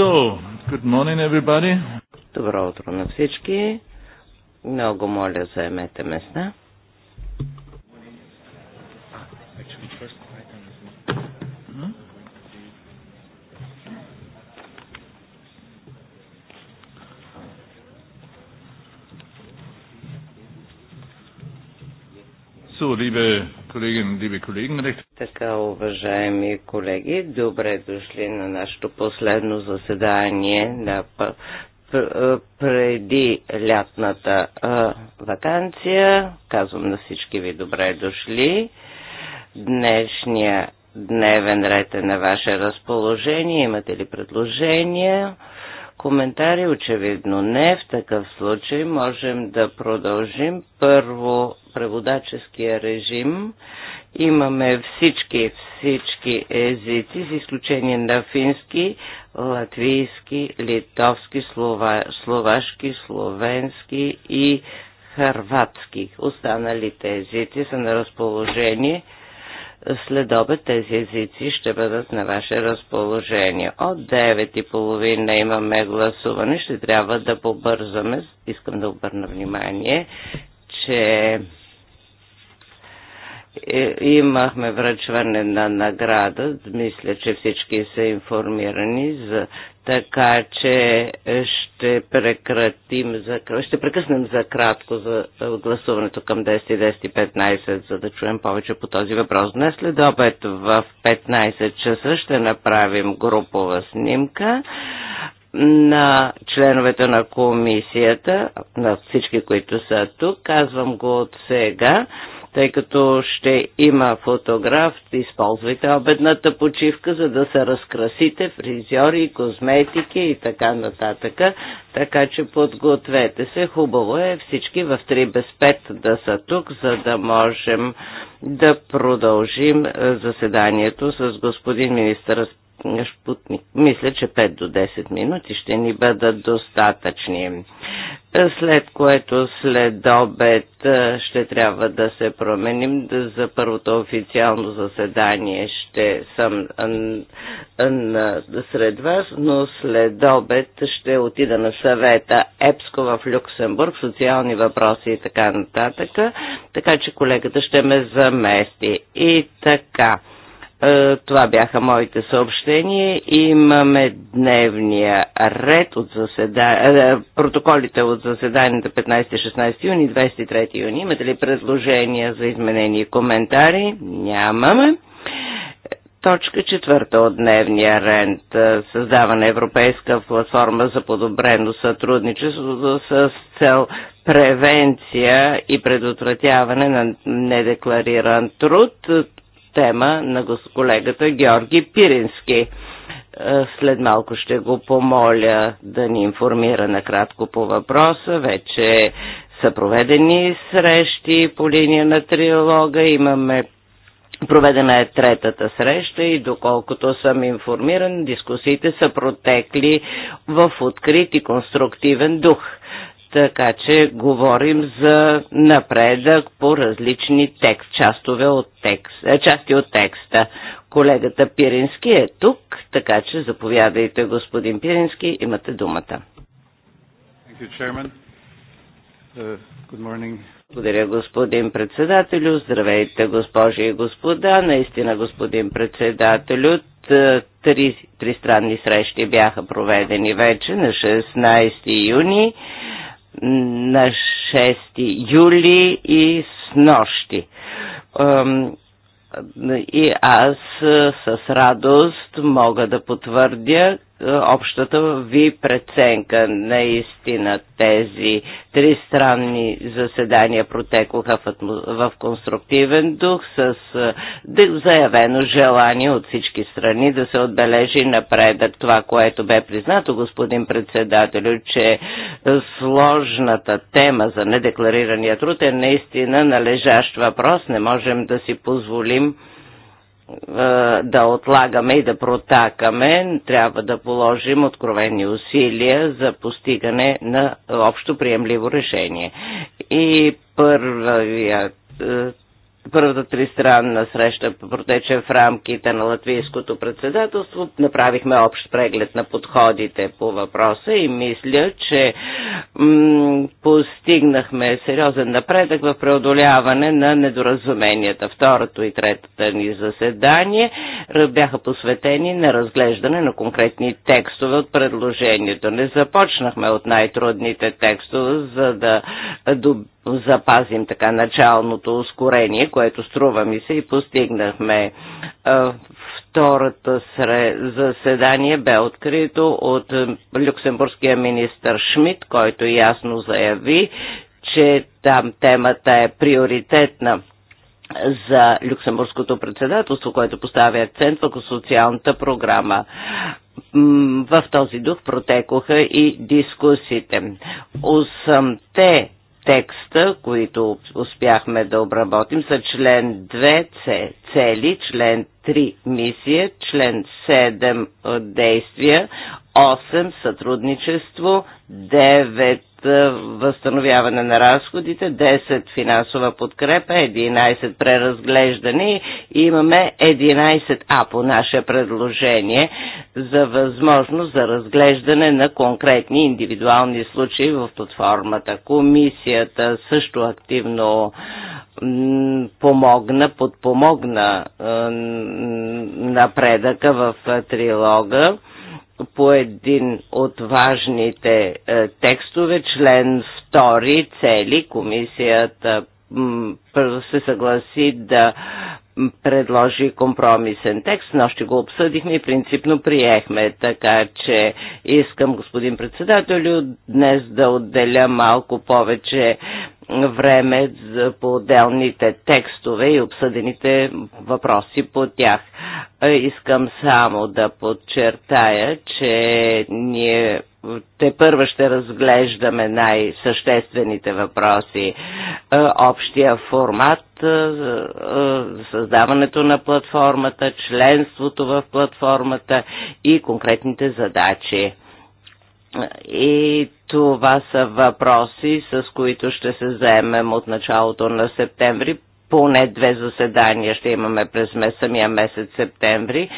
So, good morning everybody. Добро утро на всички. Много моля, заемете места. So, liebe Kolleginnen, liebe Kollegen, recht уважаеми колеги. Добре дошли на нашето последно заседание на преди лятната вакансия. Казвам на всички ви добре дошли. Днешния дневен ред е на ваше разположение. Имате ли предложения? Коментари очевидно не. В такъв случай можем да продължим. Първо, преводаческия режим. Имаме всички, всички езици, с изключение на фински, латвийски, литовски, слова, словашки, словенски и хърватски. Останалите езици са на разположение. След обед тези езици ще бъдат на ваше разположение. От 9.30 имаме гласуване. Ще трябва да побързаме. Искам да обърна внимание, че е, имахме връчване на награда, мисля, че всички са информирани, за, така че ще прекратим, за, ще прекъснем за кратко за гласуването към 1010.15, за да чуем повече по този въпрос. Днес след обед в 15 часа ще направим групова снимка на членовете на комисията, на всички, които са тук. Казвам го от сега. Тъй като ще има фотограф, използвайте обедната почивка, за да се разкрасите фризьори, козметики и така нататък. Така че подгответе се. Хубаво е всички в 3 без 5 да са тук, за да можем да продължим е, заседанието с господин министър Шпутник. Мисля, че 5 до 10 минути ще ни бъдат достатъчни. След което след обед ще трябва да се променим. За първото официално заседание ще съм сред вас, но след обед ще отида на съвета ЕПСКО в Люксембург, социални въпроси и така нататък. Така че колегата ще ме замести. И така. Е, това бяха моите съобщения. Имаме дневния ред от заседа... Е, протоколите от заседанията 15-16 юни, 23 юни. Имате ли предложения за изменения и коментари? Нямаме. Точка четвърта от дневния рент. Е, създаване Европейска платформа за подобрено сътрудничество с цел превенция и предотвратяване на недеклариран труд тема на колегата Георги Пирински. Е, след малко ще го помоля да ни информира накратко по въпроса. Вече са проведени срещи по линия на триолога. Имаме Проведена е третата среща и доколкото съм информиран, дискусиите са протекли в открит и конструктивен дух. Така че говорим за напредък по различни текст, частове от текст, е, части от текста. Колегата Пирински е тук, така че заповядайте, господин Пирински, имате думата. Uh, Благодаря, господин председателю. Здравейте, госпожи и господа. Наистина, господин председателю, три, три странни срещи бяха проведени вече на 16 юни на 6 юли и с нощи. И аз с радост мога да потвърдя е, общата ви преценка. Наистина тези три странни заседания протекоха в, в конструктивен дух с е, заявено желание от всички страни да се отбележи напредък. Това, което бе признато, господин председателю, че е, сложната тема за недекларирания труд е наистина належащ въпрос. Не можем да си позволим е, да отлагаме и да протакаме, трябва да положим откровени усилия за постигане на общо приемливо решение. И първият е, Първата тристранна среща протече в рамките на латвийското председателство. Направихме общ преглед на подходите по въпроса и мисля, че постигнахме сериозен напредък в преодоляване на недоразуменията. Второто и третата ни заседание бяха посветени на разглеждане на конкретни текстове от предложението. Не започнахме от най-трудните текстове, за да запазим така началното ускорение, което струва ми се и постигнахме. Е, втората заседание бе открито от е, люксембургския министр Шмидт, който ясно заяви, че там темата е приоритетна за люксембургското председателство, което поставя акцент върху социалната програма. В този дух протекоха и дискусите. Осъмте текста, които успяхме да обработим, са член 2 цели, член 3 мисия, член 7 действия, 8 сътрудничество, 9 е, възстановяване на разходите, 10 финансова подкрепа, 11 преразглеждане и имаме 11А по наше предложение за възможност за разглеждане на конкретни индивидуални случаи в платформата. Комисията също активно помогна, подпомогна е, напредъка в е, трилога по един от важните е, текстове, член 2 цели, комисията се съгласи да предложи компромисен текст, но ще го обсъдихме и принципно приехме, така че искам, господин председателю, днес да отделя малко повече време по отделните текстове и обсъдените въпроси по тях. Искам само да подчертая, че ние те първо ще разглеждаме най-съществените въпроси. Общия формат, създаването на платформата, членството в платформата и конкретните задачи. И това са въпроси, с които ще се заемем от началото на септември. Поне две заседания ще имаме през самия месец септември,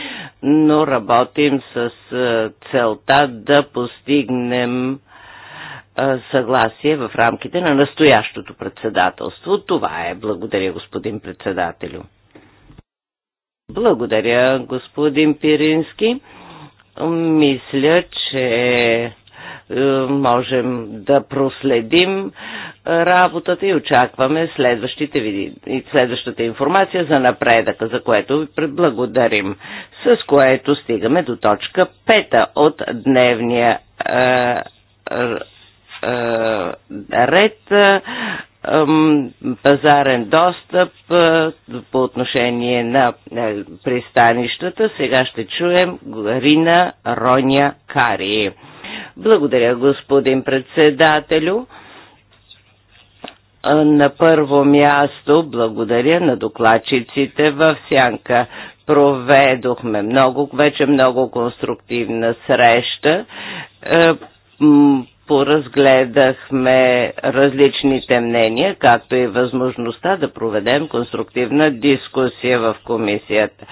но работим с е, целта да постигнем е, съгласие в рамките на настоящото председателство. Това е. Благодаря, господин председателю. Благодаря, господин Пирински. Мисля, че е, можем да проследим е, работата и очакваме следващите види, следващата информация за напредъка, за което ви благодарим, с което стигаме до точка 5 от дневния е, е, е ред пазарен достъп по отношение на пристанищата. Сега ще чуем Рина Роня Кари. Благодаря, господин председателю. На първо място благодаря на докладчиците в Сянка. Проведохме много, вече много конструктивна среща е, поразгледахме различните мнения, както и възможността да проведем конструктивна дискусия в комисията.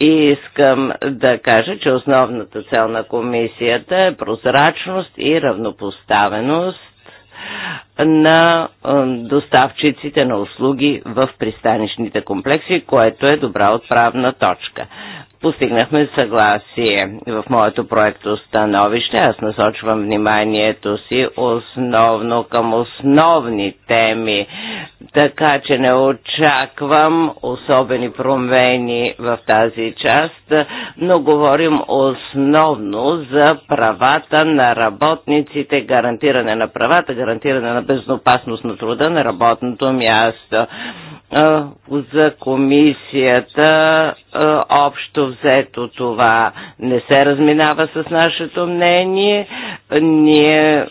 И искам да кажа, че основната цел на комисията е прозрачност и равнопоставеност на доставчиците на услуги в пристанищните комплекси, което е добра отправна точка. Постигнахме съгласие в моето проекто становище. Аз насочвам вниманието си основно към основни теми, така че не очаквам особени промени в тази част, но говорим основно за правата на работниците, гарантиране на правата, гарантиране на безопасност на труда на работното място. За комисията общо взето това не се разминава с нашето мнение. Ние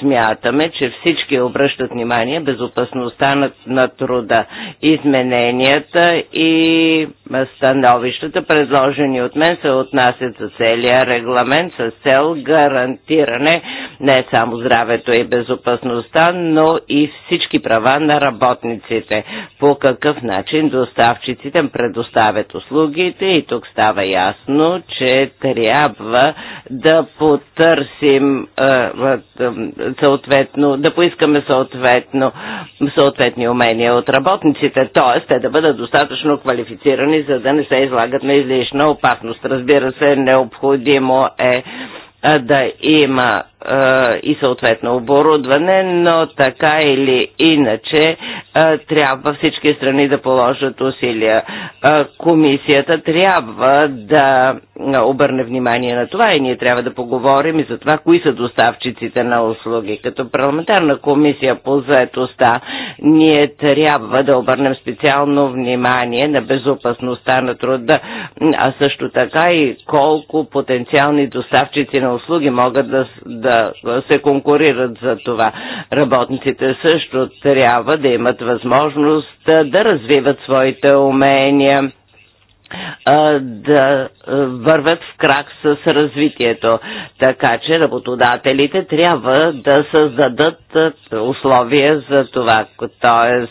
смятаме, че всички обръщат внимание безопасността на, на труда. Измененията и становищата, предложени от мен, се отнасят за целия регламент с цел гарантиране не само здравето и безопасността, заетостта, но и всички права на работниците. По какъв начин доставчиците предоставят услугите и тук става ясно, че трябва да потърсим е, е, съответно, да поискаме съответно съответни умения от работниците, т.е. те да бъдат достатъчно квалифицирани, за да не се излагат на излишна опасност. Разбира се, необходимо е, е да има е, и съответно оборудване, но така или иначе е, трябва всички страни да положат усилия. Е, комисията трябва да обърне внимание на това и ние трябва да поговорим и за това, кои са доставчиците на услуги. Като парламентарна комисия по заетостта, ние трябва да обърнем специално внимание на безопасността на труда, а също така и колко потенциални доставчици на услуги могат да да се конкурират за това. Работниците също трябва да имат възможност да развиват своите умения да вървят в крак с развитието. Така че работодателите трябва да създадат условия за това. Т.е.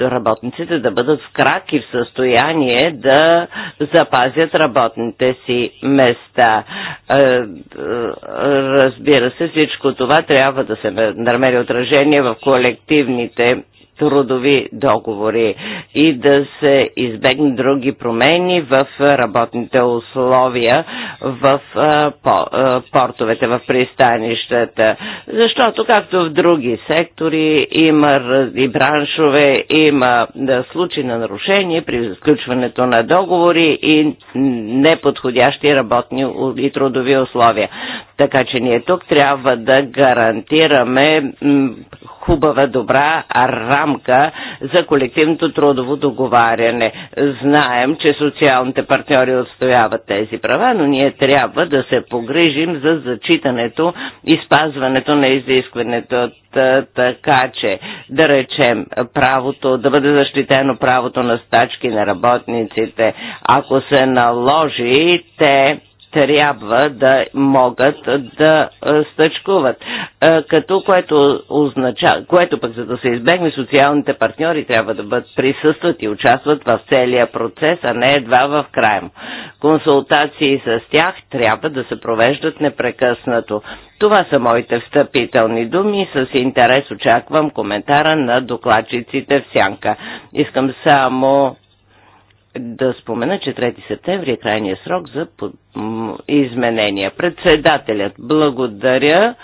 работниците да бъдат в крак и в състояние да запазят работните си места. Разбира се, всичко това трябва да се намери отражение в колективните трудови договори и да се избегнат други промени в работните условия в портовете, в пристанищата. Защото, както в други сектори, има и браншове, има случаи на нарушение при сключването на договори и неподходящи работни и трудови условия. Така че ние тук трябва да гарантираме хубава, добра рамка за колективното трудово договаряне. Знаем, че социалните партньори отстояват тези права, но ние трябва да се погрижим за зачитането и спазването на изискването така че да речем правото, да бъде защитено правото на стачки на работниците. Ако се наложи, те трябва да могат да стъчкуват. Като което, означава, което пък за да се избегне социалните партньори трябва да бъдат присъстват и участват в целия процес, а не едва в края Консултации с тях трябва да се провеждат непрекъснато. Това са моите встъпителни думи. С интерес очаквам коментара на докладчиците в Сянка. Искам само да спомена, че 3 септември е крайният срок за изменения. Председателят благодаря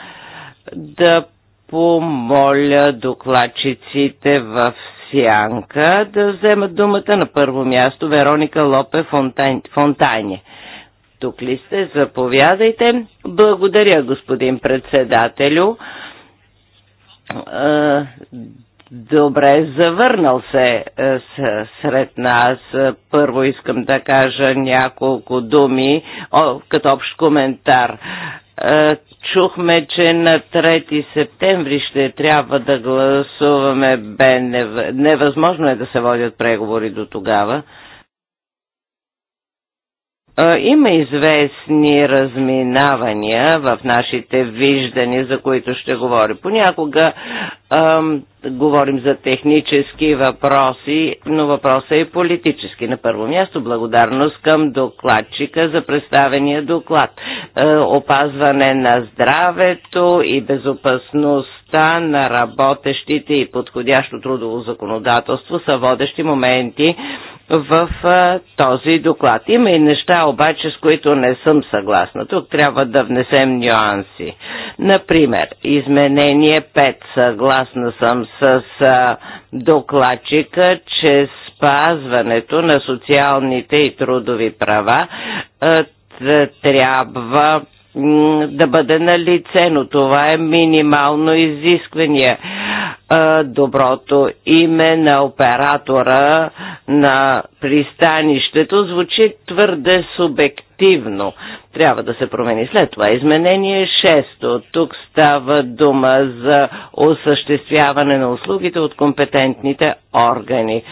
да помоля докладчиците в Сянка да вземат думата на първо място Вероника Лопе Фонтан... Тук ли сте? Заповядайте. Благодаря, господин председателю Добре, завърнал се е, сред нас. Е, първо искам да кажа няколко думи о, като общ коментар. Е, чухме, че на 3 септември ще трябва да гласуваме Бен невъзможно е да се водят преговори до тогава. Има известни разминавания в нашите виждания, за които ще говоря. Понякога говорим за технически въпроси, но въпросът е политически. На първо място благодарност към докладчика за представения доклад. Е, опазване на здравето и безопасността на работещите и подходящо трудово законодателство са водещи моменти в е, този доклад. Има и неща обаче, с които не съм съгласна. Тук трябва да внесем нюанси. Например, изменение 5 съгласно съгласна съм с докладчика, че спазването на социалните и трудови права трябва да бъде на лице, но това е минимално изискване доброто име на оператора на пристанището звучи твърде субективно. Трябва да се промени след това. Изменение 6. Тук става дума за осъществяване на услугите от компетентните органи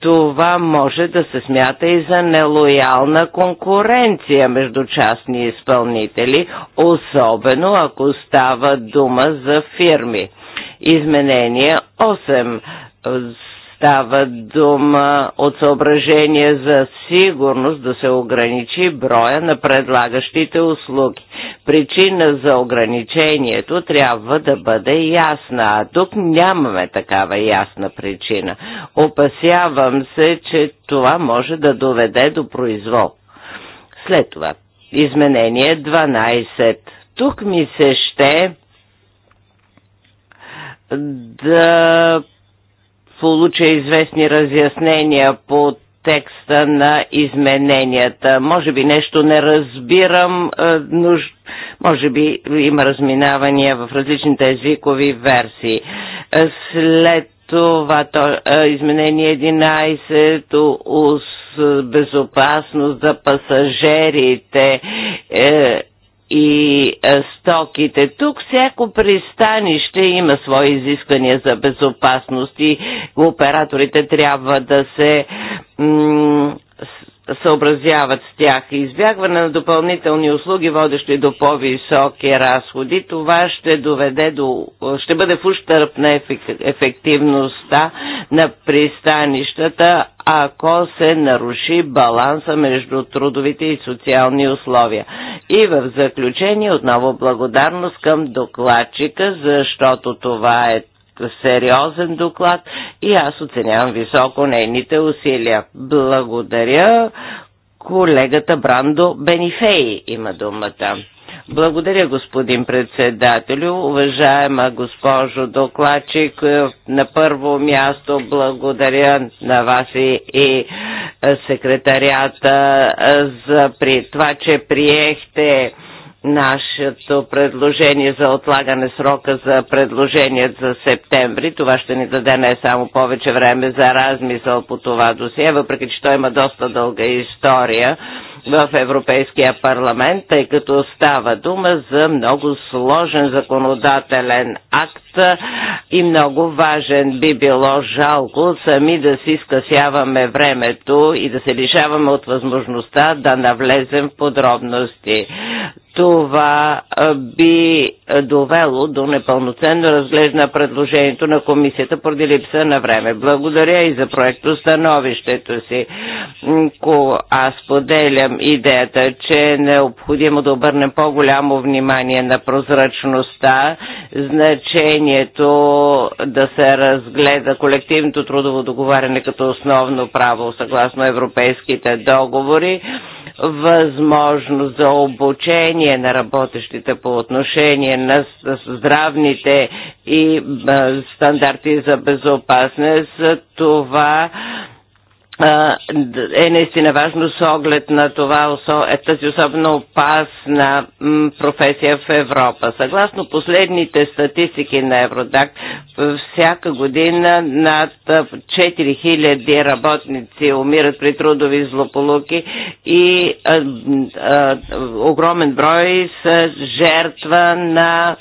това може да се смята и за нелоялна конкуренция между частни изпълнители, особено ако става дума за фирми. Изменение 8 става дума от съображение за сигурност да се ограничи броя на предлагащите услуги. Причина за ограничението трябва да бъде ясна, а тук нямаме такава ясна причина. Опасявам се, че това може да доведе до произвол. След това, изменение 12. Тук ми се ще да получа известни разяснения по текста на измененията. Може би нещо не разбирам, е, нуж... може би има разминавания в различните езикови версии. Е, след това то, е, изменение 11 ус безопасност за пасажирите е, и е, стоките. Тук всяко пристанище има свои изисквания за безопасност и операторите трябва да се съобразяват с тях. Избягване на допълнителни услуги, водещи до по-високи разходи, това ще доведе до, ще бъде в ущърп на ефективността на пристанищата, ако се наруши баланса между трудовите и социални условия. И в заключение отново благодарност към докладчика, защото това е сериозен доклад и аз оценявам високо нейните усилия. Благодаря колегата Брандо Бенифей има думата. Благодаря, господин председателю. Уважаема госпожо докладчик, на първо място благодаря на вас и, и секретарята за при това, че приехте нашето предложение за отлагане срока за предложение за септември. Това ще ни даде не само повече време за размисъл по това досие, въпреки че той има доста дълга история в Европейския парламент, тъй като става дума за много сложен законодателен акт и много важен би било жалко сами да си скъсяваме времето и да се лишаваме от възможността да навлезем в подробности това би довело до непълноценно разглежда предложението на комисията поради липса на време. Благодаря и за проекто становището си. Аз поделям идеята, че е необходимо да обърнем по-голямо внимание на прозрачността, значението да се разгледа колективното трудово договаряне като основно право съгласно европейските договори възможност за обучение на работещите по отношение на здравните и стандарти за безопасност. Това е наистина важно с оглед на това, е тази особено опасна професия в Европа. Съгласно последните статистики на Евродак, всяка година над 4000 работници умират при трудови злополуки и огромен брой са жертва на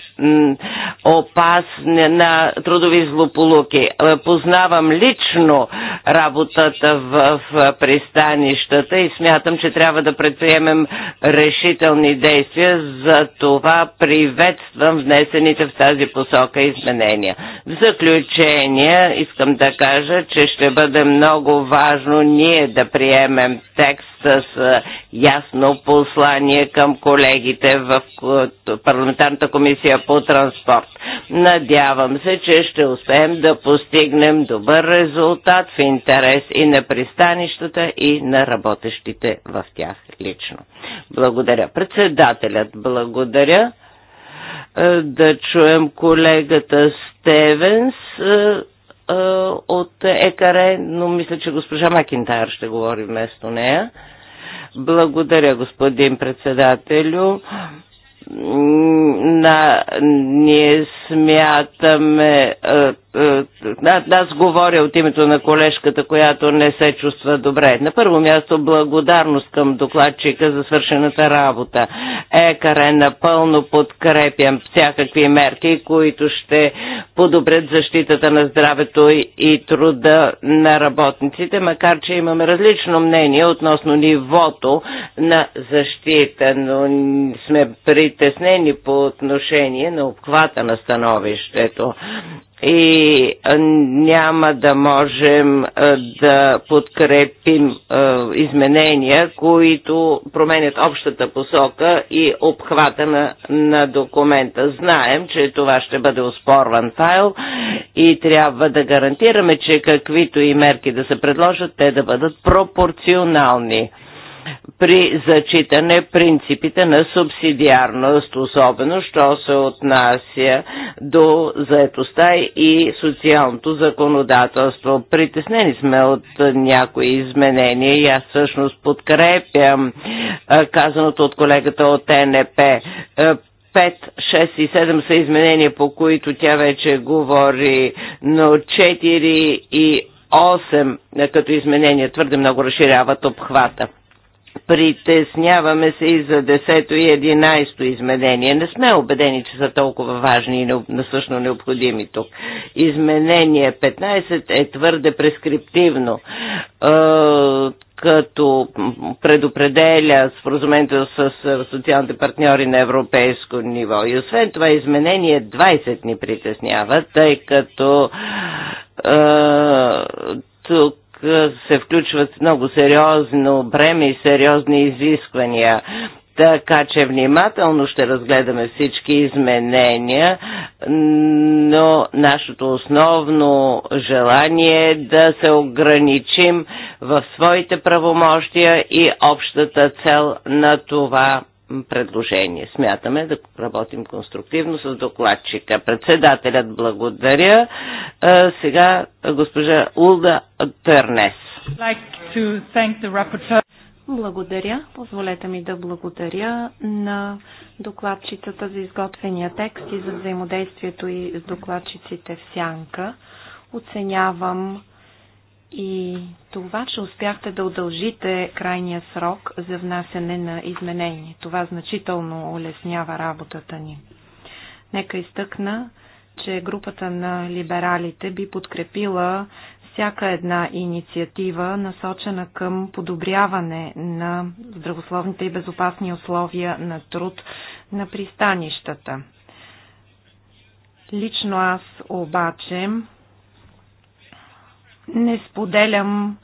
опасни на трудови злополуки. Познавам лично работата в в пристанищата и смятам, че трябва да предприемем решителни действия. За това приветствам внесените в тази посока изменения. В заключение искам да кажа, че ще бъде много важно ние да приемем текст с ясно послание към колегите в парламентарната комисия по транспорт. Надявам се, че ще успеем да постигнем добър резултат в интерес и на пристанищата и на работещите в тях лично. Благодаря. Председателят, благодаря. Да чуем колегата Стевенс от ЕКАРЕ, но мисля, че госпожа Макинтайр ще говори вместо нея. Благодаря, господин председателю на, ние смятаме е, е, аз говоря от името на колежката, която не се чувства добре. На първо място благодарност към докладчика за свършената работа. Екаре напълно подкрепям всякакви мерки, които ще подобрят защитата на здравето и труда на работниците, макар че имаме различно мнение относно нивото на защита, но сме притеснени по отношение на обхвата на становището и няма да можем да подкрепим изменения, които променят общата посока и обхвата на, на документа. Знаем, че това ще бъде оспорван файл и трябва да гарантираме, че каквито и мерки да се предложат, те да бъдат пропорционални при зачитане принципите на субсидиарност, особено що се отнася до заетостта и социалното законодателство. Притеснени сме от някои изменения и аз всъщност подкрепям казаното от колегата от ТНП. 5, 6 и 7 са изменения, по които тя вече говори, но 4 и 8 като изменения твърде много разширяват обхвата. Притесняваме се и за 10 то и 11 то изменение. Не сме убедени, че са толкова важни и насъщно необходими тук. Изменение 15 е твърде прескриптивно, е, като предопределя споразумението с социалните партньори на европейско ниво. И освен това изменение 20 ни притеснява, тъй като е, тук се включват много сериозно бреме и сериозни изисквания. Така че внимателно ще разгледаме всички изменения, но нашето основно желание е да се ограничим в своите правомощия и общата цел на това предложение. Смятаме да работим конструктивно с докладчика. Председателят благодаря. Сега госпожа Улда Търнес. благодаря. Позволете ми да благодаря на докладчицата за изготвения текст и за взаимодействието и с докладчиците в Сянка. Оценявам и това, че успяхте да удължите крайния срок за внасяне на изменения. Това значително улеснява работата ни. Нека изтъкна, че групата на либералите би подкрепила всяка една инициатива, насочена към подобряване на здравословните и безопасни условия на труд на пристанищата. Лично аз обаче не споделям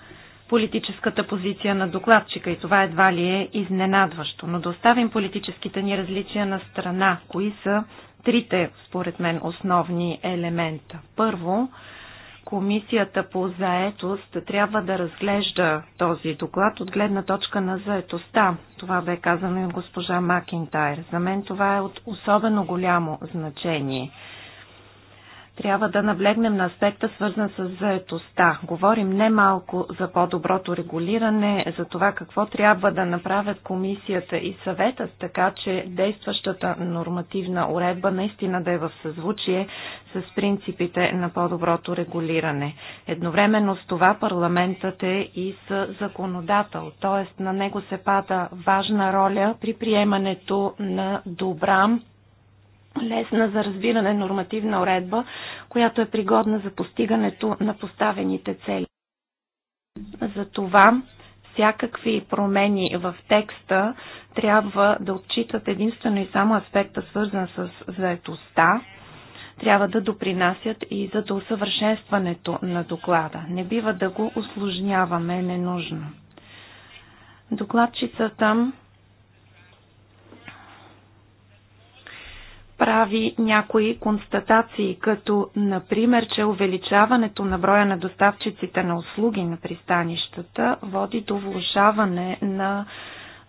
политическата позиция на докладчика и това едва ли е изненадващо. Но да оставим политическите ни различия на страна. Кои са трите, според мен, основни елемента? Първо, Комисията по заетост трябва да разглежда този доклад от гледна точка на заетостта. Това бе казано и от госпожа Макинтайр. За мен това е от особено голямо значение – трябва да наблегнем на аспекта, свързан с заетостта. Говорим не малко за по-доброто регулиране, за това какво трябва да направят комисията и съветът, така че действащата нормативна уредба наистина да е в съзвучие с принципите на по-доброто регулиране. Едновременно с това парламентът е и с законодател, т.е. на него се пада важна роля при приемането на добра лесна за разбиране нормативна уредба, която е пригодна за постигането на поставените цели. Затова всякакви промени в текста трябва да отчитат единствено и само аспекта, свързан с заетостта, трябва да допринасят и за до усъвършенстването на доклада. Не бива да го осложняваме ненужно. Докладчицата прави някои констатации, като например, че увеличаването на броя на доставчиците на услуги на пристанищата води до влушаване на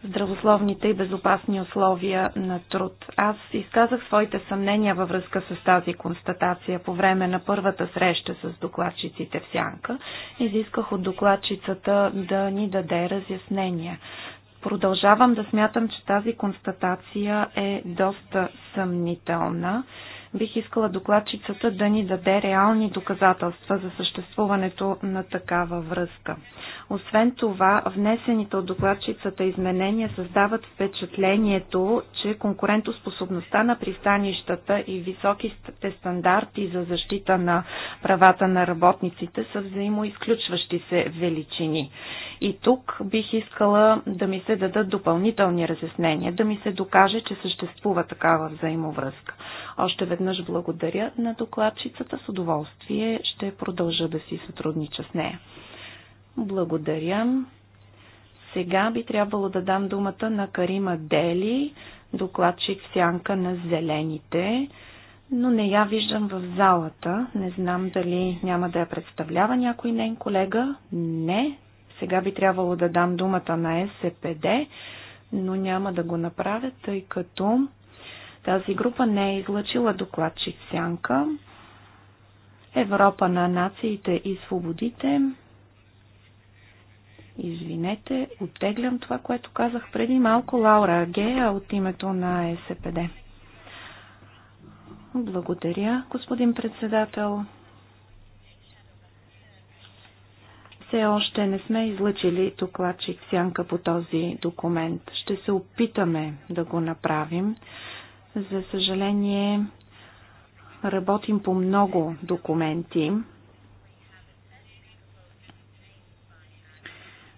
здравословните и безопасни условия на труд. Аз изказах своите съмнения във връзка с тази констатация по време на първата среща с докладчиците в Сянка. Изисках от докладчицата да ни даде разяснения. Продължавам да смятам, че тази констатация е доста съмнителна. Бих искала докладчицата да ни даде реални доказателства за съществуването на такава връзка. Освен това, внесените от докладчицата изменения създават впечатлението, че конкурентоспособността на пристанищата и високите стандарти за защита на правата на работниците са взаимоизключващи се величини. И тук бих искала да ми се дадат допълнителни разяснения, да ми се докаже, че съществува такава взаимовръзка. Още веднъж благодаря на докладчицата. С удоволствие ще продължа да си сътруднича с нея. Благодаря. Сега би трябвало да дам думата на Карима Дели, докладчик в сянка на зелените, но не я виждам в залата. Не знам дали няма да я представлява някой нейн колега. Не. Сега би трябвало да дам думата на СПД, но няма да го направя, тъй като тази група не е излъчила докладчик Сянка. Европа на нациите и свободите. Извинете, оттеглям това, което казах преди малко Лаура Гея от името на СПД. Благодаря, господин председател. все още не сме излъчили докладчик сянка по този документ. Ще се опитаме да го направим. За съжаление, работим по много документи.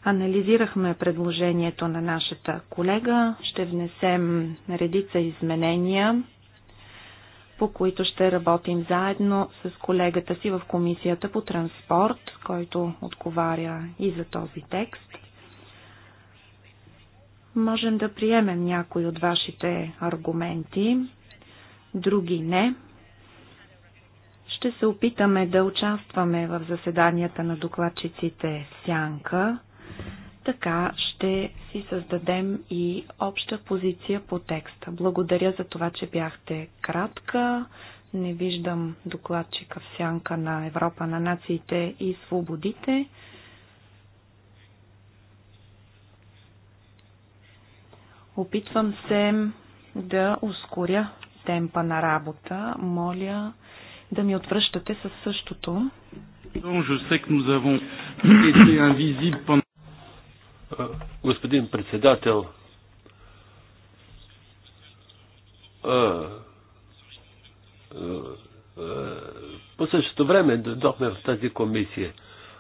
Анализирахме предложението на нашата колега. Ще внесем редица изменения, по които ще работим заедно с колегата си в Комисията по транспорт, който отговаря и за този текст. Можем да приемем някои от вашите аргументи, други не. Ще се опитаме да участваме в заседанията на докладчиците Сянка. Така ще си създадем и обща позиция по текста. Благодаря за това, че бяхте кратка. Не виждам докладчика в Сянка на Европа на нациите и свободите. Опитвам се да ускоря темпа на работа. Моля да ми отвръщате със същото. Э, господин председател, э, э, по същото време дойдохме в тази комисия.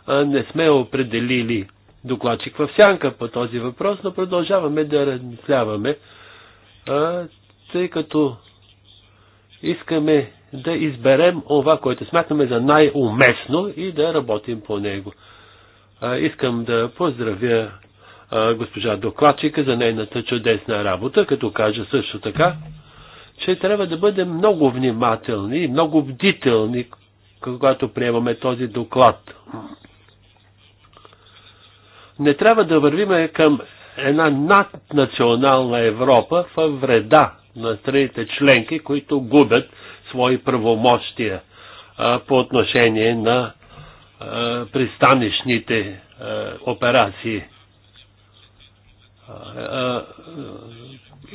Не сме определили докладчик в сянка по този въпрос, но продължаваме да размисляваме, тъй като искаме да изберем това, което смятаме за най-уместно и да работим по него. А, искам да поздравя а, госпожа докладчика за нейната чудесна работа, като кажа също така, че трябва да бъдем много внимателни и много бдителни, когато приемаме този доклад. Не трябва да вървим към една наднационална Европа в вреда на страните членки, които губят свои правомощия а, по отношение на а, пристанищните а, операции.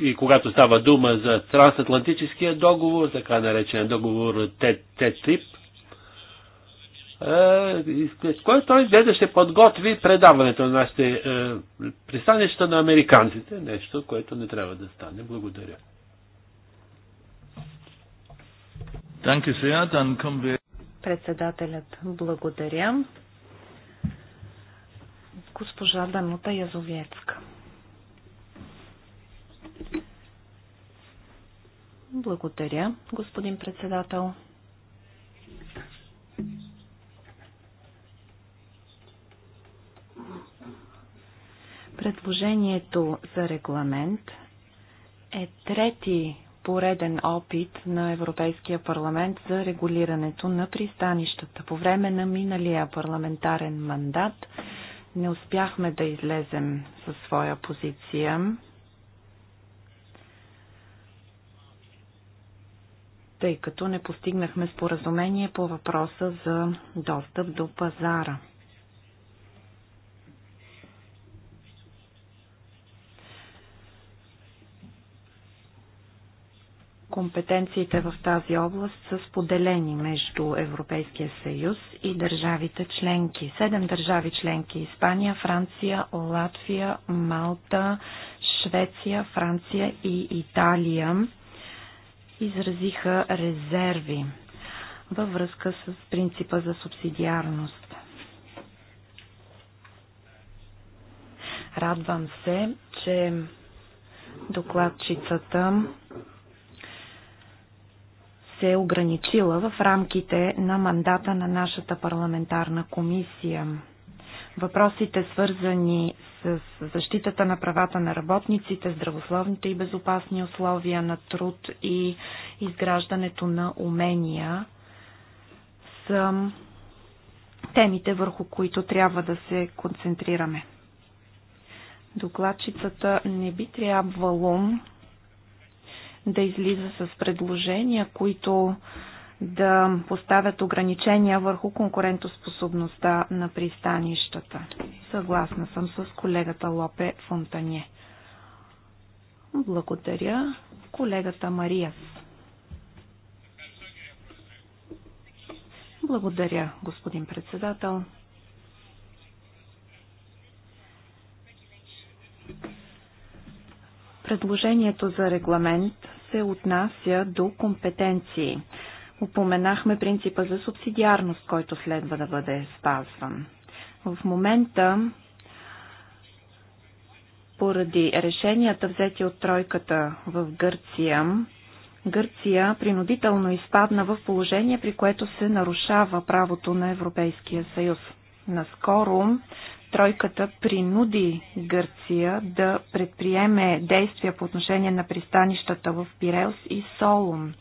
И когато става дума за трансатлантическия договор, така наречен договор ТТИП, е, който той гледа ще подготви предаването на нашите е, пристанища на американците. Нещо, което не трябва да стане. Благодаря. Председателят, благодаря. Госпожа Данута Язовецка. Благодаря, господин председател. Предложението за регламент е трети пореден опит на Европейския парламент за регулирането на пристанищата. По време на миналия парламентарен мандат не успяхме да излезем със своя позиция. тъй като не постигнахме споразумение по въпроса за достъп до пазара. Компетенциите в тази област са споделени между Европейския съюз и държавите членки. Седем държави членки Испания, Франция, Латвия, Малта, Швеция, Франция и Италия изразиха резерви във връзка с принципа за субсидиарност. Радвам се, че докладчицата се е ограничила в рамките на мандата на нашата парламентарна комисия. Въпросите, свързани с защитата на правата на работниците, здравословните и безопасни условия на труд и изграждането на умения, са темите, върху които трябва да се концентрираме. Докладчицата не би трябвало да излиза с предложения, които да поставят ограничения върху конкурентоспособността на пристанищата. Съгласна съм с колегата Лопе Фонтане. Благодаря. Колегата Мариас. Благодаря, господин председател. Предложението за регламент се отнася до компетенции. Упоменахме принципа за субсидиарност, който следва да бъде спазван. В момента, поради решенията взети от тройката в Гърция, Гърция принудително изпадна в положение, при което се нарушава правото на Европейския съюз. Наскоро тройката принуди Гърция да предприеме действия по отношение на пристанищата в Пирелс и Солун.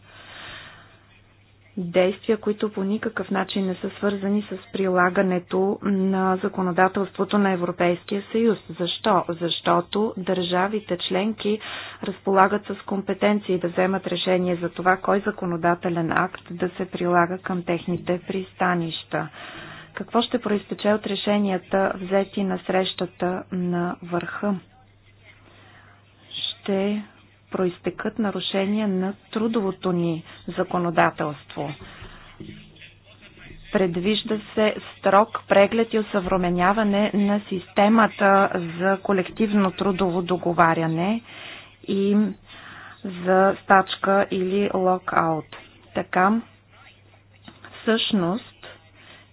Действия, които по никакъв начин не са свързани с прилагането на законодателството на Европейския съюз. Защо? Защото държавите членки разполагат с компетенции да вземат решение за това кой законодателен акт да се прилага към техните пристанища. Какво ще проистече от решенията взети на срещата на върха? Ще проистекат нарушения на трудовото ни законодателство. Предвижда се строг преглед и осъвременяване на системата за колективно трудово договаряне и за стачка или локаут. Така, всъщност,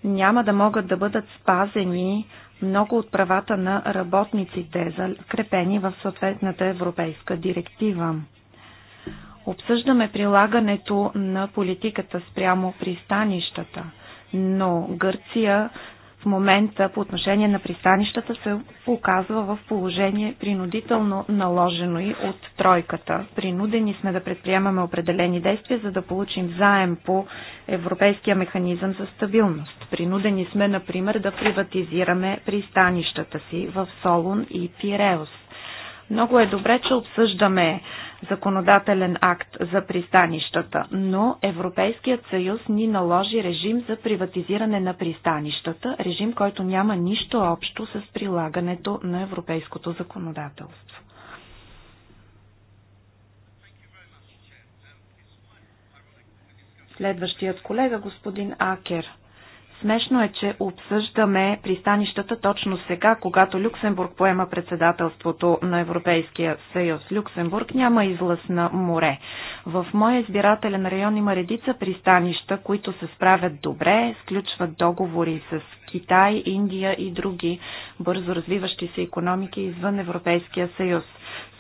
няма да могат да бъдат спазени много от правата на работниците, закрепени в съответната европейска директива. Обсъждаме прилагането на политиката спрямо пристанищата, но Гърция в момента по отношение на пристанищата се оказва в положение принудително наложено и от тройката. Принудени сме да предприемаме определени действия, за да получим заем по Европейския механизъм за стабилност. Принудени сме, например, да приватизираме пристанищата си в Солун и Пиреус. Много е добре, че обсъждаме законодателен акт за пристанищата, но Европейският съюз ни наложи режим за приватизиране на пристанищата, режим, който няма нищо общо с прилагането на европейското законодателство. Следващият колега, господин Акер. Смешно е, че обсъждаме пристанищата точно сега, когато Люксембург поема председателството на Европейския съюз. Люксембург няма излъз на море. В моя избирателен район има редица пристанища, които се справят добре, сключват договори с Китай, Индия и други бързо развиващи се економики извън Европейския съюз.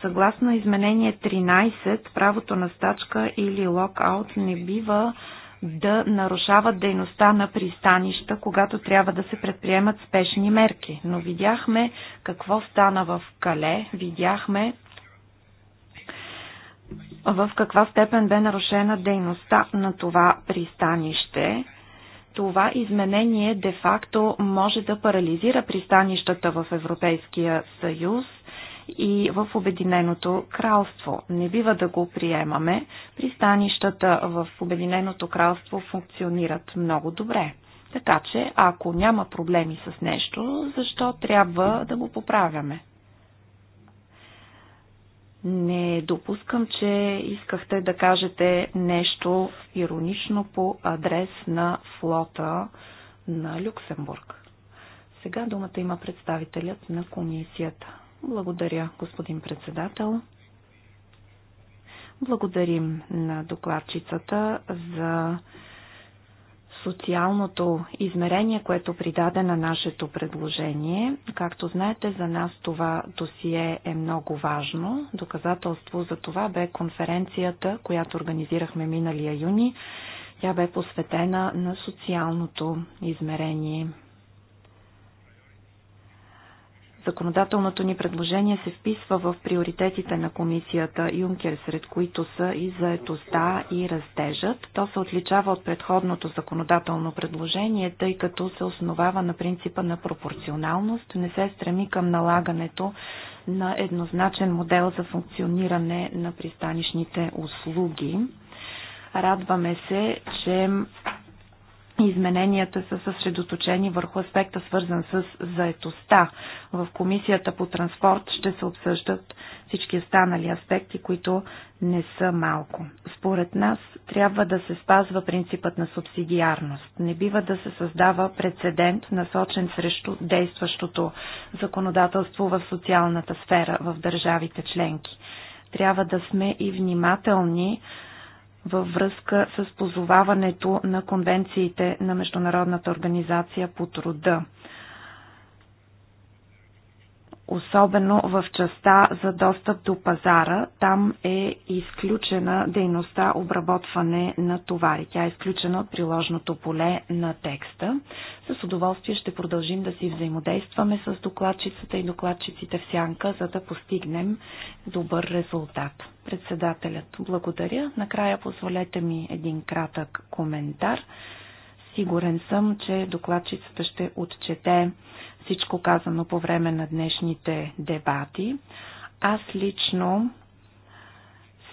Съгласно изменение 13, правото на стачка или локаут не бива да нарушават дейността на пристанища, когато трябва да се предприемат спешни мерки. Но видяхме какво стана в Кале, видяхме в каква степен бе нарушена дейността на това пристанище. Това изменение де-факто може да парализира пристанищата в Европейския съюз и в Обединеното кралство. Не бива да го приемаме. Пристанищата в Обединеното кралство функционират много добре. Така че, ако няма проблеми с нещо, защо трябва да го поправяме? Не допускам, че искахте да кажете нещо иронично по адрес на флота на Люксембург. Сега думата има представителят на комисията. Благодаря, господин председател. Благодарим на докладчицата за социалното измерение, което придаде на нашето предложение. Както знаете, за нас това досие е много важно. Доказателство за това бе конференцията, която организирахме миналия юни. Тя бе посветена на социалното измерение. Законодателното ни предложение се вписва в приоритетите на комисията Юнкер, сред които са и заетостта и растежът. То се отличава от предходното законодателно предложение, тъй като се основава на принципа на пропорционалност, не се стреми към налагането на еднозначен модел за функциониране на пристанищните услуги. Радваме се, че Измененията са съсредоточени върху аспекта, свързан с заетостта. В Комисията по транспорт ще се обсъждат всички останали аспекти, които не са малко. Според нас трябва да се спазва принципът на субсидиарност. Не бива да се създава прецедент, насочен срещу действащото законодателство в социалната сфера в държавите членки. Трябва да сме и внимателни във връзка с позоваването на конвенциите на Международната организация по труда особено в частта за достъп до пазара. Там е изключена дейността обработване на товари. Тя е изключена от приложното поле на текста. С удоволствие ще продължим да си взаимодействаме с докладчицата и докладчиците в сянка, за да постигнем добър резултат. Председателят, благодаря. Накрая позволете ми един кратък коментар. Сигурен съм, че докладчицата ще отчете всичко казано по време на днешните дебати. Аз лично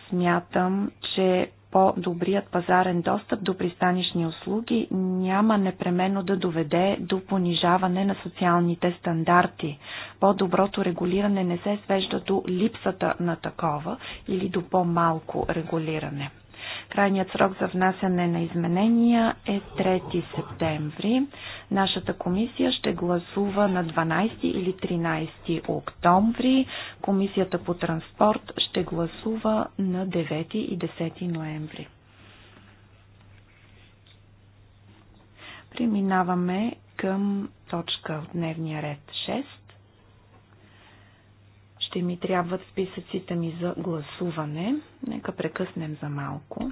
смятам, че по-добрият пазарен достъп до пристанищни услуги няма непременно да доведе до понижаване на социалните стандарти. По-доброто регулиране не се свежда до липсата на такова или до по-малко регулиране. Крайният срок за внасяне на изменения е 3 септември. Нашата комисия ще гласува на 12 или 13 октомври. Комисията по транспорт ще гласува на 9 и 10 ноември. Преминаваме към точка от дневния ред 6 ще ми трябват списъците ми за гласуване. Нека прекъснем за малко.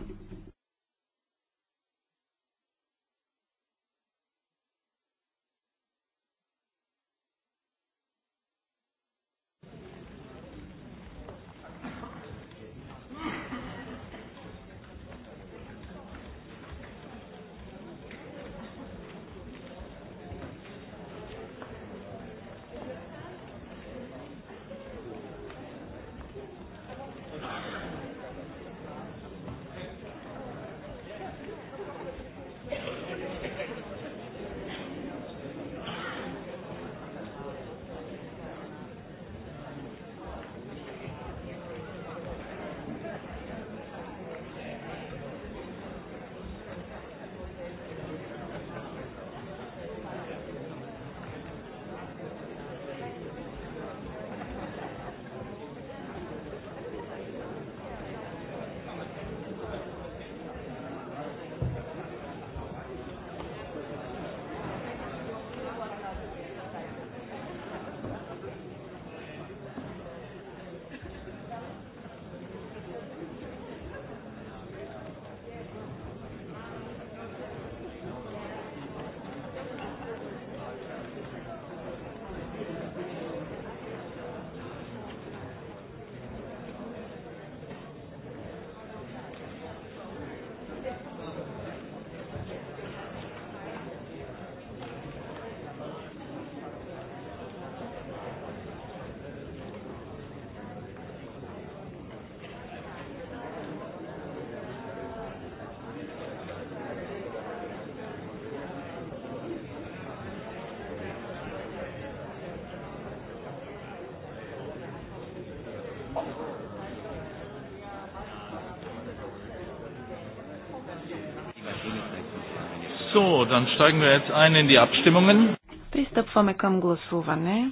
Dann steigen wir jetzt ein in die Abstimmungen. Пристъпваме към гласуване.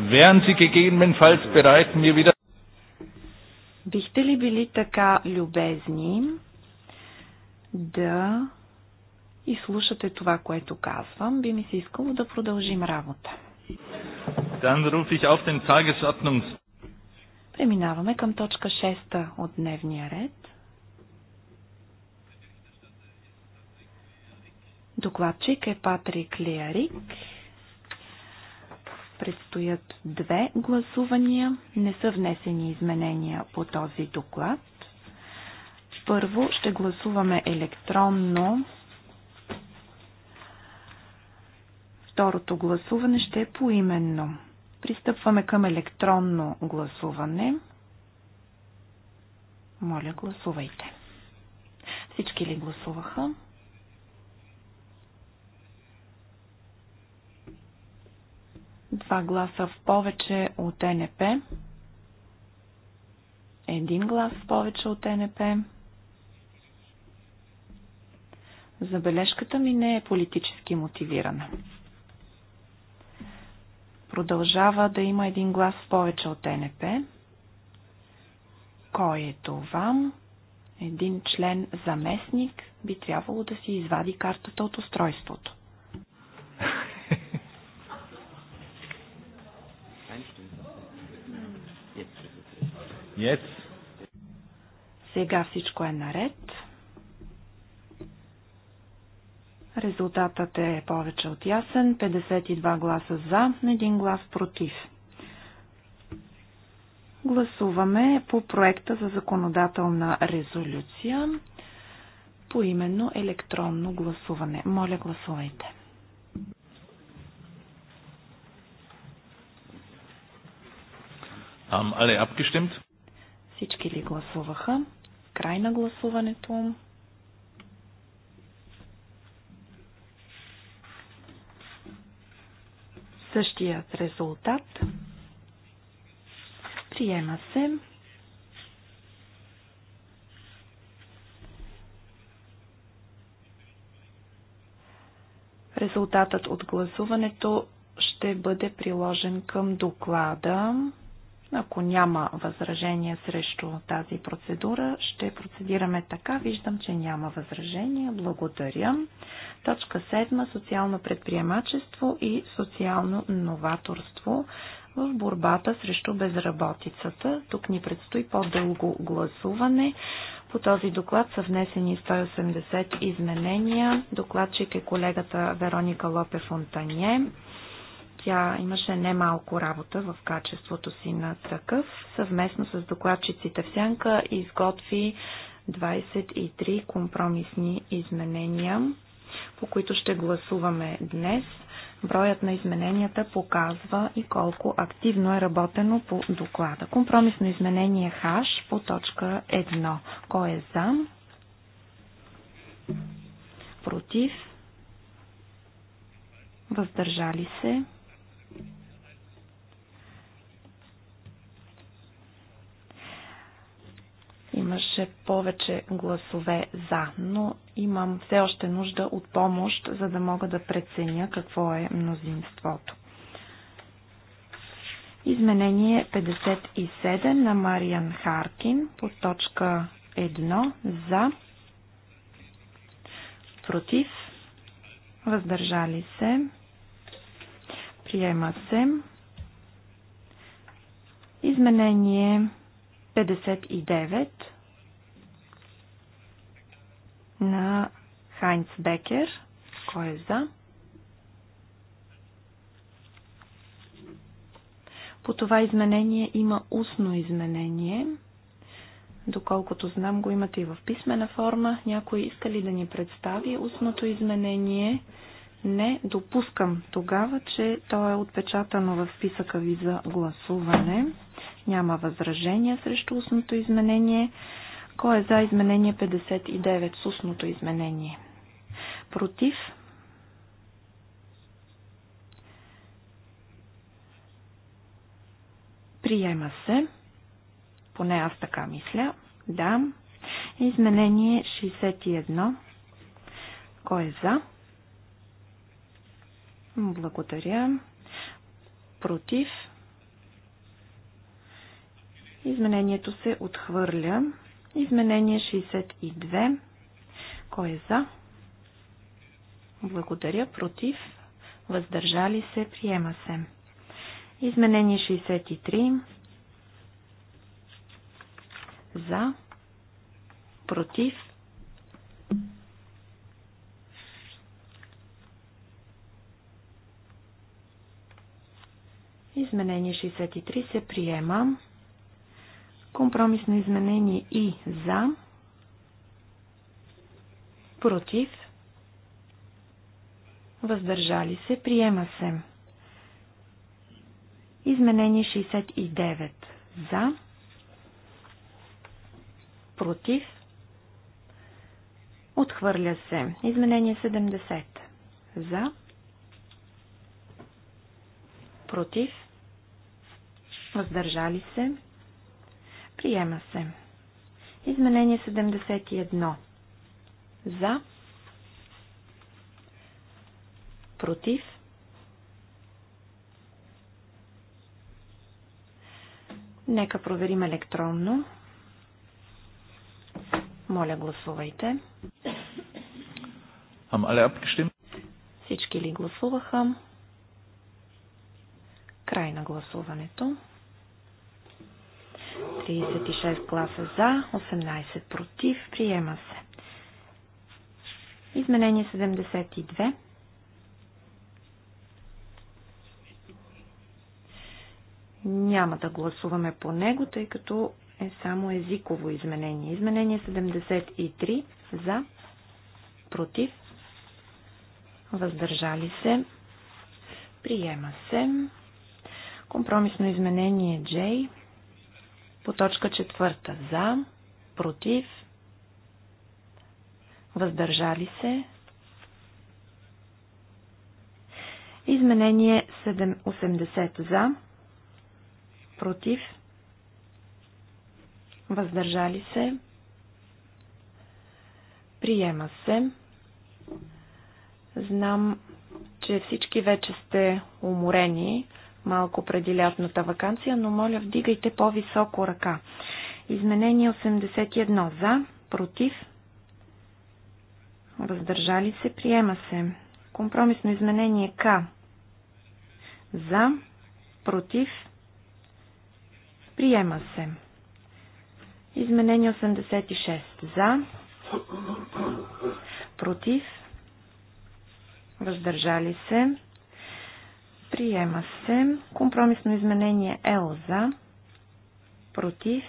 Wären Sie gegebenenfalls bereit, mir wieder... Бихте ли били така любезни да изслушате това, което казвам? Би ми се искало да продължим работа. Dann rufe ich auf den Tagesordnungs... Преминаваме към точка 6 от дневния ред. Докладчик е Патрик Леарик. Предстоят две гласувания. Не са внесени изменения по този доклад. Първо ще гласуваме електронно. Второто гласуване ще е поименно. Пристъпваме към електронно гласуване. Моля, гласувайте. Всички ли гласуваха? Два гласа в повече от НП. Един глас в повече от НП. Забележката ми не е политически мотивирана. Продължава да има един глас в повече от НП. Кой е това? Един член заместник би трябвало да си извади картата от устройството. Yes. Сега всичко е наред. Резултатът е повече от ясен. 52 гласа за, 1 глас против. Гласуваме по проекта за законодателна резолюция по именно електронно гласуване. Моля, гласувайте. Haben alle abgestimmt? Всички ли гласуваха? Край на гласуването. Същият резултат. Приема се. Резултатът от гласуването ще бъде приложен към доклада. Ако няма възражение срещу тази процедура, ще процедираме така. Виждам, че няма възражение. Благодаря. Точка 7. Социално предприемачество и социално новаторство в борбата срещу безработицата. Тук ни предстои по-дълго гласуване. По този доклад са внесени 180 изменения. Докладчик е колегата Вероника Лопе Фонтанье. Тя имаше немалко работа в качеството си на такъв. Съвместно с докладчиците в Сянка изготви 23 компромисни изменения, по които ще гласуваме днес. Броят на измененията показва и колко активно е работено по доклада. Компромисно изменение Х по точка 1. Кой е за? Против? Въздържали се? имаше повече гласове за, но имам все още нужда от помощ, за да мога да преценя какво е мнозинството. Изменение 57 на Мариан Харкин по точка 1 за, против, въздържали се, приема се. Изменение 59 на Хайнц Бекер. Кой е за? По това изменение има устно изменение. Доколкото знам, го имате и в писмена форма. Някой иска ли да ни представи устното изменение? Не, допускам тогава, че то е отпечатано в списъка ви за гласуване. Няма възражения срещу устното изменение. Кой е за изменение 59 с устното изменение? Против? Приема се. Поне аз така мисля. Да. Изменение 61. Кой е за? Благодаря. Против? Изменението се отхвърля. Изменение 62. Кой е за? Благодаря. Против. Въздържали се. Приема се. Изменение 63. За. Против. Изменение 63 се приема. Компромисно изменение и за, против, въздържали се, приема се. Изменение 69 за, против, отхвърля се. Изменение 70 за, против, въздържали се, Приема се. Изменение 71. За. Против. Нека проверим електронно. Моля, гласувайте. Всички ли гласуваха? Край на гласуването. 36 гласа за, 18 против. Приема се. Изменение 72. Няма да гласуваме по него, тъй като е само езиково изменение. Изменение 73 за, против, въздържали се, приема се. Компромисно изменение J по точка четвърта. За, против, въздържали се. Изменение 780 80 за, против, въздържали се. Приема се. Знам, че всички вече сте уморени малко преди лятната вакансия, но моля вдигайте по-високо ръка. Изменение 81 за, против, въздържали се, приема се. Компромисно изменение К за, против, приема се. Изменение 86 за, против, въздържали се, Приема се. Компромисно изменение L за. Против.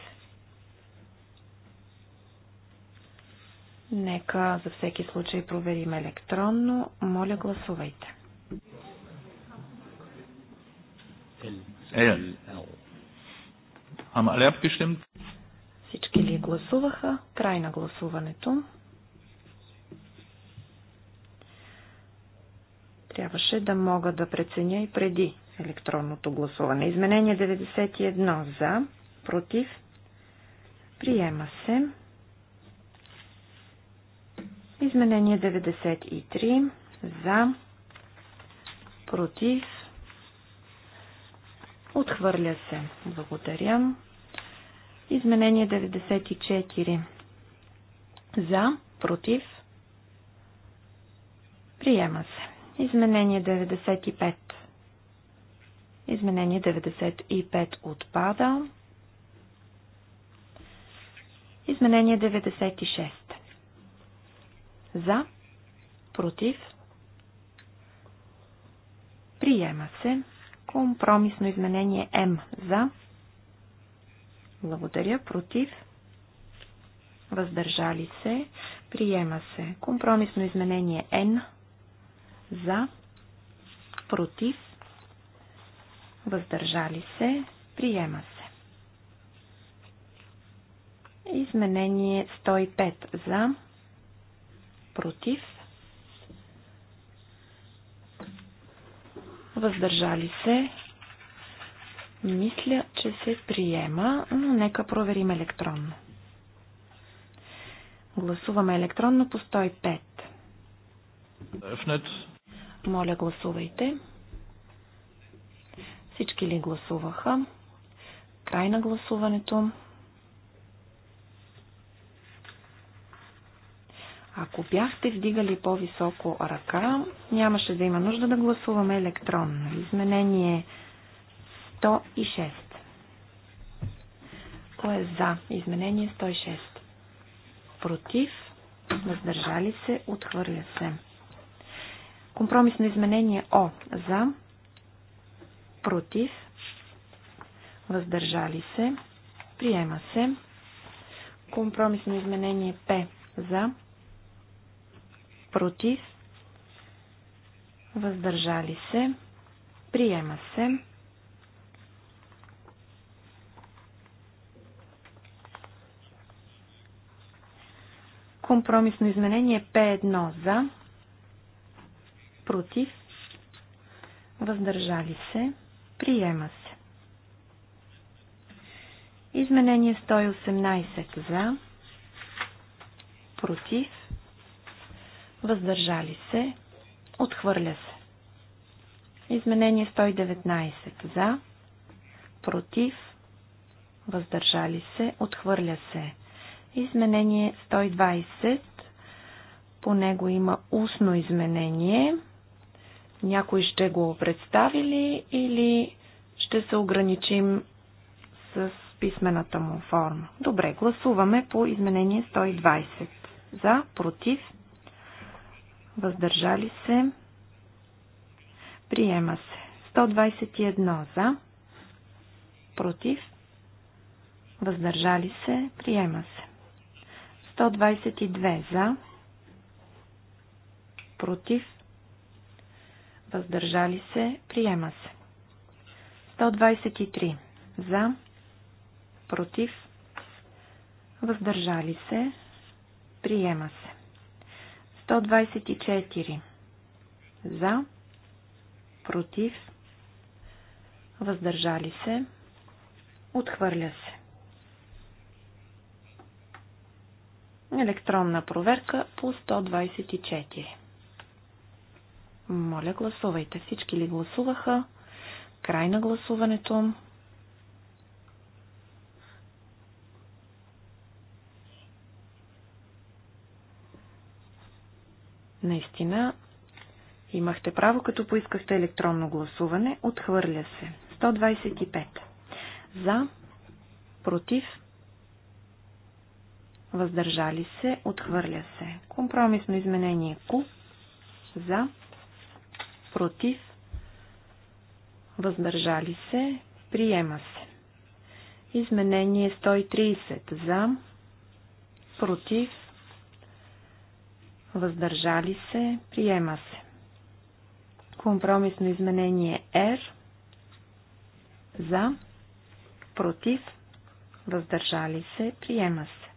Нека за всеки случай проверим електронно. Моля, гласувайте. Е, е Всички ли гласуваха? Край на гласуването. трябваше да мога да преценя и преди електронното гласуване. Изменение 91 за, против, приема се. Изменение 93 за, против, отхвърля се. Благодаря. Изменение 94 за, против, приема се. Изменение 95. Изменение 95 отпада. Изменение 96. За. Против. Приема се. Компромисно изменение М. За. Благодаря. Против. Въздържали се. Приема се. Компромисно изменение Н. За. Против. Въздържали се. Приема се. Изменение 105 за, против, въздържали се. Мисля, че се приема, но нека проверим електронно. Гласуваме електронно по 105. Öffnet. Моля, гласувайте. Всички ли гласуваха? Край на гласуването. Ако бяхте вдигали по-високо ръка, нямаше да има нужда да гласуваме електронно. Изменение 106. Кой е за? Изменение 106. Против? Въздържали се? Отхвърля се. Компромисно изменение О. За. Против. Въздържали се. Приема се. Компромисно изменение П. За. Против. Въздържали се. Приема се. Компромисно изменение П1 за против, въздържали се, приема се. Изменение 118 за, против, въздържали се, отхвърля се. Изменение 119 за, против, въздържали се, отхвърля се. Изменение 120, по него има устно изменение – някой ще го представи ли или ще се ограничим с писмената му форма? Добре, гласуваме по изменение 120. За, против, въздържали се, приема се. 121 за, против, въздържали се, приема се. 122 за, против, въздържали се, приема се. 123. За, против, въздържали се, приема се. 124. За, против, въздържали се, отхвърля се. Електронна проверка по 124. Моля, гласувайте. Всички ли гласуваха? Край на гласуването. Наистина, имахте право, като поискахте електронно гласуване. Отхвърля се. 125. За, против, въздържали се, отхвърля се. Компромисно изменение КУ. За, против, против, въздържали се, приема се. Изменение 130 за, против, въздържали се, приема се. Компромисно изменение R за, против, въздържали се, приема се.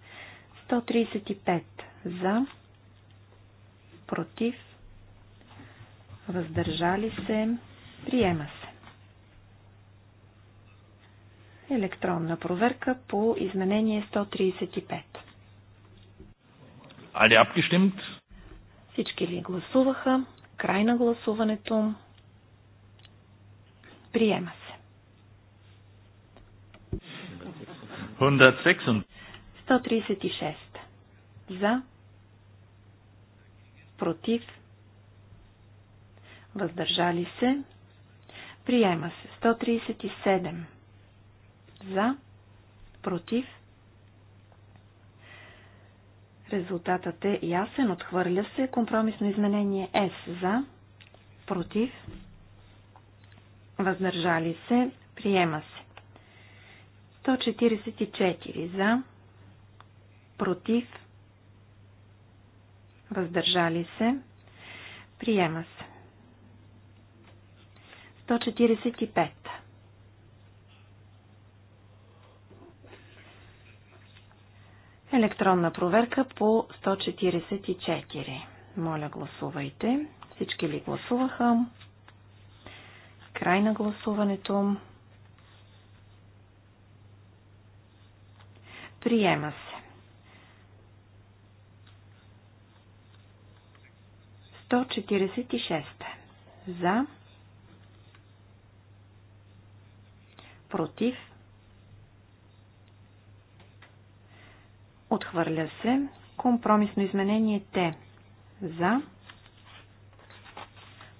135 за, против, въздържали се, приема се. Електронна проверка по изменение 135. Али абгестимт? Всички ли гласуваха? Край на гласуването. Приема се. 136. За. Против въздържали се, приема се. 137 за, против. Резултатът е ясен, отхвърля се. Компромисно изменение С за, против, въздържали се, приема се. 144 за, против, въздържали се, приема 145. Електронна проверка по 144. Моля, гласувайте. Всички ли гласуваха? Край на гласуването. Приема се. 146. За. против, отхвърля се, компромисно изменение Т за,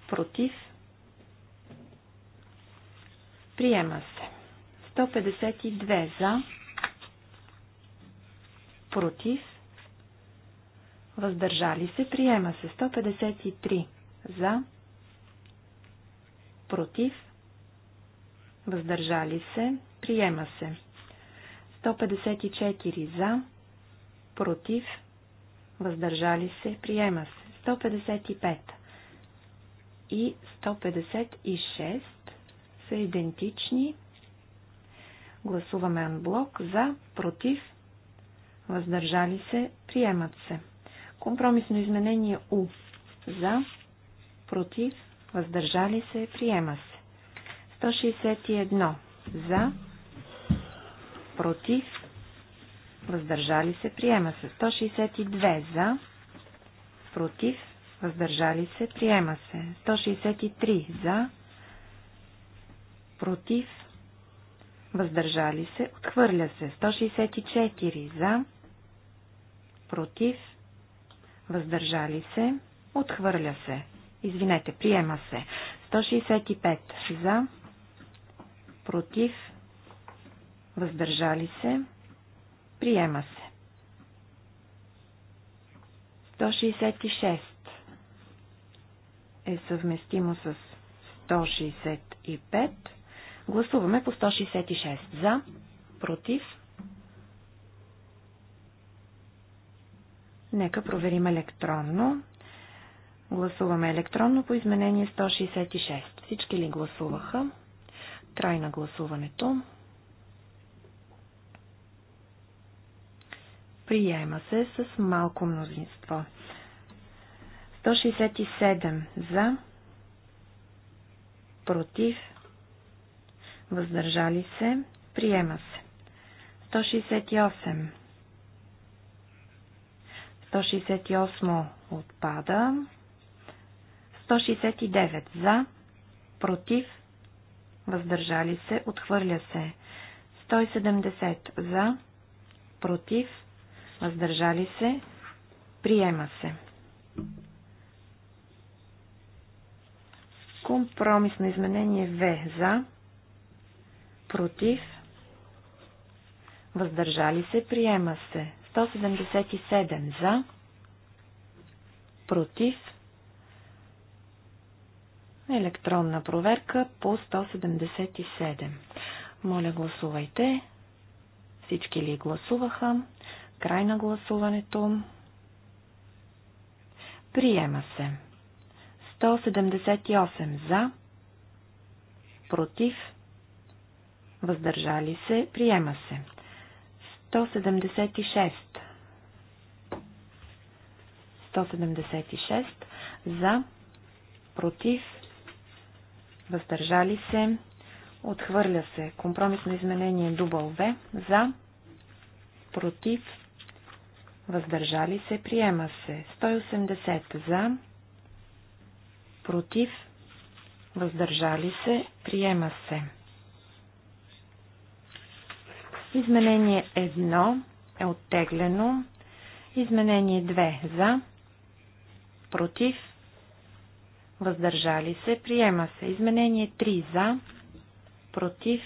против, приема се. 152 за, против, въздържали се, приема се. 153 за, против, въздържали се, приема се. 154 за, против, въздържали се, приема се. 155 и 156 са идентични. Гласуваме анблок за, против, въздържали се, приемат се. Компромисно изменение У за, против, въздържали се, приема се. 161 за, против, въздържали се, приема се. 162 за, против, въздържали се, приема се. 163 за, против, въздържали се, отхвърля се. 164 за, против, въздържали се, отхвърля се. Извинете, приема се. 165 за, против, въздържали се, приема се. 166 е съвместимо с 165. Гласуваме по 166. За, против. Нека проверим електронно. Гласуваме електронно по изменение 166. Всички ли гласуваха? Край на гласуването. Приема се с малко мнозинство. 167 за, против, въздържали се, приема се. 168 168 отпада. 169 за, против, въздържали се, отхвърля се. 170 за, против, въздържали се, приема се. Компромисно изменение В за, против, въздържали се, приема се. 177 за, против, Електронна проверка по 177. Моля гласувайте. Всички ли гласуваха? Край на гласуването. Приема се. 178 за. Против. Въздържали се. Приема се. 176. 176 за. Против въздържали се, отхвърля се. Компромисно изменение дубъл В, за, против, въздържали се, приема се. 180 за, против, въздържали се, приема се. Изменение 1 е оттеглено. Изменение 2 за, против, въздържали се, приема се. Изменение 3 за, против,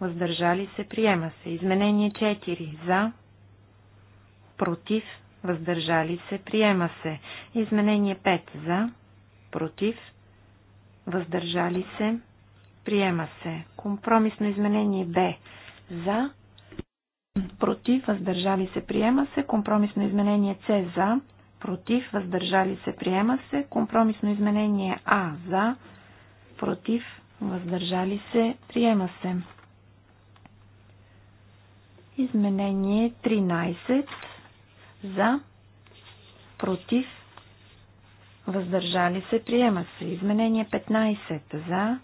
въздържали се, приема се. Изменение 4 за, против, въздържали се, приема се. Изменение 5 за, против, въздържали се, приема се. Компромисно изменение Б за, против, въздържали се, приема се. Компромисно изменение С за, против, въздържали се, приема се. Компромисно изменение А за, против, въздържали се, приема се. Изменение 13 за, против, въздържали се, приема се. Изменение 15 за,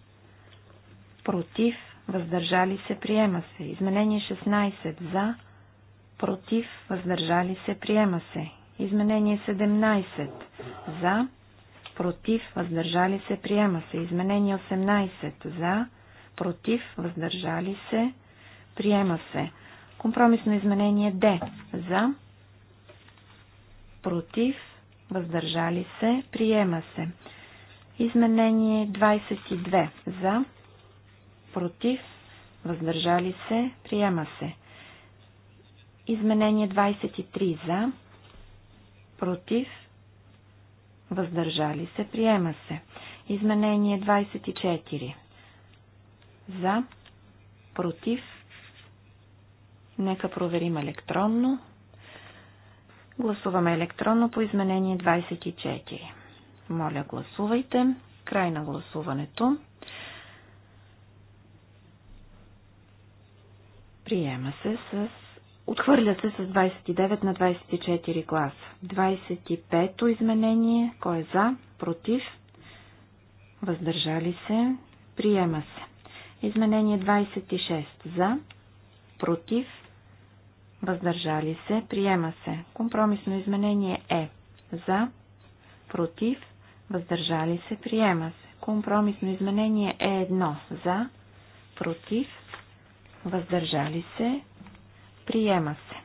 против, въздържали се, приема се. Изменение 16 за, против, въздържали се, приема се. Изменение 17. За. Против. Въздържали се. Приема се. Изменение 18. За. Против. Въздържали се. Приема се. Компромисно изменение Д. За. Против. Въздържали се. Приема се. Изменение 22. За. Против. Въздържали се. Приема се. Изменение 23. За против, въздържали се, приема се. Изменение 24. За, против, нека проверим електронно. Гласуваме електронно по изменение 24. Моля, гласувайте. Край на гласуването. Приема се с Отхвърля се с 29 на 24 гласа. 25-то изменение. Кой е за? Против? Въздържали се? Приема се. Изменение 26. За? Против? Въздържали се? Приема се. Компромисно изменение е. За? Против? Въздържали се? Приема се. Компромисно изменение е едно. За? Против? Въздържали се? Приема се.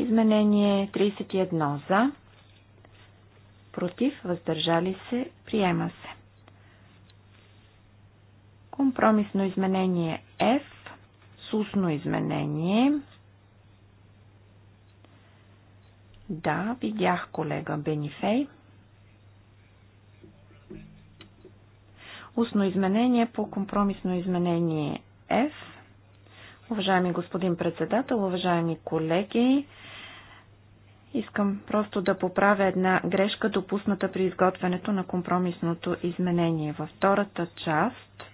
Изменение 31 за. Против, въздържали се, приема се. Компромисно изменение F Сусно изменение. Да, видях колега Бенифей. Устно изменение по компромисно изменение F. Уважаеми господин председател, уважаеми колеги, искам просто да поправя една грешка, допусната при изготвянето на компромисното изменение. Във втората част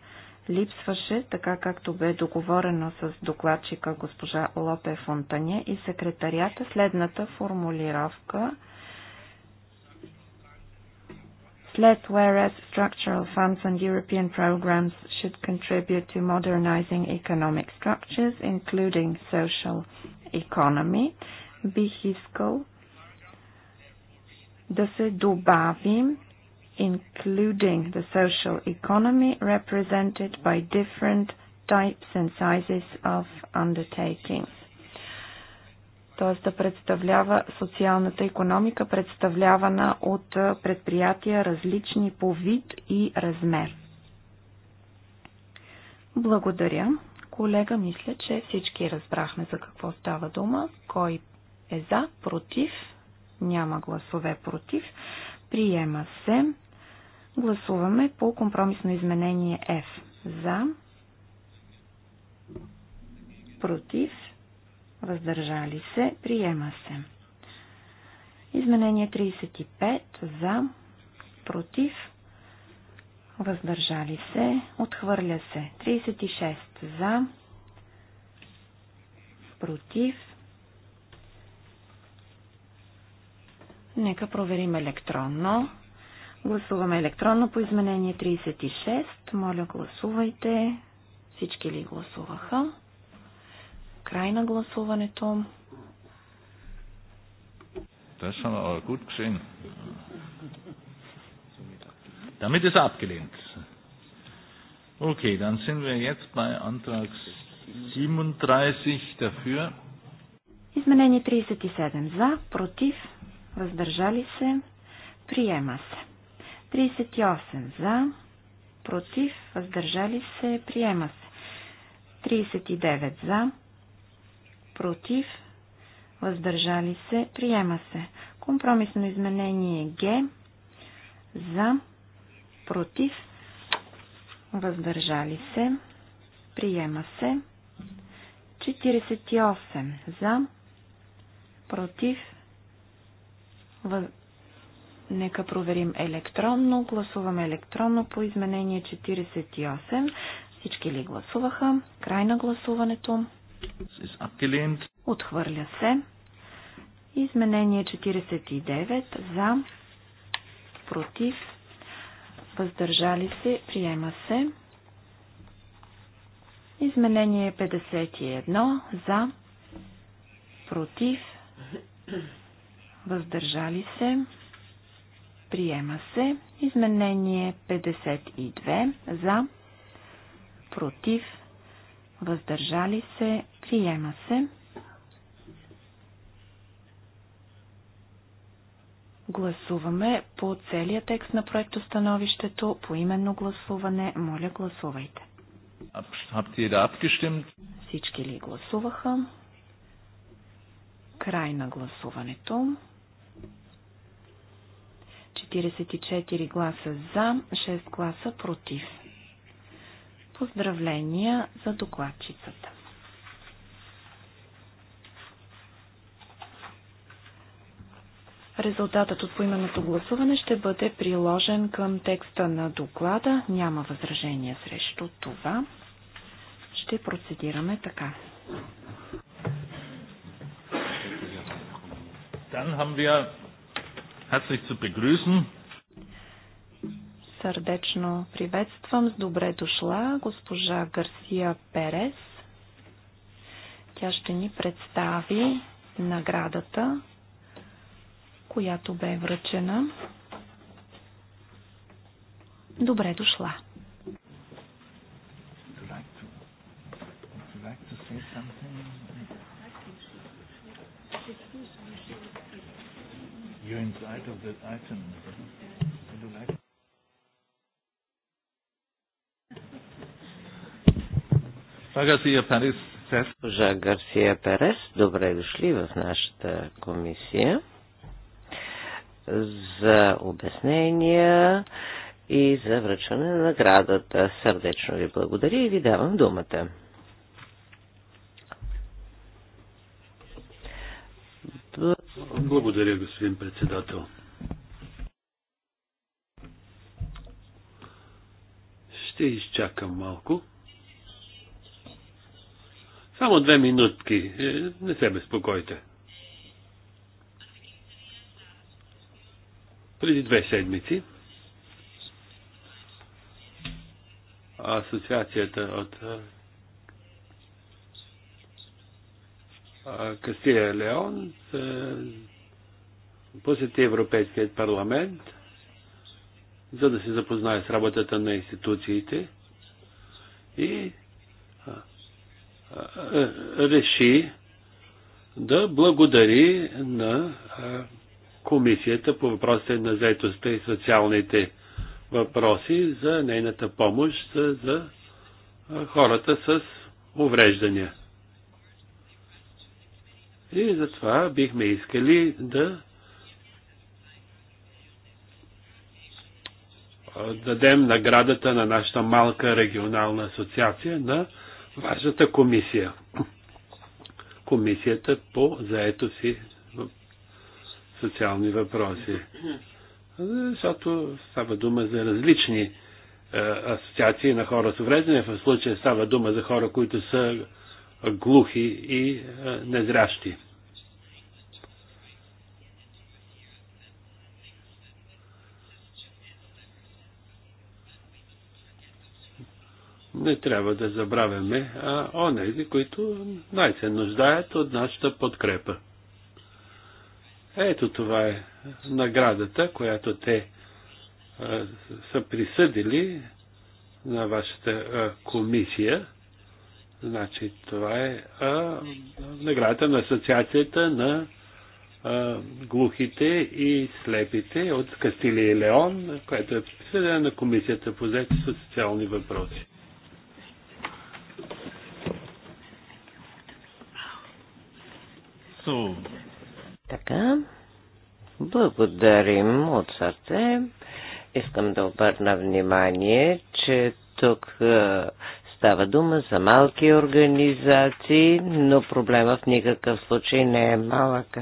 липсваше, така както бе договорено с докладчика госпожа Лопе Фонтане и секретарията, следната формулировка Let whereas structural funds and European programs should contribute to modernizing economic structures, including social economy, бих искал да се добавим including the social economy represented by different types and sizes of undertakings. Т.е. да представлява социалната економика, представлявана от предприятия различни по вид и размер. Благодаря. Колега, мисля, че всички разбрахме за какво става дума. Кой е за, против, няма гласове против. Приема се. Гласуваме по компромисно изменение F. За, против, въздържали се, приема се. Изменение 35 за, против, въздържали се, отхвърля се. 36 за, против. Нека проверим електронно. Гласуваме електронно по изменение 36. Моля, гласувайте. Всички ли гласуваха? Край на гласуването. Das haben wir aber е gesehen. Damit ist abgelehnt. Okay, dann sind wir jetzt bei Antrag 37 dafür. Изменение 37 за, против, въздържали се, приема се. 38 за, против, въздържали се, приема се. 39 за, против, въздържали се, приема се. Компромисно изменение Г за, против, въздържали се, приема се. 48 за, против, се. Нека проверим електронно. Гласуваме електронно по изменение 48. Всички ли гласуваха? Край на гласуването. Отхвърля се. Изменение 49 за, против, въздържали се, приема се. Изменение 51 за, против, въздържали се. Приема се. Изменение 52 за. Против. Въздържали се. Приема се. Гласуваме по целия текст на становището по именно гласуване. Моля, гласувайте. Всички ли гласуваха? Край на гласуването. 44 гласа за, 6 гласа против. Поздравления за докладчицата. Резултатът от поименното гласуване ще бъде приложен към текста на доклада. Няма възражение срещу това. Ще процедираме така. Dann haben wir herzlich zu begrüßen. Сърдечно приветствам с добре дошла госпожа Гарсия Перес. Тя ще ни представи наградата, която бе връчена. Добре дошла! Would you like to would you like to say something? You're inside of that item. Would you like Гарсия Перес. Госпожа Гарсия Перес, добре дошли в нашата комисия за обяснения и за връчване на наградата. Сърдечно ви благодаря и ви давам думата. Благодаря, господин председател. Ще изчакам малко. Само две минутки. Е, не се безпокойте. Преди две седмици асоциацията от Кастилия Леон е, посети Европейският парламент, за да се запознае с работата на институциите и реши да благодари на Комисията по въпросите на заетостта и социалните въпроси за нейната помощ за хората с увреждания. И затова бихме искали да дадем наградата на нашата малка регионална асоциация на вашата комисия. Комисията по заето си социални въпроси. Защото става дума за различни асоциации на хора с увреждане. В случая става дума за хора, които са глухи и е, незрящи. не трябва да забравяме а, онези, които най-се нуждаят от нашата подкрепа. Ето това е наградата, която те а, е, са присъдили на вашата а, е, комисия Значи това е а, наградата на Асоциацията на а, глухите и слепите от Кастилия и Леон, която е председателя на Комисията по заети социални въпроси. So. Така. Благодарим от сърце. Искам да обърна внимание, че тук Става дума за малки организации, но проблема в никакъв случай не е малък.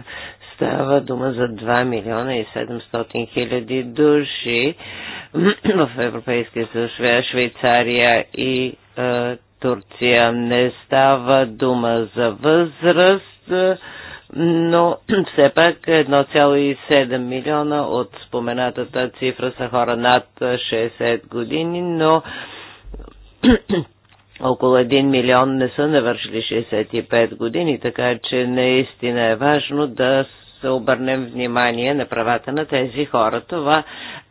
Става дума за 2 милиона и 700 хиляди души в Европейския съюз, Швейцария и е, Турция. Не става дума за възраст. Е, но все пак 1,7 милиона от споменатата цифра са хора над 60 години, но около 1 милион не са навършили 65 години, така че наистина е важно да се обърнем внимание на правата на тези хора. Това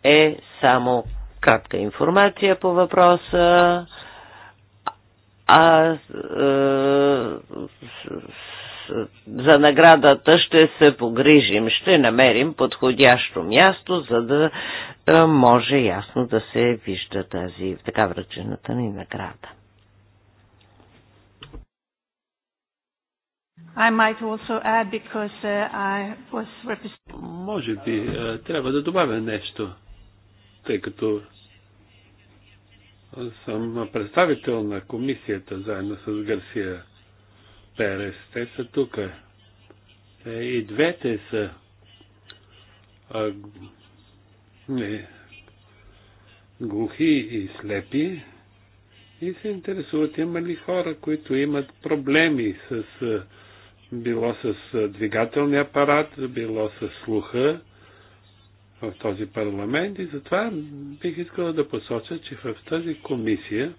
е само кратка информация по въпроса. А е, за наградата ще се погрижим, ще намерим подходящо място, за да е, може ясно да се вижда тази така връчената ни награда. I might also add because uh, I was Може би е, трябва да добавя нещо, тъй като съм представител на комисията заедно с Гарсия Перес. Те са тук. Е, и двете са а, не, глухи и слепи и се интересуват има ли хора, които имат проблеми с е, било с двигателния апарат, било с слуха в този парламент и затова бих искала да посоча, че в тази комисия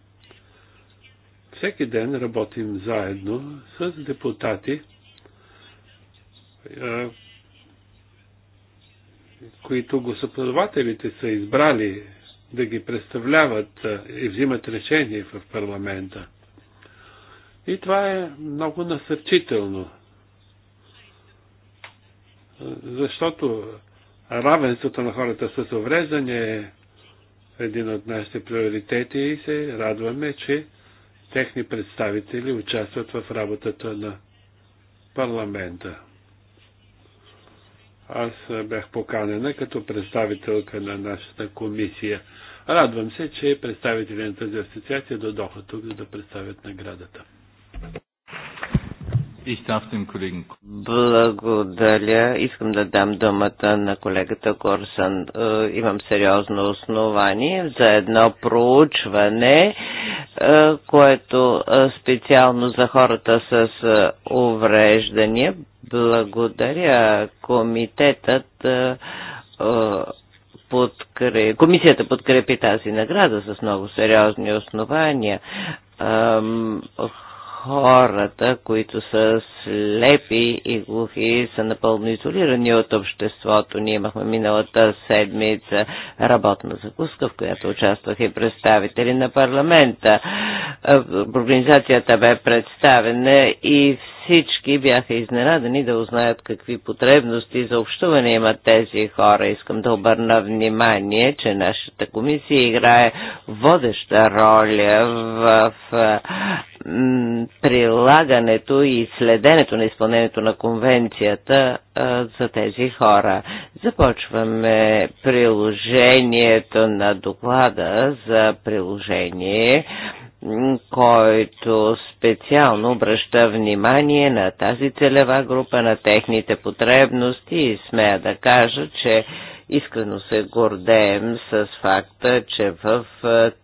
всеки ден работим заедно с депутати, които гласоподавателите са избрали да ги представляват и взимат решение в парламента. И това е много насърчително. Защото равенството на хората с увреждане е един от нашите приоритети и се радваме, че техни представители участват в работата на парламента. Аз бях поканена като представителка на нашата комисия. Радвам се, че представители на тази асоциация додоха тук, за да представят наградата. Благодаря. Искам да дам думата на колегата Корсън. Е, имам сериозно основание за едно проучване, е, което е, специално за хората с увреждания. Благодаря. Комитетът подкреп... комисията подкрепи тази награда с много сериозни основания хората, които са слепи и глухи, са напълно изолирани от обществото. Ние имахме миналата седмица работна закуска, в която участваха и представители на парламента. Е, организацията бе представена и всички бяха изненадани да узнаят какви потребности за общуване имат тези хора. Искам да обърна внимание, че нашата комисия играе водеща роля в прилагането и следенето на изпълнението на конвенцията за тези хора. Започваме приложението на доклада за приложение който специално обръща внимание на тази целева група, на техните потребности и смея да кажа, че искрено се гордеем с факта, че в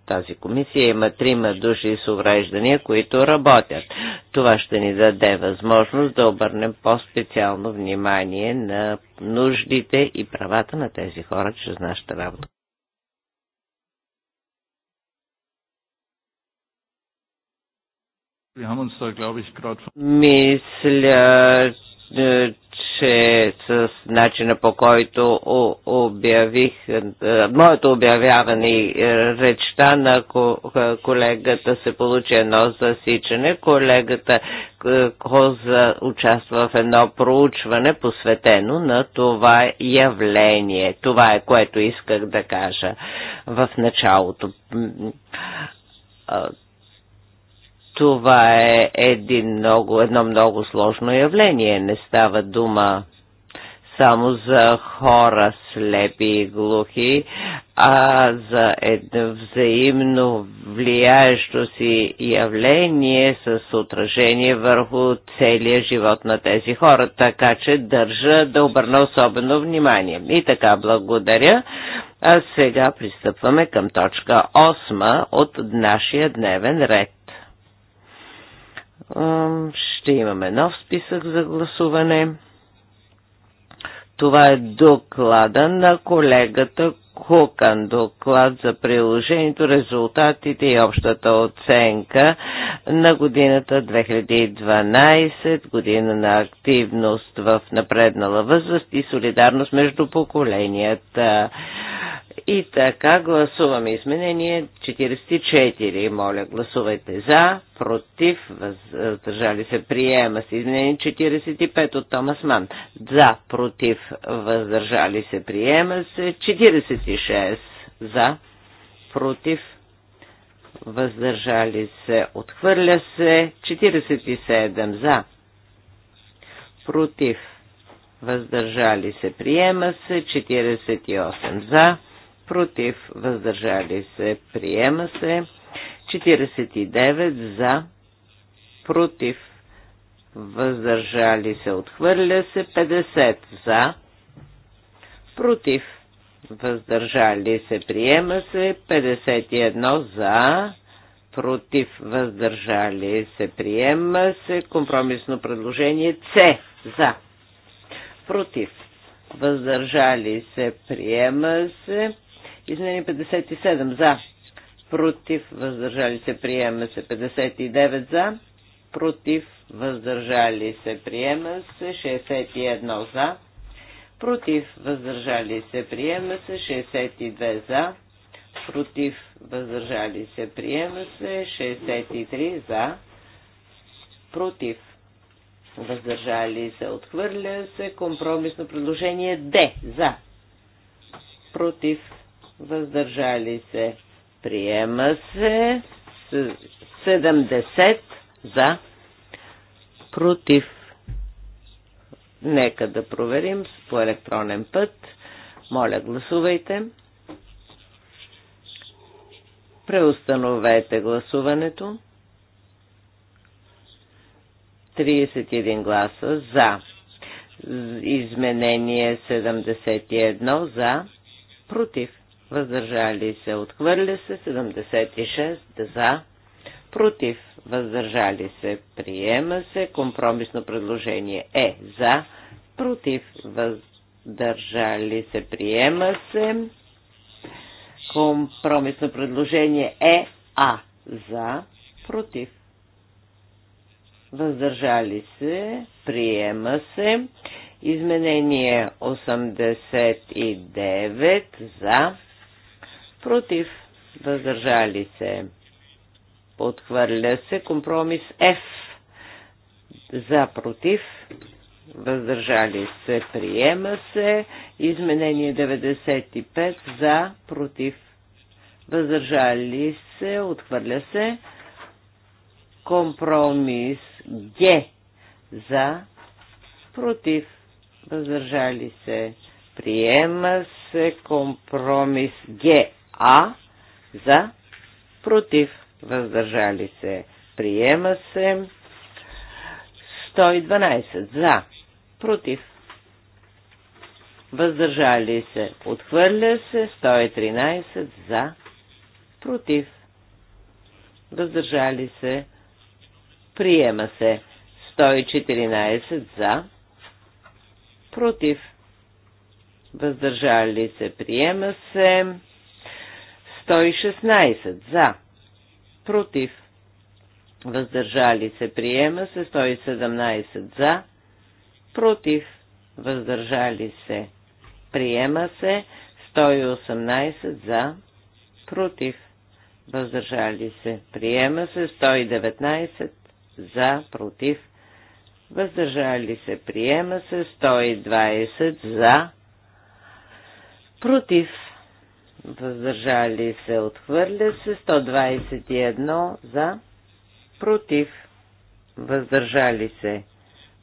тази комисия има трима души с увреждания, които работят. Това ще ни даде възможност да обърнем по-специално внимание на нуждите и правата на тези хора чрез нашата работа. Мисля, е, че с начина по който обявих, е, моето обявяване и е, речта на колегата се получи едно засичане. Колегата Коза участва в едно проучване, посветено на това явление. Това е което исках да кажа в началото това е един много, едно много сложно явление. Не става дума само за хора слепи и глухи, а за едно взаимно влияещо си явление с отражение върху целия живот на тези хора, така че държа да обърна особено внимание. И така, благодаря. А сега пристъпваме към точка 8 от нашия дневен ред. Ще имаме нов списък за гласуване. Това е доклада на колегата Кукан. Доклад за приложението, резултатите и общата оценка на годината 2012, година на активност в напреднала възраст и солидарност между поколенията. И така гласуваме изменение 44. Моля, гласувайте за, против, въздържали се, приема се. Изменение 45 от Томас Ман. За, против, въздържали се, приема се. 46 за, против, въздържали се, отхвърля се. 47 за, против, въздържали се, приема се. 48 за, против, въздържали се, приема се. 49 за, против, въздържали се, отхвърля се. 50 за, против, въздържали се, приема се. 51 за, против, въздържали се, приема се. Компромисно предложение С за, против, въздържали се, приема се. Изменение 57 за. Против. Въздържали се. Приема се. 59 за. Против. Въздържали се. Приема се. 61 за. Против. Въздържали се. Приема се. 62 за. Против. Въздържали се. Приема се. 63 за. Против въздържали се, отхвърля се компромисно предложение Д за, против, въздържали се, приема се, 70 за, против. Нека да проверим по електронен път. Моля, гласувайте. Преустановете гласуването. 31 гласа за. Изменение 71 за. Против въздържали се, отхвърля се, 76 за, против, въздържали се, приема се, компромисно предложение е за, против, въздържали се, приема се, компромисно предложение е а, за, против, въздържали се, приема се, изменение 89 за, против, въздържали се. Отхвърля се компромис F. За против, въздържали се, приема се. Изменение 95 за против, въздържали се, отхвърля се. Компромис Г за против, въздържали се. Приема се компромис ГФ а за против въздържали се. Приема се 112 за против въздържали се. Отхвърля се 113 за против въздържали се. Приема се 114 за против въздържали се. Приема се 116 за, против, въздържали се, приема се 117 за, против, въздържали се, приема се 118 за, против, въздържали се, приема се 119 за, против, въздържали се, приема се 120 за, против, въздържали се, отхвърля се, 121 за, против, въздържали се,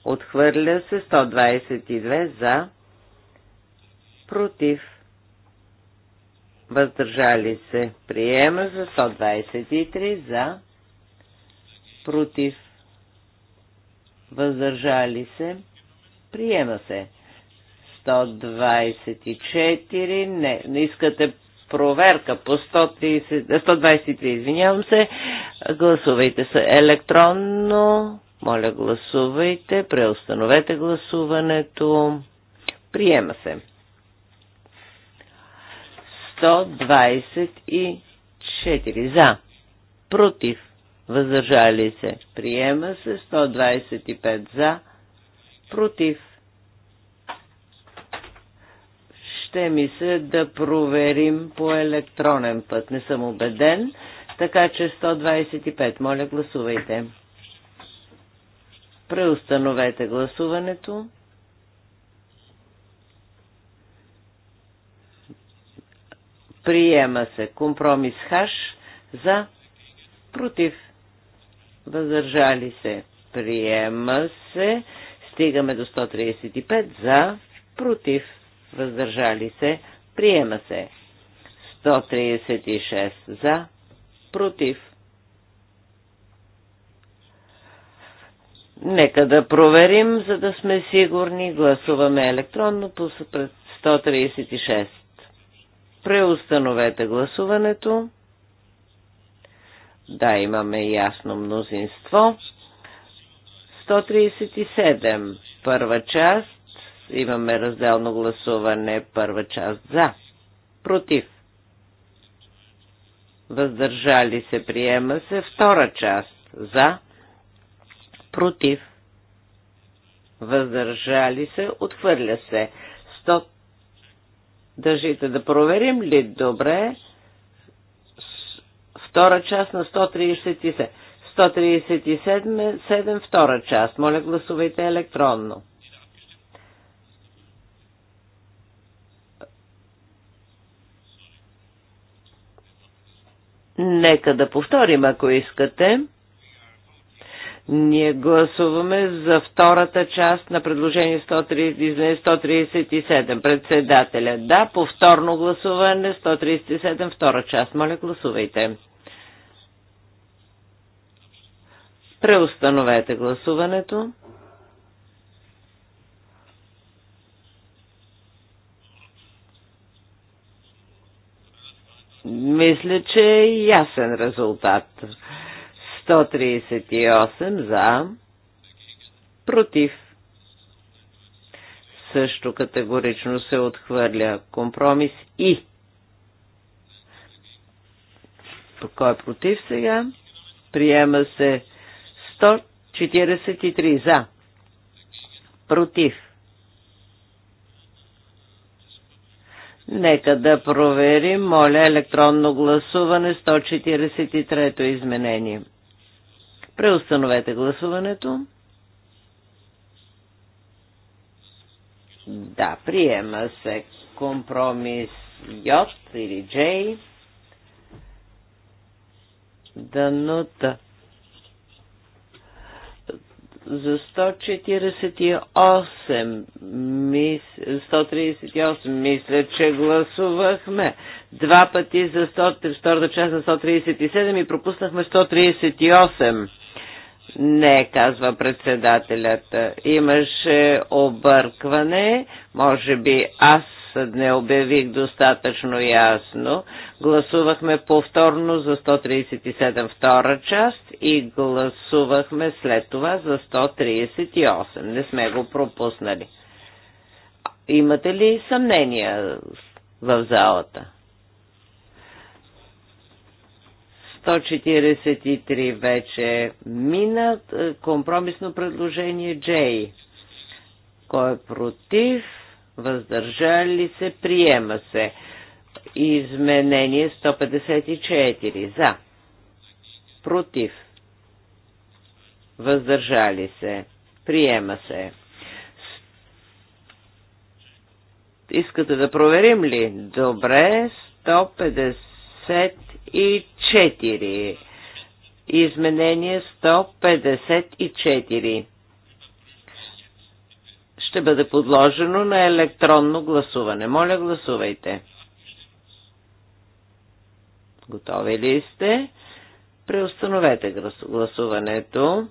отхвърля се, 122 за, против, въздържали се, приема за 123 за, против, въздържали се, приема се. 124, не, не искате проверка по 130, 123, извинявам се. Гласувайте се електронно. Моля, гласувайте. Преустановете гласуването. Приема се. 124 за. Против. Въздържали се. Приема се. 125 за. Против Ще ми се да проверим по електронен път. Не съм убеден. Така че 125. Моля, гласувайте. Преустановете гласуването. Приема се компромис хаш за против. Въздържали се. Приема се. Стигаме до 135 за против въздържали се, приема се. 136 за, против. Нека да проверим, за да сме сигурни. Гласуваме електронно по 136. Преустановете гласуването. Да, имаме ясно мнозинство. 137. Първа част Имаме разделно гласуване. Първа част за. Против. Въздържали се. Приема се. Втора част за. Против. Въздържали се. Отхвърля се. Сто... Държите да проверим ли добре. Втора част на 137. 137, 7, втора част. Моля, гласувайте електронно. Нека да повторим, ако искате. Ние гласуваме за втората част на предложение 137. Председателя. Да, повторно гласуване 137, втора част. Моля, гласувайте. Преустановете гласуването. Мисля, че е ясен резултат. 138 за, против. Също категорично се отхвърля компромис и. Кой е против сега? Приема се 143 за, против Нека да проверим. Моля, електронно гласуване 143-то изменение. Преустановете гласуването. Да, приема се компромис J или J. но Да за 148, мис... 138, мисля, че гласувахме. Два пъти за 100, втората част на 137 и пропуснахме 138. Не, казва председателят. Имаше объркване. Може би аз не обявих достатъчно ясно. Гласувахме повторно за 137 втора част и гласувахме след това за 138. Не сме го пропуснали. Имате ли съмнения в залата? 143 вече мина. Компромисно предложение Джей. Кой е против? въздържали се, приема се. Изменение 154 за, против, въздържали се, приема се. Искате да проверим ли? Добре, 154. Изменение 154 ще бъде подложено на електронно гласуване. Моля, гласувайте. Готови ли сте? Преустановете гласуването.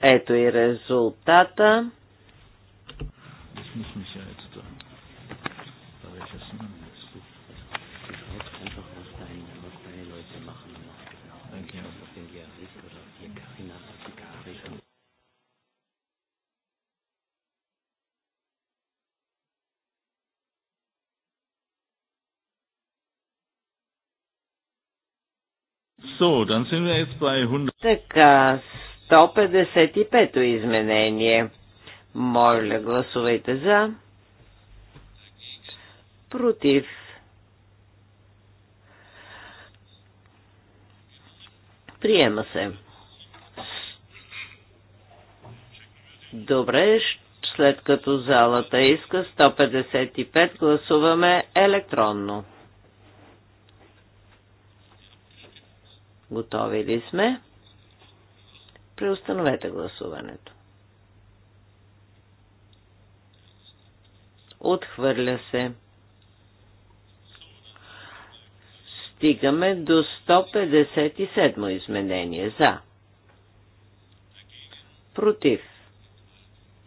Ето и резултата. So, dann sind wir jetzt bei 100. Така, 155-то изменение. Моля, гласувайте за. Против. Приема се. Добре, след като залата иска 155, гласуваме електронно. Готови ли сме? Преустановете гласуването. Отхвърля се. Стигаме до 157 изменение. За. Против.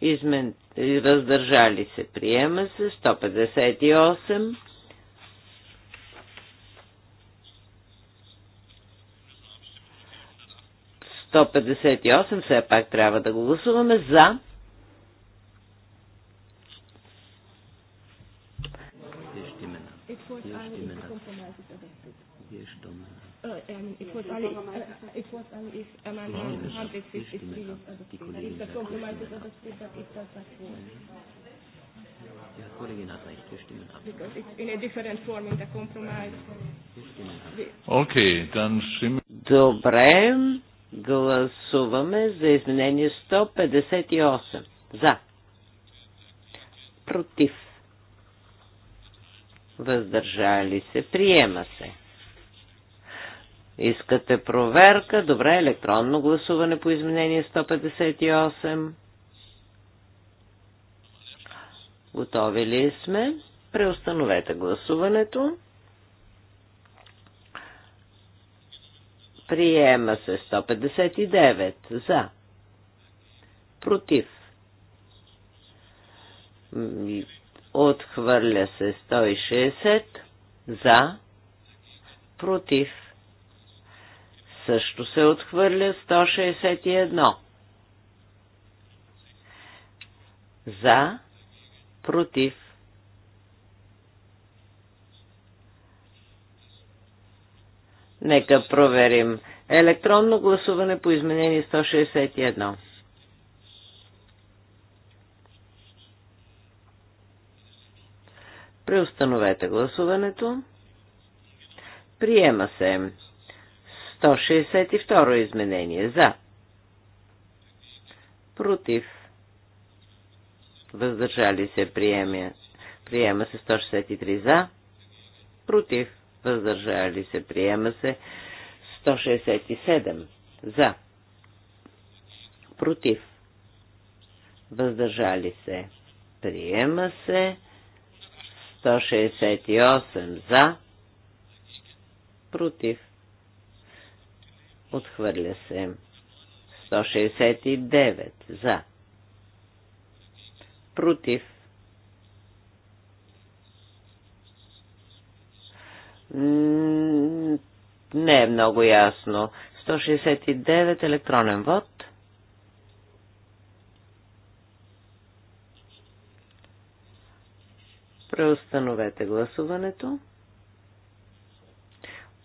Измен... Раздържали се. Приема се. 158. 158 все пак трябва да го гласуваме за. Die Kollegin hat recht, wir stimmen ab. In a different form in the compromise. Okay, dann stimmen. Добре. Гласуваме за изменение 158. За. Против. Въздържали се. Приема се. Искате проверка? Добре, електронно гласуване по изменение 158. Готови ли сме? Преустановете гласуването. Приема се 159 за. Против. Отхвърля се 160 за. Против. Също се отхвърля 161. За. Против. Нека проверим. Електронно гласуване по изменение 161. Преустановете гласуването. Приема се. 162 изменение. За. Против. Въздържали се. Приема. Приема се 163 за. Против въздържали се, приема се 167 за, против, въздържали се, приема се 168 за, против, отхвърля се 169 за, против, Не е много ясно. 169 електронен вод. Преустановете гласуването.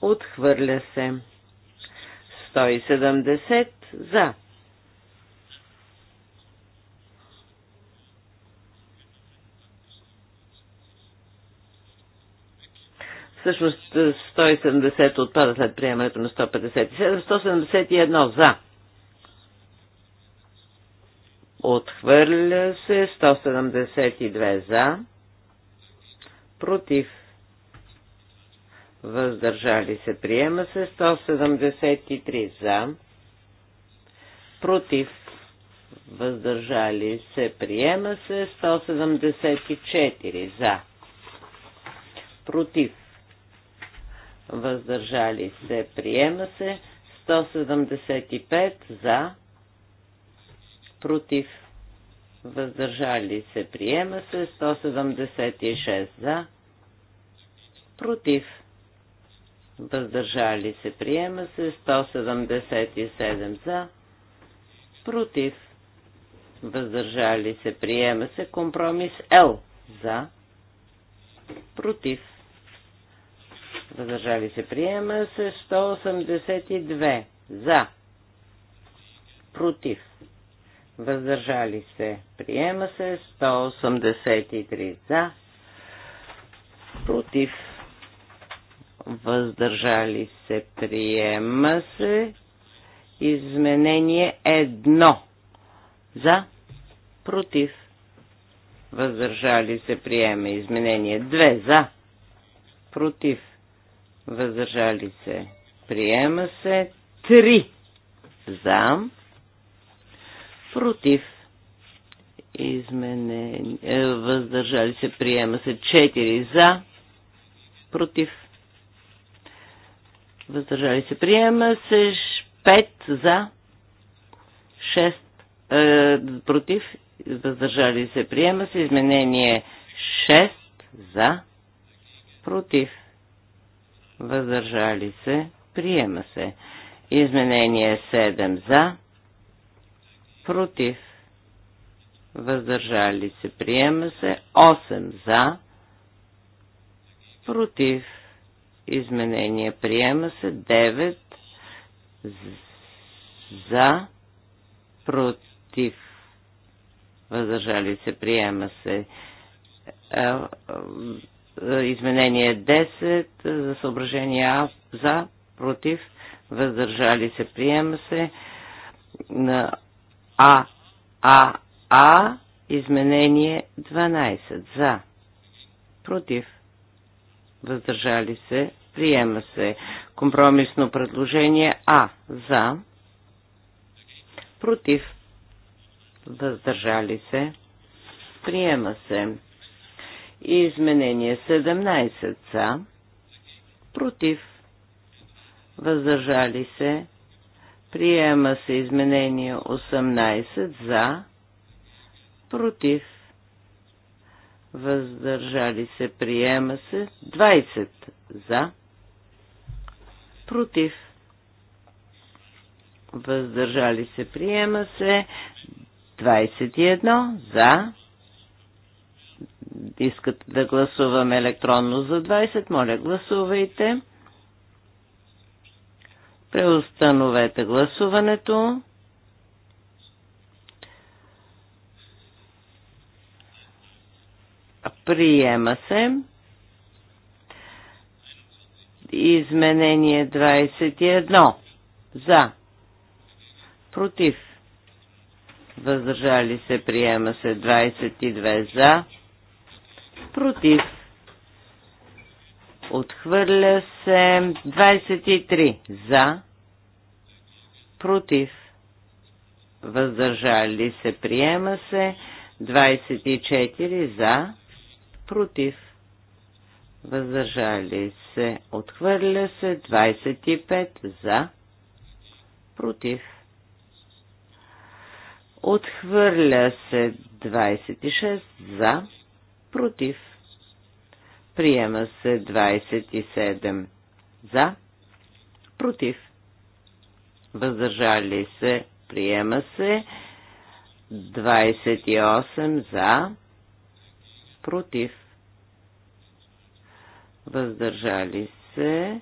Отхвърля се. 170 за. всъщност 170 е, отпада след приемането на 157, 171 за. Отхвърля се 172 за. Против. Въздържали се. Приема се 173 за. Против. Въздържали се. Приема се 174 за. Против въздържали се, приема се. 175 за, против, въздържали се, приема се. 176 за, против, въздържали се, приема се. 177 за, против, въздържали се, приема се. Компромис Л за, против, въздържали се, приема се 182 за, против, въздържали се, приема се 183 за, против, въздържали се, приема се изменение едно. за, против, въздържали се, приема изменение 2 за, против, въздържали се, приема се 3 за, против, изменени, е, въздържали се, приема се 4 за, против, въздържали се, приема се 5 за, 6 е, против, въздържали се, приема се изменение 6 за, против въздържали се, приема се. Изменение 7 за, против, въздържали се, приема се. 8 за, против, изменение приема се. 9 за, против, въздържали се, приема се. Е, е, е, изменение 10 е, за съображение А за, против, въздържали се, приема се. На А, А, А, изменение 12 за, против, въздържали се, приема се. Компромисно предложение А за, против, въздържали се, приема се. И Изменение 17 са против, въздържали се, приема се изменение 18 за, против, въздържали се, приема се 20 за, против, въздържали се, приема се 21 за, искат да гласуваме електронно за 20, моля гласувайте. Преустановете гласуването. Приема се. Изменение 21. За. Против. Въздържали се. Приема се 22 за против, отхвърля се 23 за, против, въздържали се, приема се 24 за, против, въздържали се, отхвърля се 25 за, против. Отхвърля се 26 за, против. Приема се 27 за, против, въздържали се, приема се 28 за, против, въздържали се.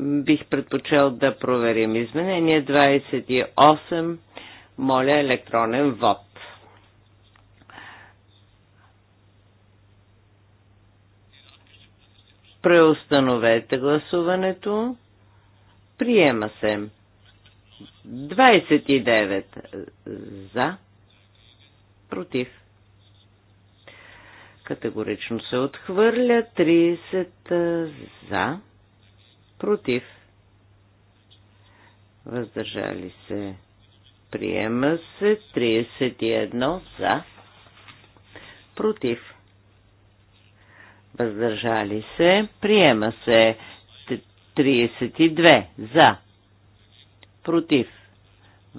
Бих предпочел да проверим изменение 28. Моля електронен вод. Преустановете гласуването. Приема се. 29 за. Против. Категорично се отхвърля. 30 за. Против. Въздържали се. Приема се. 31 за. Против въздържали се, приема се 32 за, против,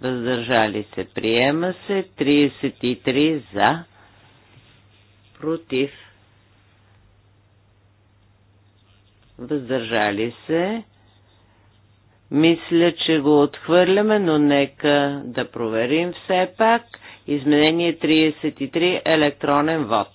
въздържали се, приема се 33 за, против, въздържали се. Мисля, че го отхвърляме, но нека да проверим все пак. Изменение 33 електронен вод.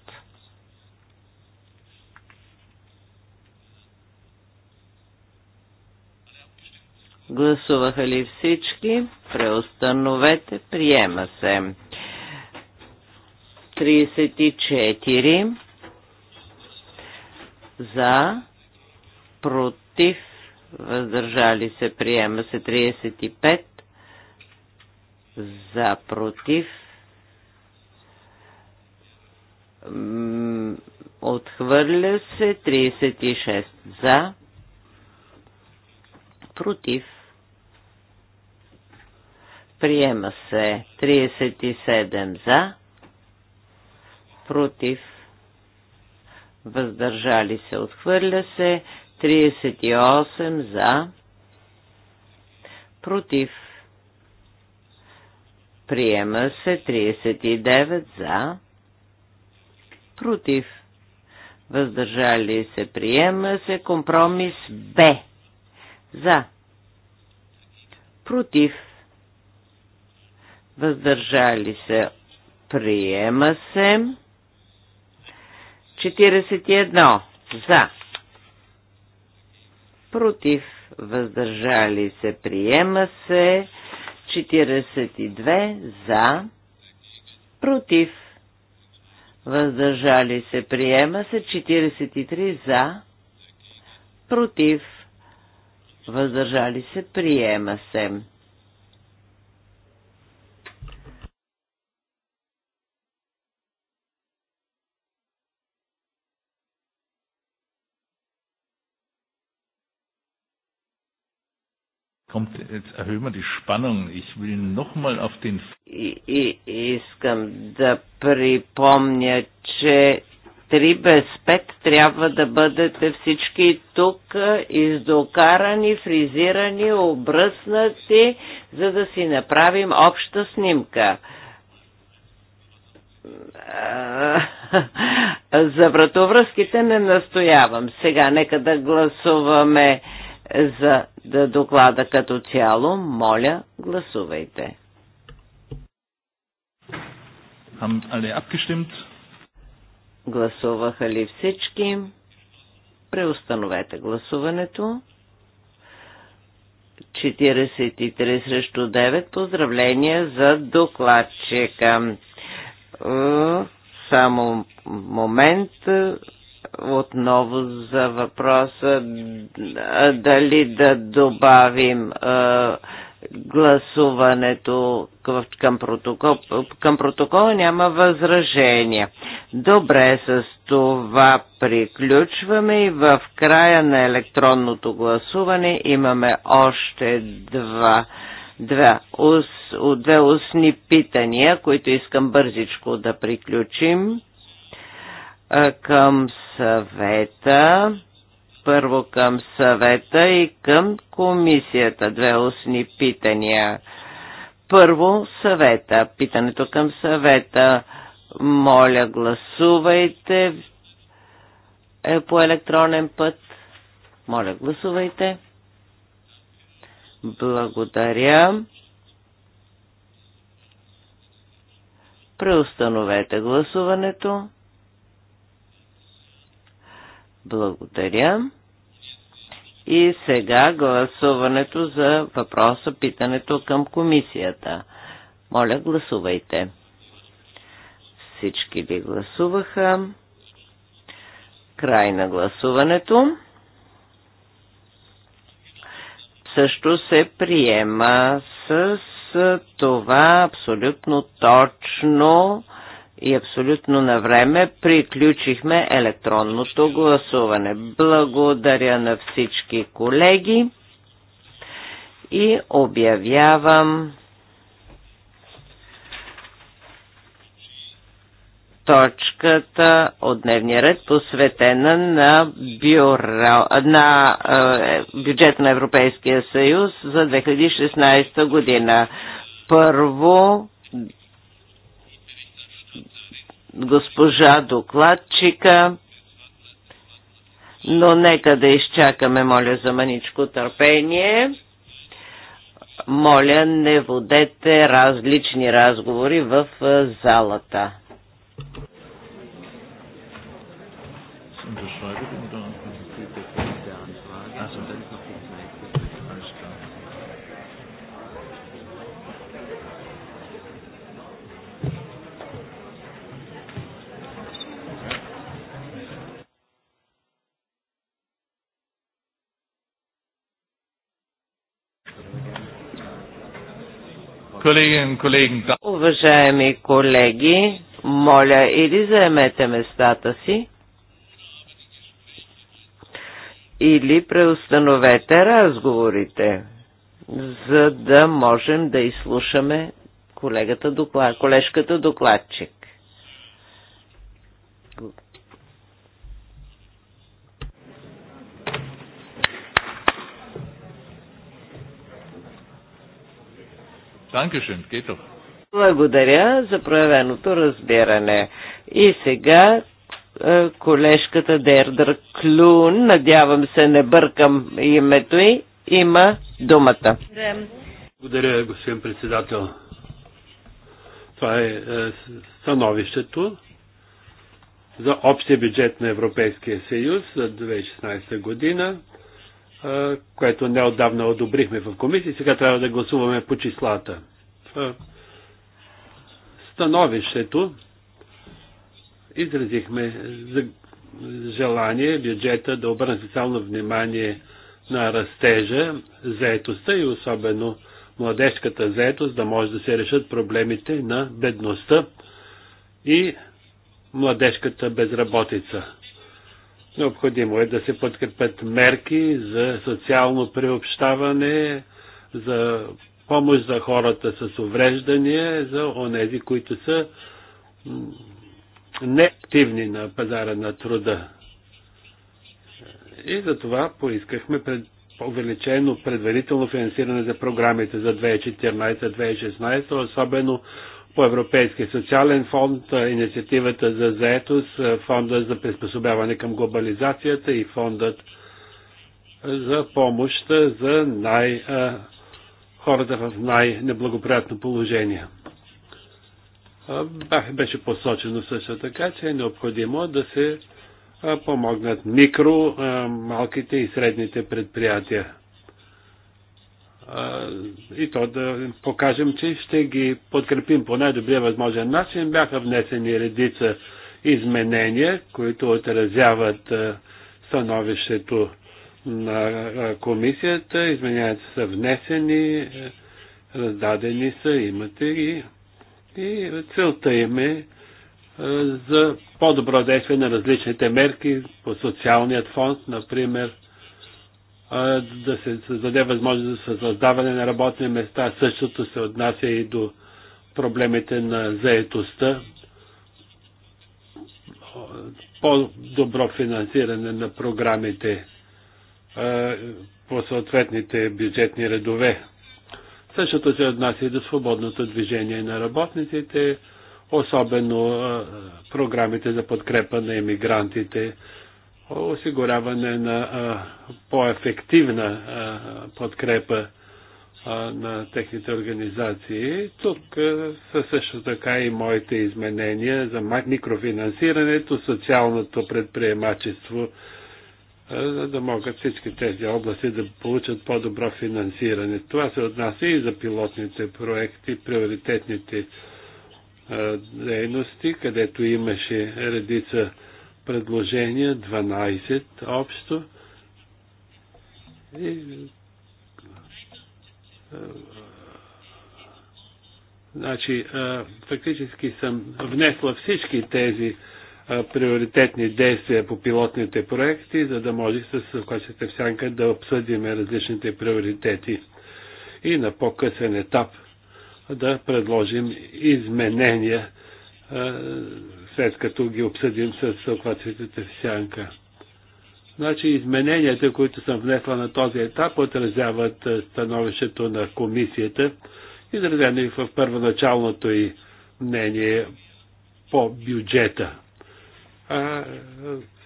Гласуваха ли всички? Преустановете. Приема се. 34 за, против, въздържали се, приема се 35 за, против, отхвърля се 36 за, против, Приема се 37 за, против, въздържали се, отхвърля се 38 за, против, приема се 39 за, против, въздържали се, приема се компромис Б за, против, въздържали се, приема се. 41 за, против, въздържали се, приема се. 42 за, против, въздържали се, приема се. 43 за, против, въздържали се, приема се. Kommt, jetzt erhöhen wir die Spannung. Ich will nochmal auf den... И, и, искам да припомня, че 3 без 5 трябва да бъдете всички тук издокарани, фризирани, обръснати, за да си направим обща снимка. За вратовръзките не настоявам. Сега нека да гласуваме за да доклада като цяло. Моля, гласувайте. Гласуваха ли всички? Преустановете гласуването. 43 срещу 9. Поздравления за докладчика. Е, само момент отново за въпроса дали да добавим гласуването към, протокол, към протокола няма възражения. Добре, с това приключваме и в края на електронното гласуване имаме още два, два, ус, две устни питания, които искам бързичко да приключим към съвета, първо към съвета и към комисията. Две устни питания. Първо съвета, питането към съвета. Моля, гласувайте е по електронен път. Моля, гласувайте. Благодаря. Преустановете гласуването. Благодаря. И сега гласуването за въпроса, питането към комисията. Моля, гласувайте. Всички ли гласуваха? Край на гласуването. Също се приема с това абсолютно точно и абсолютно на време приключихме електронното гласуване. Благодаря на всички колеги и обявявам точката от дневния ред, посветена на, бюро, на е, бюджет на Европейския съюз за 2016 година. Първо госпожа докладчика, но нека да изчакаме, моля, за маничко търпение. Моля, не водете различни разговори в залата. Уважаеми колеги, моля или заемете местата си, или преустановете разговорите, за да можем да изслушаме колегата доклад, колежката докладчик. Dankeschön, geht doch. Благодаря за проявеното разбиране. И сега е, колежката Дердър Клюн, надявам се не бъркам името й, има думата. Благодаря, господин председател. Това е, е становището за общия бюджет на Европейския съюз за 2016 година което неодавна одобрихме в комисия. Сега трябва да гласуваме по числата. становището изразихме за желание бюджета да обърне специално внимание на растежа, заетостта и особено младежката заетост, да може да се решат проблемите на бедността и младежката безработица. Необходимо е да се подкрепят мерки за социално приобщаване, за помощ за хората с увреждания, за онези, които са неактивни на пазара на труда. И за това поискахме пред, увеличено предварително финансиране за програмите за 2014-2016, особено по Европейския социален фонд, инициативата за заетост, фонда за приспособяване към глобализацията и фондът за помощ за най, хората в най-неблагоприятно положение. Беше посочено също така, че е необходимо да се помогнат микро, малките и средните предприятия и то да покажем, че ще ги подкрепим по най-добрия възможен начин. Бяха внесени редица изменения, които отразяват становището на комисията. Измененията са внесени, раздадени са, имате ги. И целта им е за по-добро действие на различните мерки по социалният фонд, например, да се създаде възможност за създаване на работни места. Същото се отнася и до проблемите на заетостта, по-добро финансиране на програмите по съответните бюджетни редове. Същото се отнася и до свободното движение на работниците, особено програмите за подкрепа на емигрантите, осигуряване на по-ефективна подкрепа на техните организации. Тук са също така и моите изменения за микрофинансирането, социалното предприемачество, за да могат всички тези области да получат по-добро финансиране. Това се отнася и за пилотните проекти, приоритетните дейности, където имаше редица предложения, 12 общо. И, е, е, значи, е, фактически съм внесла всички тези приоритетни действия по пилотните проекти, за да може с кочета Всянка сянка да обсъдиме различните приоритети и на по-късен етап да предложим изменения след като ги обсъдим с съхватителите в сянка. Значи измененията, които съм внесла на този етап, отразяват е, становището на комисията, изразено и в първоначалното и мнение по бюджета. А, е,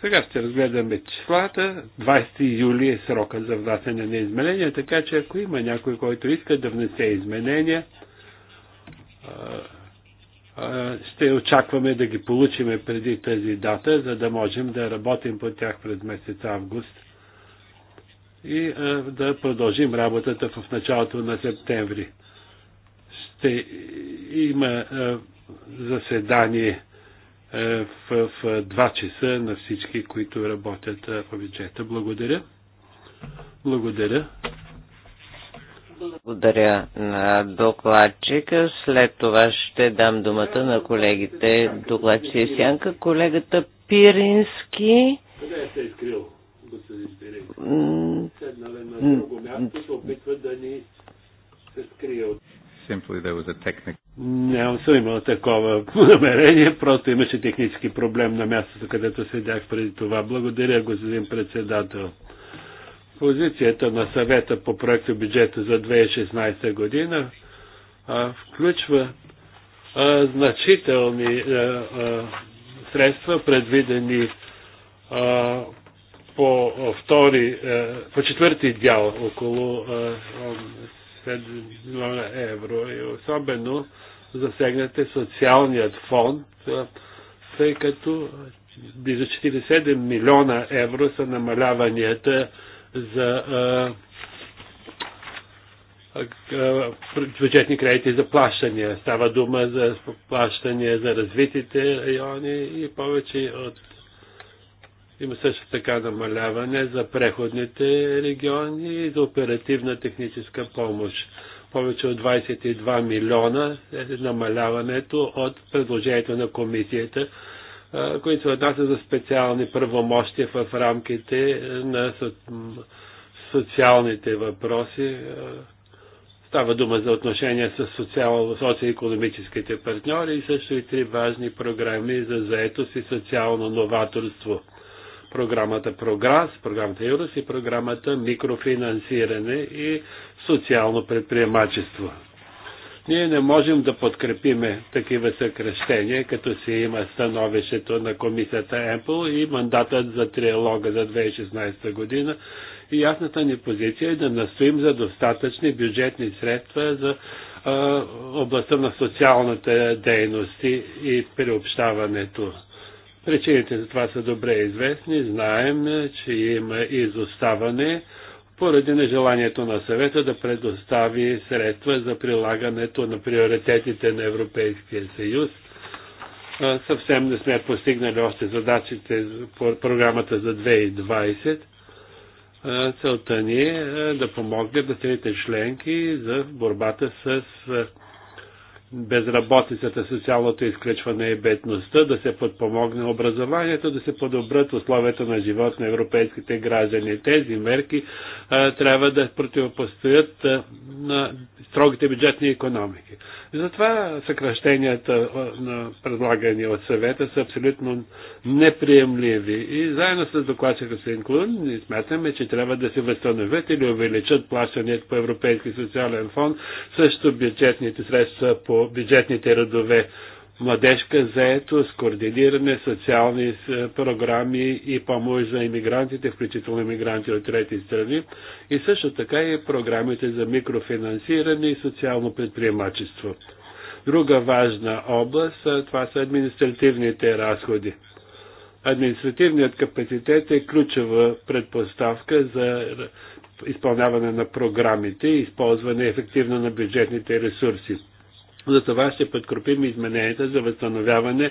сега ще разгледаме числата. 20 юли е срока за внасяне на изменения, така че ако има някой, който иска да внесе изменения, ще очакваме да ги получиме преди тази дата, за да можем да работим по тях през месец август и да продължим работата в началото на септември. Ще има заседание в 2 часа на всички, които работят по бюджета. Благодаря. Благодаря. Благодаря на докладчика. След това ще дам думата на колегите докладчи и е Сянка. Колегата Пирински. Къде е се е скрил? Нямам съм имал такова намерение, просто имаше технически проблем на мястото, където седях преди това. Благодаря, господин председател. Позицията на съвета по проекта бюджета за 2016 година а, включва а, значителни а, средства, предвидени по, втори, по четвърти дял около 7 милиона евро и особено засегнате социалният фонд, тъй като близо 47 милиона евро са намаляванията за бюджетни кредити за плащания. Става дума за плащания за развитите райони и повече от има също така намаляване за преходните региони и за оперативна техническа помощ. Повече от 22 милиона е намаляването от предложението на комисията които се отнасят за специални правомощия в рамките е, на социалните въпроси. Е, става дума за отношения с социал, социо-економическите партньори и също и три важни програми за заетост и социално новаторство. Програмата Прогрес, програмата Юрос и програмата Микрофинансиране и социално предприемачество. Ние не можем да подкрепиме такива съкрещения, като се има становището на комисията Емпл и мандатът за триалога за 2016 година. И ясната ни позиция е да настоим за достатъчни бюджетни средства за а, областта на социалната дейност и приобщаването. Причините за това са добре известни. Знаем, че има изоставане поради нежеланието на съвета да предостави средства за прилагането на приоритетите на Европейския съюз. Съвсем не сме постигнали още задачите по програмата за 2020. Целта ни е да помогне да страните членки за борбата с безработицата, социалното изключване и бедността, да се подпомогне образованието, да се подобрят условията на живот на европейските граждани. Тези мерки а, трябва да противопостоят а, на строгите бюджетни економики. Затова а, на предлагани от съвета са абсолютно неприемливи. И заедно с докладчика Син Клун ние смятаме, че трябва да се възстановят или увеличат плащанията по Европейски социален фонд, също бюджетните средства по бюджетните редове. Младежка заетост, координиране, социални е, програми и помощ за иммигрантите, включително иммигранти от трети страни. И също така и програмите за микрофинансиране и социално предприемачество. Друга важна област това са административните разходи. Административният капацитет е ключова предпоставка за изпълняване на програмите и използване ефективно на бюджетните ресурси. Затова ще подкрепим измененията за възстановяване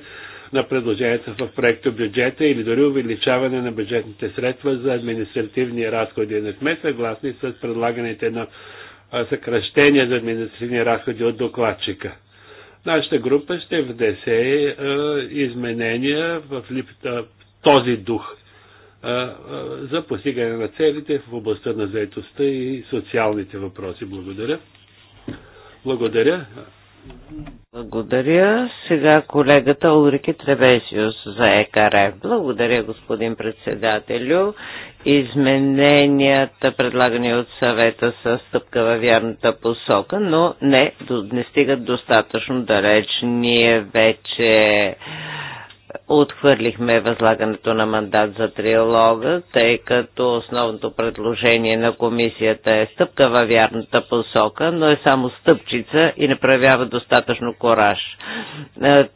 на предложенията в проекто бюджета или дори увеличаване на бюджетните средства за административни разходи. Не сме съгласни с предлаганите на съкръщения за административни разходи от докладчика. Нашата група ще внесе изменения в този дух за постигане на целите в областта на заетостта и социалните въпроси. Благодаря. Благодаря. Благодаря. Сега колегата Улрики Требесиус за ЕКР. Благодаря, господин председателю. Измененията, предлагани от съвета, са стъпка във вярната посока, но не, не стигат достатъчно далеч. Ние вече отхвърлихме възлагането на мандат за триолога, тъй като основното предложение на комисията е стъпка във вярната посока, но е само стъпчица и не проявява достатъчно кораж. Е,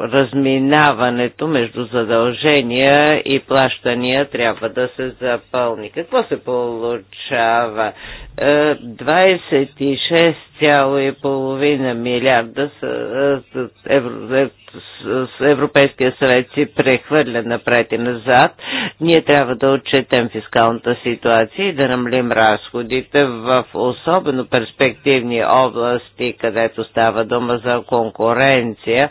разминаването между задължения и плащания трябва да се запълни. Какво се получава? 26 е, 2,5 милиарда с, евро, с Европейския съвет си прехвърля напред и назад. Ние трябва да отчетем фискалната ситуация и да намалим разходите в особено перспективни области, където става дума за конкуренция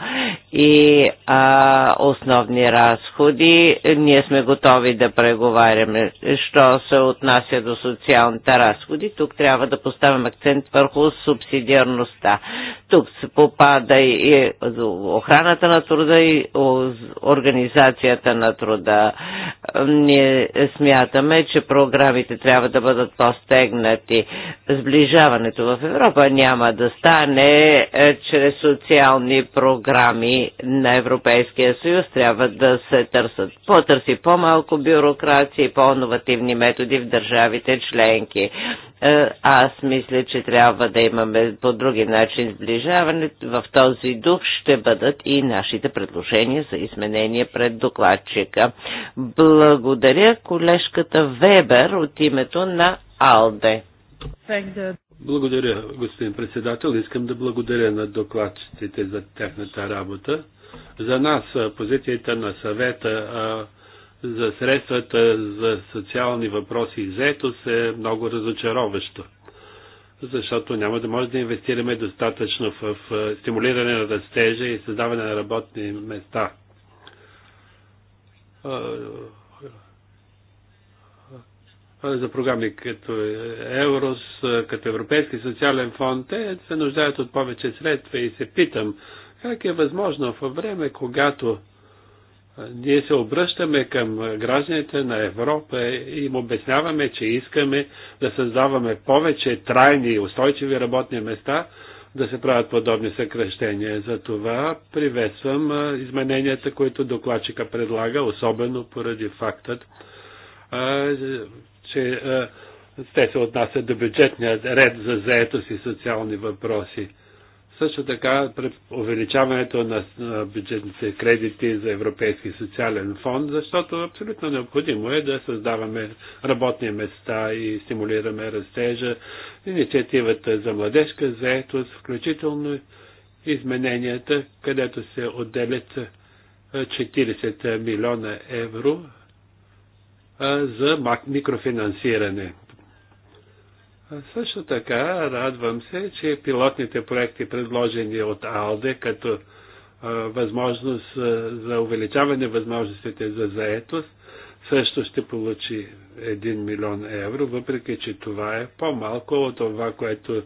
и а, основни разходи. Ние сме готови да преговаряме. Що се отнася до социалните разходи, тук трябва да поставим акцент върху субсидията субсидиарността. Тук се попада и охраната на труда и организацията на труда. Ние смятаме, че програмите трябва да бъдат постегнати. Сближаването в Европа няма да стане е, чрез социални програми на Европейския съюз. Трябва да се търсят потърси по-малко бюрокрация и по новативни методи в държавите членки. Е, аз мисля, че трябва да има имаме по други начин сближаване, в този дух ще бъдат и нашите предложения за изменение пред докладчика. Благодаря колежката Вебер от името на Алде. Благодаря, господин председател. Искам да благодаря на докладчиците за тяхната работа. За нас позицията на съвета за средствата за социални въпроси и заето се е много разочароващо защото няма да може да инвестираме достатъчно в стимулиране на растежа и създаване на работни места. За програми като Еврос, като Европейски социален фонд, те се нуждаят от повече средства и се питам, как е възможно във време, когато ние се обръщаме към гражданите на Европа и им обясняваме, че искаме да създаваме повече трайни и устойчиви работни места, да се правят подобни съкръщения. За това приветствам измененията, които докладчика предлага, особено поради фактът, че те се отнасят до бюджетния ред за заетост и социални въпроси. Също така пред увеличаването на бюджетните кредити за Европейски социален фонд, защото абсолютно необходимо е да създаваме работни места и стимулираме растежа, инициативата за младежка заетост, включително измененията, където се отделят 40 милиона евро за микрофинансиране. Също така радвам се, че пилотните проекти, предложени от АЛДЕ, като а, възможност а, за увеличаване възможностите за заетост, също ще получи 1 милион евро, въпреки че това е по-малко от това, което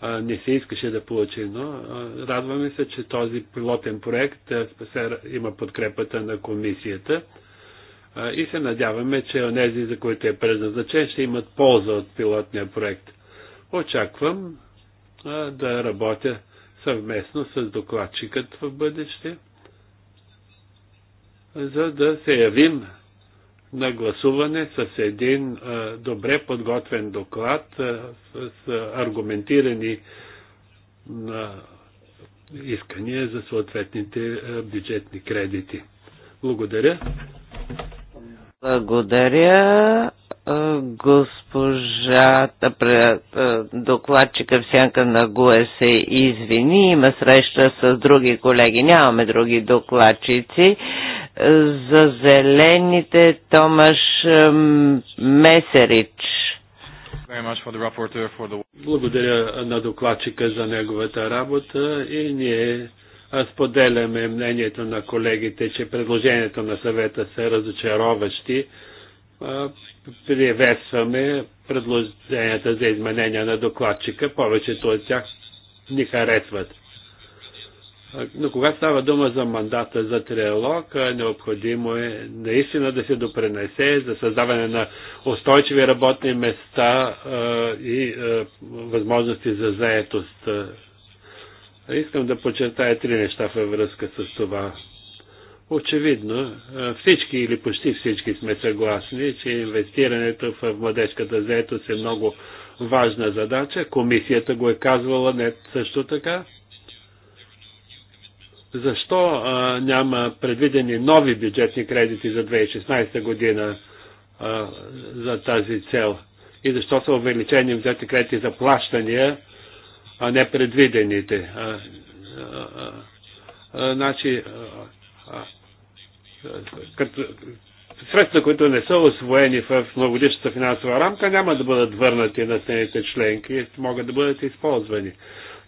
а, не се искаше да получи. Но а, радваме се, че този пилотен проект а, има подкрепата на комисията и се надяваме, че онези, за които е предназначен, ще имат полза от пилотния проект. Очаквам да работя съвместно с докладчикът в бъдеще, за да се явим на гласуване с един добре подготвен доклад, с аргументирани искания за съответните бюджетни кредити. Благодаря. Благодаря госпожата докладчика в сянка на ГУЕ се извини, има среща с други колеги, нямаме други докладчици. За зелените Томаш Месерич. Благодаря на докладчика за неговата работа и ние Споделяме мнението на колегите, че предложението на съвета са разочароващи. Приветстваме предложенията за изменения на докладчика. Повечето от тях ни харесват. Но когато става дума за мандата за триалог, необходимо е наистина да се допренесе за създаване на устойчиви работни места и възможности за заетост Искам да подчертая три неща във връзка с това. Очевидно, всички или почти всички сме съгласни, че инвестирането в младежката заетост е много важна задача. Комисията го е казвала не също така. Защо а, няма предвидени нови бюджетни кредити за 2016 година а, за тази цел? И защо са увеличени бюджетни кредити за плащания а непредвидените. Значи, като средства, които не са освоени в многодишната финансова рамка, няма да бъдат върнати на следните членки, могат да бъдат използвани.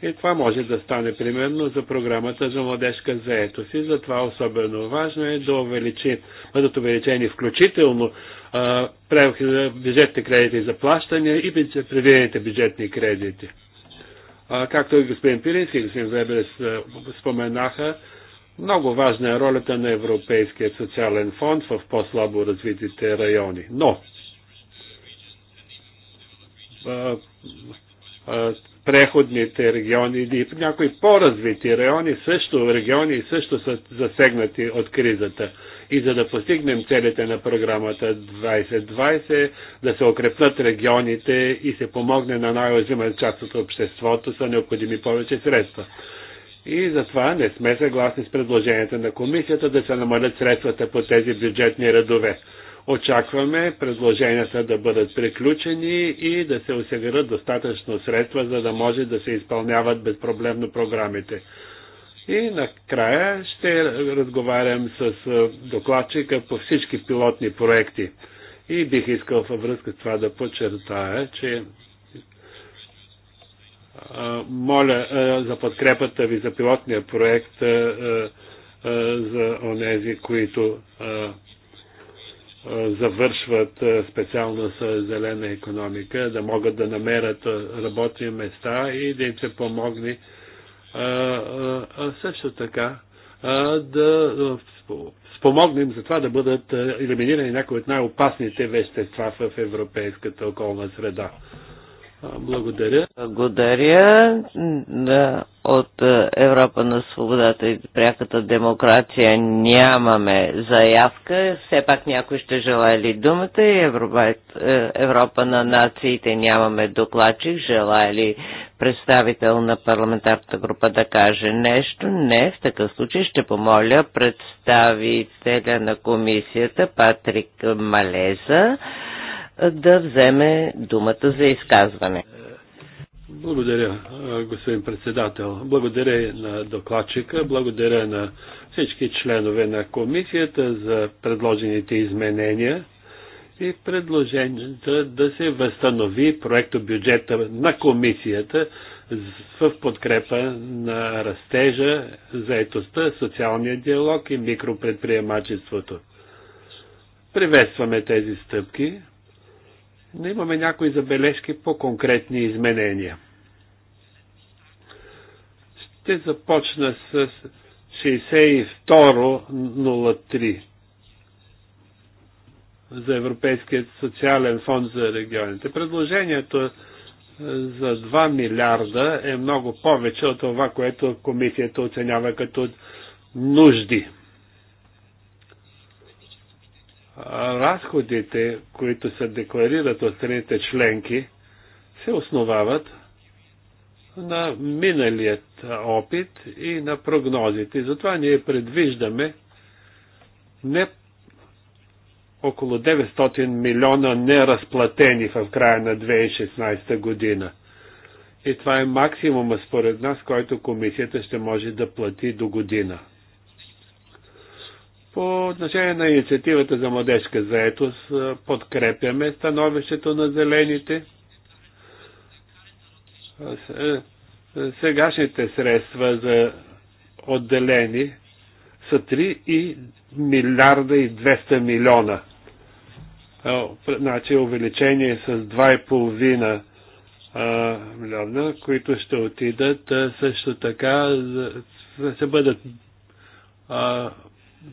И това може да стане примерно за програмата за младежка заетост. И затова особено важно е да увеличи, бъдат увеличени включително а, бюджетни кредити за плащане и предвидените бюджетни кредити. Както и господин Пилински, и господин Вебер е, споменаха, много важна е ролята на Европейския социален фонд в по-слабо развитите райони. Но преходните региони и някои по-развити райони, също региони също са засегнати от кризата. И за да постигнем целите на програмата 2020, да се укрепнат регионите и се помогне на най-озимен част от обществото, са необходими повече средства. И затова не сме съгласни с предложенията на комисията да се намалят средствата по тези бюджетни редове. Очакваме предложенията да бъдат приключени и да се осигурят достатъчно средства, за да може да се изпълняват безпроблемно програмите. И накрая ще разговарям с докладчика по всички пилотни проекти. И бих искал във връзка с това да подчертая, че моля за подкрепата ви за пилотния проект за онези, които завършват специално с зелена економика, да могат да намерят работни места и да им се помогне а също така да спомогнем за това да бъдат елиминирани някои от най-опасните вещества в европейската околна среда. Благодаря. Благодаря. Да, от е, Европа на свободата и пряката демокрация нямаме заявка. Все пак някой ще желая ли думата и Европа, е, Европа на нациите нямаме докладчик. Желая ли представител на парламентарната група да каже нещо? Не. В такъв случай ще помоля представителя на комисията Патрик Малеза да вземе думата за изказване. Благодаря, господин председател. Благодаря на докладчика, благодаря на всички членове на комисията за предложените изменения и предложенията да се възстанови проекто бюджета на комисията в подкрепа на растежа, заетостта, социалния диалог и микропредприемачеството. Приветстваме тези стъпки, но имаме някои забележки по конкретни изменения. Ще започна с 62.03 за Европейският социален фонд за регионите. Предложението за 2 милиарда е много повече от това, което комисията оценява като нужди разходите, които се декларират от страните членки, се основават на миналият опит и на прогнозите. затова ние предвиждаме не около 900 милиона неразплатени в края на 2016 година. И това е максимума според нас, който комисията ще може да плати до година. По отношение на инициативата за младежка заетост, подкрепяме становището на зелените. Сегашните средства за отделени са 3 и милиарда и 200 милиона. Значи увеличение с 2,5 милиона, които ще отидат също така, ще бъдат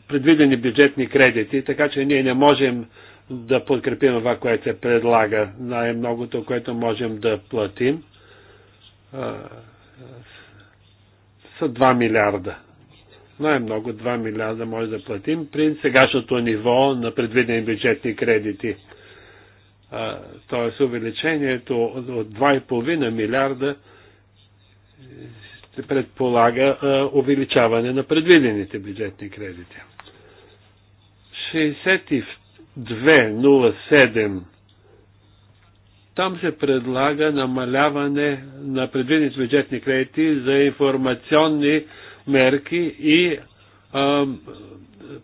предвидени бюджетни кредити, така че ние не можем да подкрепим това, което се предлага. Най-многото, което можем да платим са 2 милиарда. Най-много 2 милиарда може да платим при сегашното ниво на предвидени бюджетни кредити. Тоест увеличението от 2,5 милиарда се предполага увеличаване на предвидените бюджетни кредити. 6207 там се предлага намаляване на предвидените бюджетни кредити за информационни мерки и а,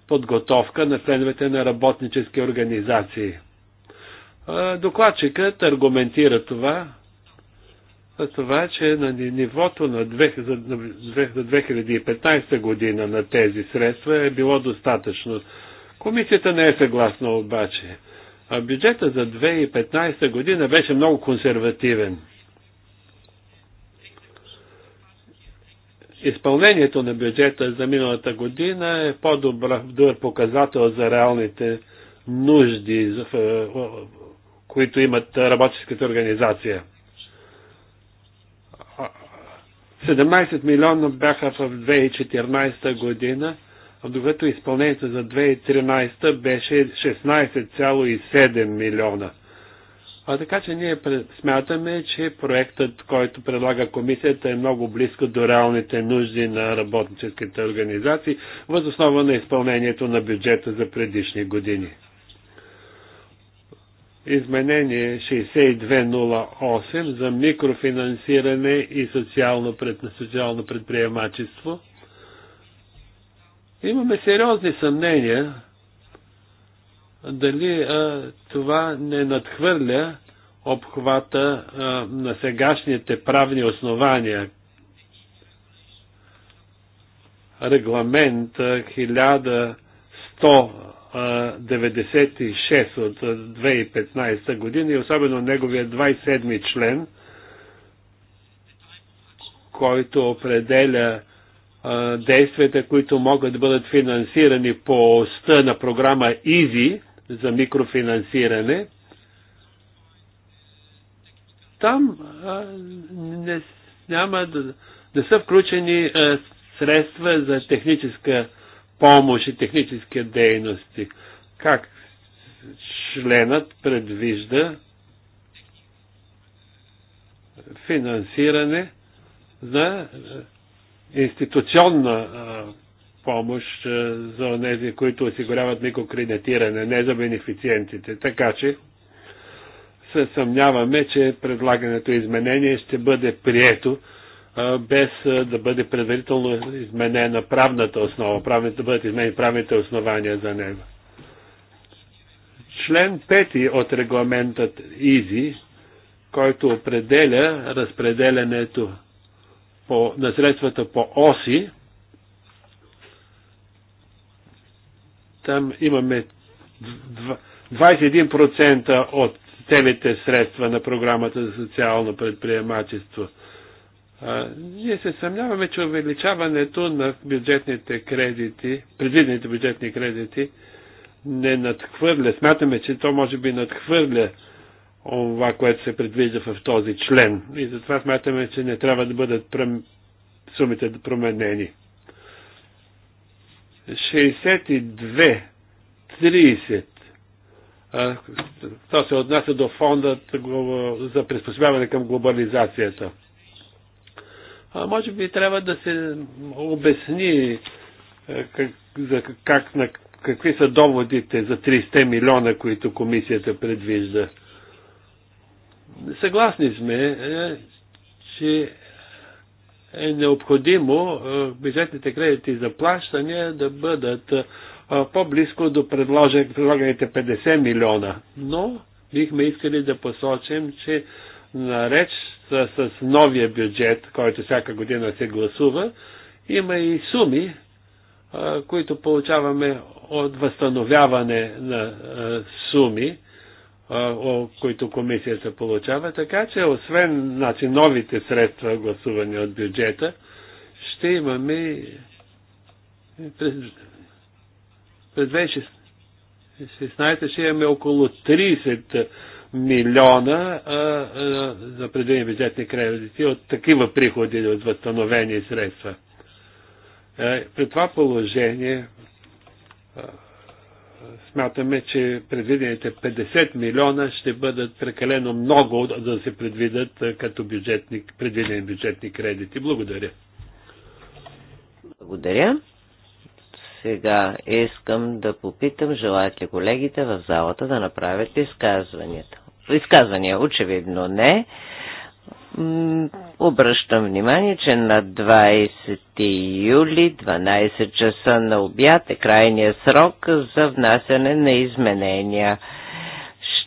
подготовка на членовете на работнически организации. А, докладчикът аргументира това за това, че на нивото на 2015 година на тези средства е било достатъчно. Комисията не е съгласна обаче. А бюджета за 2015 година беше много консервативен. Изпълнението на бюджета за миналата година е по-добър показател за реалните нужди, които имат работническата организация. 17 милиона бяха в 2014 година, докато изпълнението за 2013 беше 16,7 милиона. А така че ние смятаме, че проектът, който предлага комисията е много близко до реалните нужди на работническите организации, възоснова на изпълнението на бюджета за предишни години изменение 6208 за микрофинансиране и социално, пред, социално предприемачество. Имаме сериозни съмнения дали а, това не надхвърля обхвата а, на сегашните правни основания. Регламент а, 1100 96 от 2015 година и особено неговия 27-ми член, който определя действията, които могат да бъдат финансирани по оста на програма ИЗИ за микрофинансиране. Там не, няма да, не са включени средства за техническа помощ и технически дейности. Как членът предвижда финансиране на е, институционна е, помощ е, за тези, които осигуряват микрокредитиране, не за бенефициентите. Така че се съмняваме, че предлагането изменение ще бъде прието без да бъде предварително изменена правната основа, правните, да бъдат изменени правните основания за него. Член 5 от регламентът ИЗИ, който определя разпределянето по, на средствата по оси, там имаме 21% от целите средства на програмата за социално предприемачество – а, ние се съмняваме, че увеличаването на бюджетните кредити, предвидените бюджетни кредити, не надхвърля. Смятаме, че то може би надхвърля това, което се предвижда в този член. И затова смятаме, че не трябва да бъдат прем... сумите да променени. 62-30. То се отнася до фонда за приспособяване към глобализацията. Може би трябва да се обясни е, как, за, как, на, какви са доводите за 300 милиона, които комисията предвижда. Съгласни сме, е, че е необходимо е, бюджетните кредити за плащания да бъдат по-близко до предлаганите 50 милиона. Но бихме искали да посочим, че нареч с, с новия бюджет, който всяка година се гласува, има и суми, а, които получаваме от възстановяване на а, суми, а, о, които комисията получава. Така че, освен значи, новите средства, гласувани от бюджета, ще имаме през, през 2016 ще имаме около 30 милиона а, а, за предвидени бюджетни кредити от такива приходи от възстановени средства. А, е, при това положение а, смятаме, че предвидените 50 милиона ще бъдат прекалено много да се предвидят а, като бюджетни, предвидени бюджетни кредити. Благодаря. Благодаря. Сега искам да попитам, желаят ли колегите в залата да направят изказванията? Изказвания очевидно не. Обръщам внимание, че на 20 юли 12 часа на обяд е крайния срок за внасяне на изменения.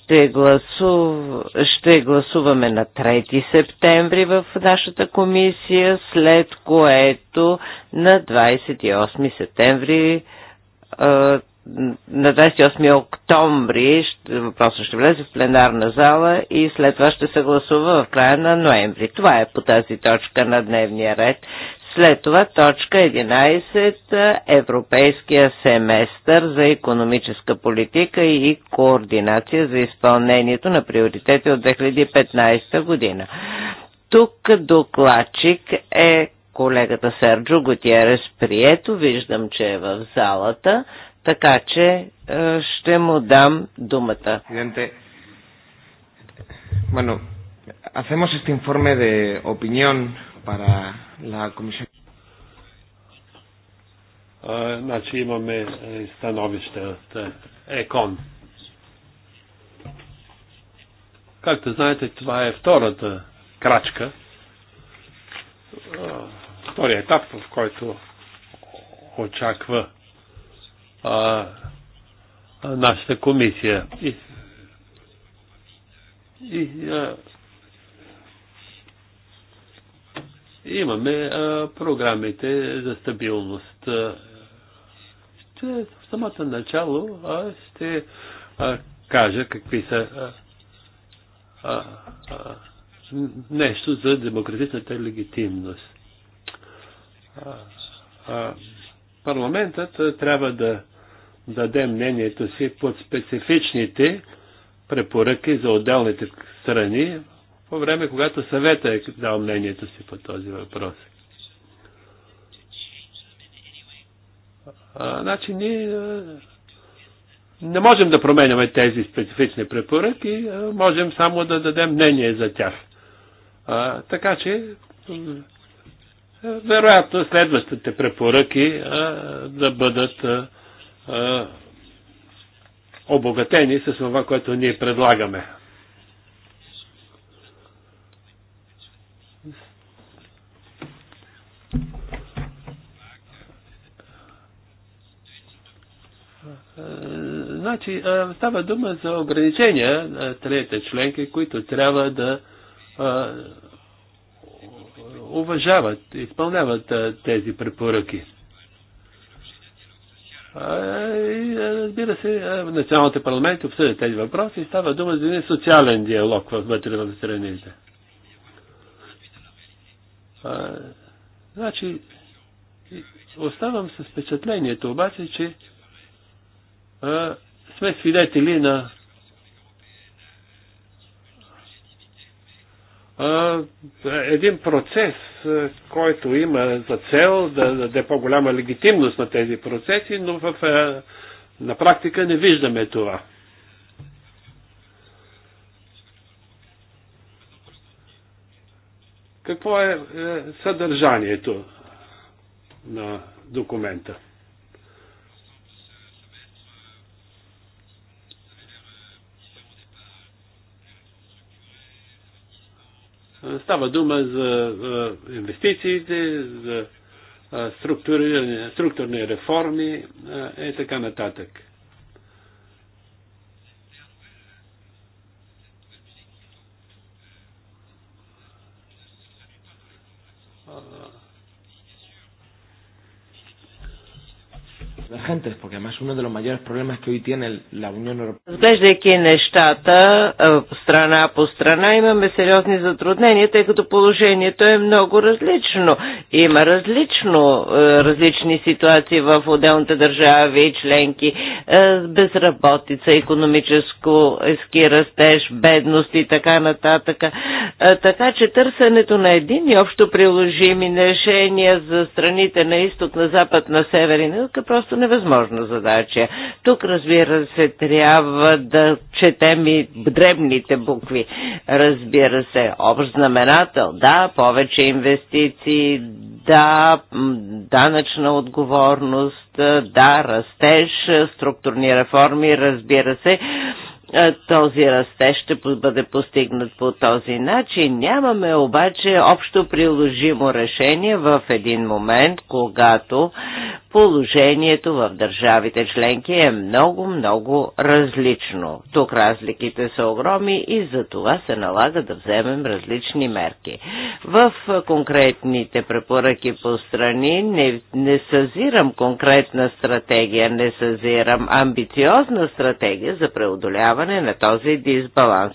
Ще, гласув... ще гласуваме на 3 септември в нашата комисия, след което на 28 септември на 28 октомври въпросът ще влезе в пленарна зала и след това ще се гласува в края на ноември. Това е по тази точка на дневния ред. След това точка 11 Европейския семестър за економическа политика и координация за изпълнението на приоритети от 2015 година. Тук докладчик е колегата Серджо Готиерес Прието. Виждам, че е в залата. Така че е, ще му дам думата. Bueno, hacemos este informe de opinión para la comisión. Е, значи имаме е, становище от ЕКОН. Както знаете, това е втората крачка, втория етап, в който очаква а, нашата комисия. И, и, а, имаме а, програмите за стабилност. Ще, в самото начало а, ще а, кажа какви са а, а, а, нещо за демократичната легитимност. А, а, парламентът трябва да даде мнението си под специфичните препоръки за отделните страни по време, когато съвета е дал мнението си по този въпрос. А, значи ние не можем да променяме тези специфични препоръки, можем само да дадем мнение за тях. А, така че, вероятно, следващите препоръки а, да бъдат а, обогатени с това, което ние предлагаме. Значи, става дума за ограничения на третите членки, които трябва да уважават, изпълняват тези препоръки. И разбира се, националните парламенти обсъдят тези въпроси и става дума за един социален диалог вътре в страните. А, значи, оставам с впечатлението обаче, че а, сме свидетели на един процес, който има за цел да даде по-голяма легитимност на тези процеси, но в, на практика не виждаме това. Какво е, е съдържанието на документа? Става дума за инвестициите, за структурни реформи и е така нататък. es uno de los mayores problemas que hoy tiene la Unión Европейска. ки нещата страна по страна, имаме сериозни затруднения, тъй като положението е много различно. Има различно, различни ситуации в отделните държави и членки. Безработица, економическо ски растеж, бедност и така нататък. Така че търсенето на едини общо приложими решения за страните на изток, на запад, на север и на юг е просто невъзможно за задача. Тук, разбира се, трябва да четем и дребните букви. Разбира се, общ знаменател, да, повече инвестиции, да, данъчна отговорност, да, растеж, структурни реформи, разбира се, е, този растеж ще бъде постигнат по този начин. Нямаме обаче общо приложимо решение в един момент, когато положението в държавите членки е много-много различно. Тук разликите са огромни и за това се налага да вземем различни мерки. В конкретните препоръки по страни не, не съзирам конкретна стратегия, не съзирам амбициозна стратегия за преодоляване преодоляване на този дисбаланс.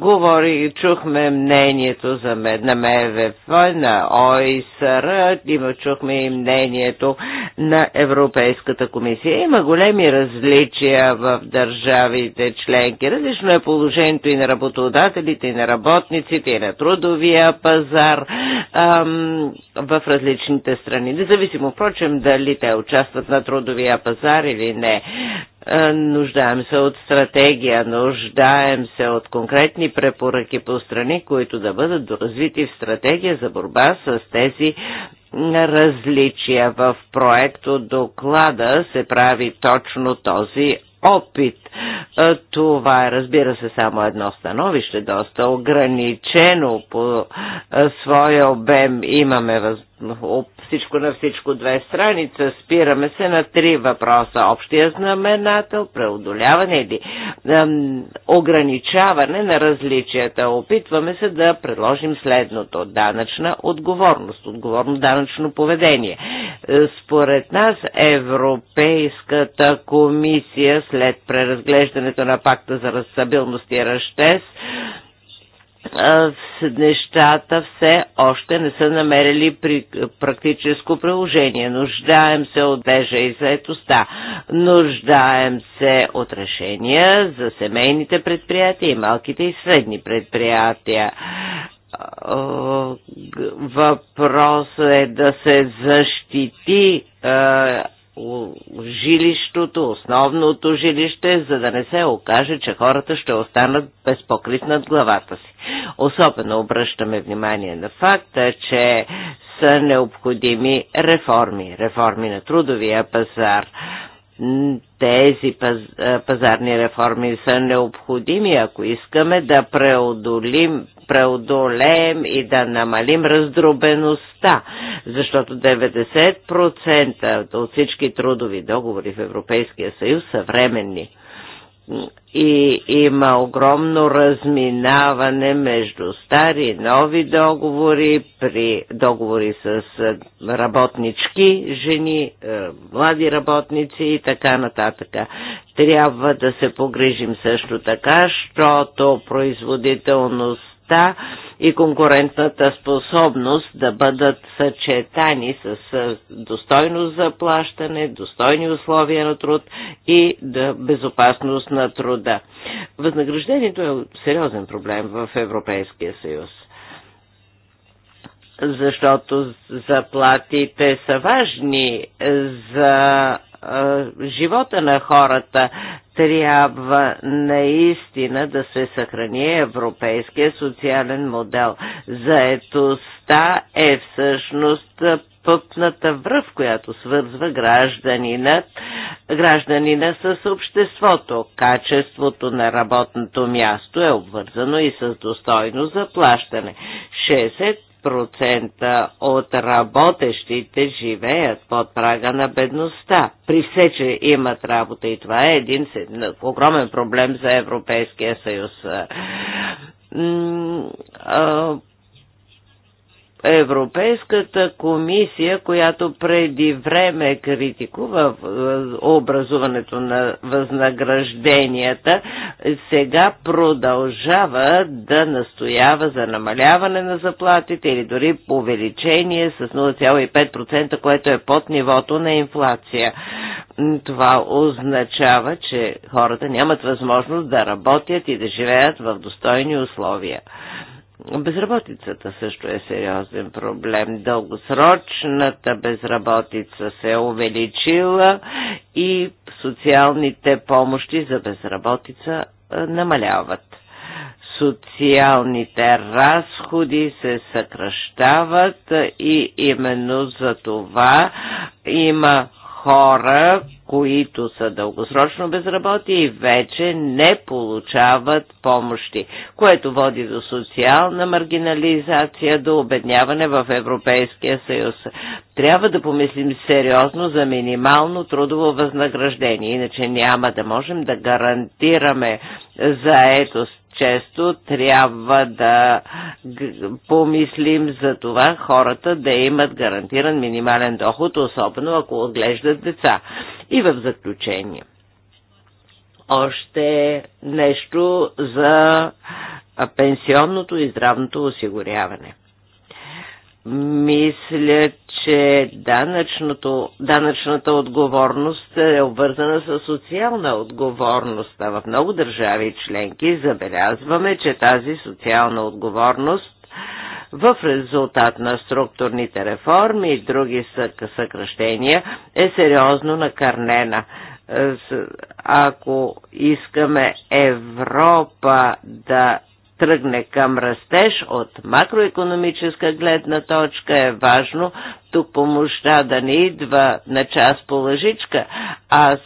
Говори, чухме мнението за мен, на МВФ, на ОИСР, има, чухме и мнението на Европейската комисия. Има големи различия в държавите членки. Различно е положението и на работодателите, и на работниците, и на трудовия пазар ам, в различните страни. Независимо, впрочем, дали те участват на трудовия пазар пазар или не. Е, нуждаем се от стратегия, нуждаем се от конкретни препоръки по страни, които да бъдат доразвити в стратегия за борба с тези различия. В проекто доклада се прави точно този опит това е, разбира се, само едно становище, доста ограничено по своя обем. Имаме въз... всичко на всичко две страница. Спираме се на три въпроса. Общия знаменател, преодоляване или ем, ограничаване на различията. Опитваме се да предложим следното. Данъчна отговорност, отговорно данъчно поведение. Е, според нас Европейската комисия след преразглеждане разглеждането на пакта за разсъбилност и ръщез, нещата все още не са намерили при практическо приложение. Нуждаем се от бежа и заетостта. Нуждаем се от решения за семейните предприятия и малките и средни предприятия. Въпросът е да се защити жилището, основното жилище, за да не се окаже, че хората ще останат без покрит над главата си. Особено обръщаме внимание на факта, че са необходими реформи. Реформи на трудовия пазар, тези пазарни реформи са необходими, ако искаме да преодолим, преодолеем и да намалим раздробеността, защото 90% от всички трудови договори в Европейския съюз са временни и има огромно разминаване между стари и нови договори, при договори с е, работнички, жени, е, млади работници и така нататък. Трябва да се погрижим също така, защото производителност заетостта и конкурентната способност да бъдат съчетани с достойно заплащане, достойни условия на труд и да безопасност на труда. Възнаграждението е сериозен проблем в Европейския съюз защото заплатите са важни за живота на хората. Трябва наистина да се съхрани европейския социален модел. Заетостта е всъщност пъпната връв, която свързва гражданина, гражданина с обществото. Качеството на работното място е обвързано и с достойно заплащане. 10% от работещите живеят под прага на бедността. При все, че имат работа и това е един огромен проблем за Европейския съюз Европейската комисия, която преди време критикува е, образуването на възнагражденията, сега продължава да настоява за намаляване на заплатите или дори увеличение с 0,5%, което е под нивото на инфлация. Това означава, че хората нямат възможност да работят и да живеят в достойни условия. Безработицата също е сериозен проблем. Дългосрочната безработица се е увеличила и социалните помощи за безработица намаляват. Социалните разходи се съкръщават и именно за това има хора, които са дългосрочно безработи и вече не получават помощи, което води до социална маргинализация, до обедняване в Европейския съюз. Трябва да помислим сериозно за минимално трудово възнаграждение, иначе няма да можем да гарантираме заетост често трябва да помислим за това хората да имат гарантиран минимален доход, особено ако отглеждат деца. И в заключение още нещо за пенсионното и здравното осигуряване. Мисля, че данъчната отговорност е обвързана с социална отговорност, а в много държави членки забелязваме, че тази социална отговорност в резултат на структурните реформи и други съкръщения е сериозно накърнена. Е, ако искаме Европа да тръгне към растеж от макроекономическа гледна точка е важно тук помощта да не идва на час по лъжичка, а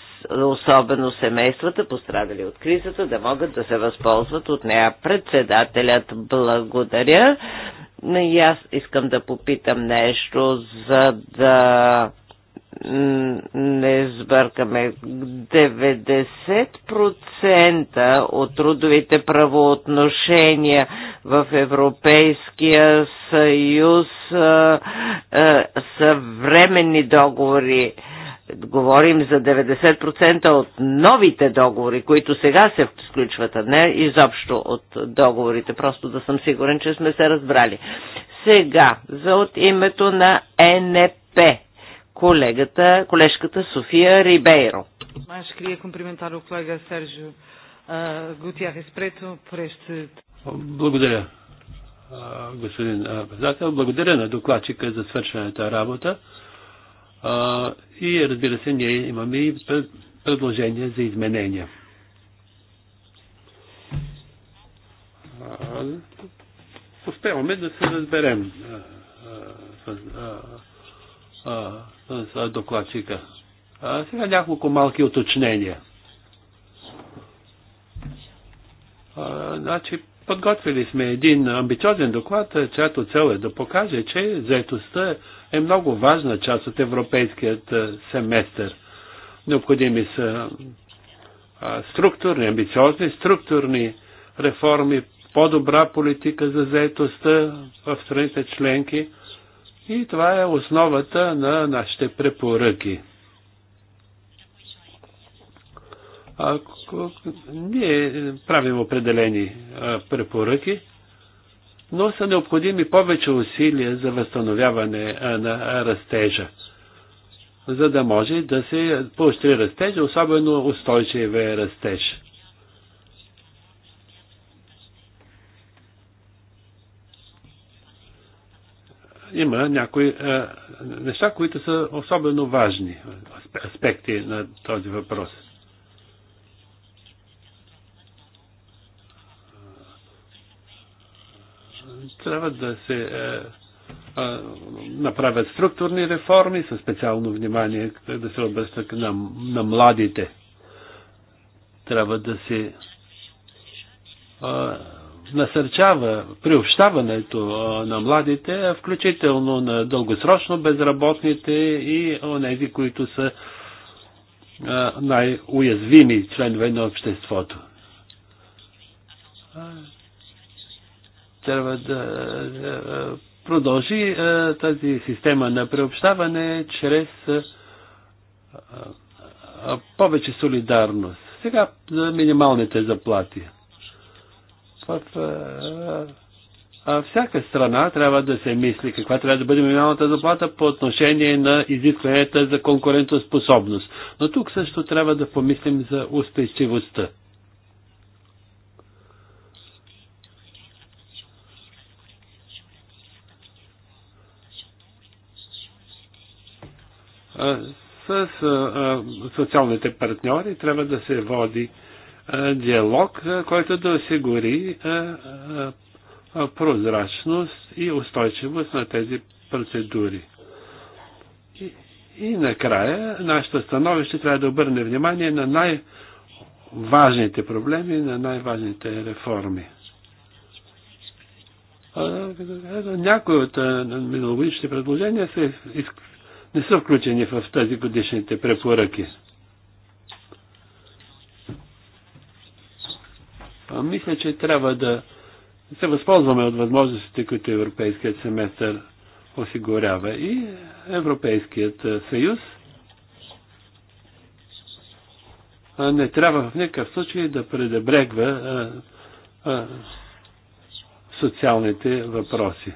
особено семействата, пострадали от кризата, да могат да се възползват от нея. Председателят благодаря. И аз искам да попитам нещо, за да не сбъркаме, 90% от трудовите правоотношения в Европейския съюз а, а, са временни договори. Говорим за 90% от новите договори, които сега се включват, а не изобщо от договорите. Просто да съм сигурен, че сме се разбрали. Сега, за от името на НП колегата, колежката София Рибейро. Аз ще cumprimentar o колега Сержо Gutiérrez Preto Благодаря, господин председател. Благодаря на докладчика за свършената работа. И разбира се, ние имаме и предложения за изменения. Успяваме да се разберем докладчика. А сега няколко малки уточнения. А, значи, подготвили сме един амбициозен доклад, чиято цел е да покаже, че заетостта е много важна част от европейският семестър. Необходими са структурни, амбициозни структурни реформи, по-добра политика за заетостта в страните членки – и това е основата на нашите препоръки. Ако ние правим определени препоръки, но са необходими повече усилия за възстановяване на растежа, за да може да се поощри растежа, особено устойчивия растеж. има някои е, неща, които са особено важни аспекти на този въпрос. Трябва да се е, е, направят структурни реформи със специално внимание е, да се обръща на, на младите. Трябва да се е, насърчава приобщаването на младите, включително на дългосрочно безработните и онези, които са най-уязвими членове на обществото. Трябва да продължи тази система на приобщаване чрез повече солидарност. Сега за минималните заплати в в всяка страна трябва да се мисли каква трябва да бъде минималната заплата по отношение на изискванията за конкурентоспособност. Но тук също трябва да помислим за устойчивостта. С социалните партньори трябва да се води диалог, който да осигури прозрачност и устойчивост на тези процедури. И, накрая, нашето становище трябва да обърне внимание на най-важните проблеми, на най-важните реформи. Някои от миналогодишните предложения не са включени в тази годишните препоръки. Мисля, че трябва да се възползваме от възможностите, които европейският семестър осигурява и Европейският съюз не трябва в никакъв случай да предебрегва социалните въпроси.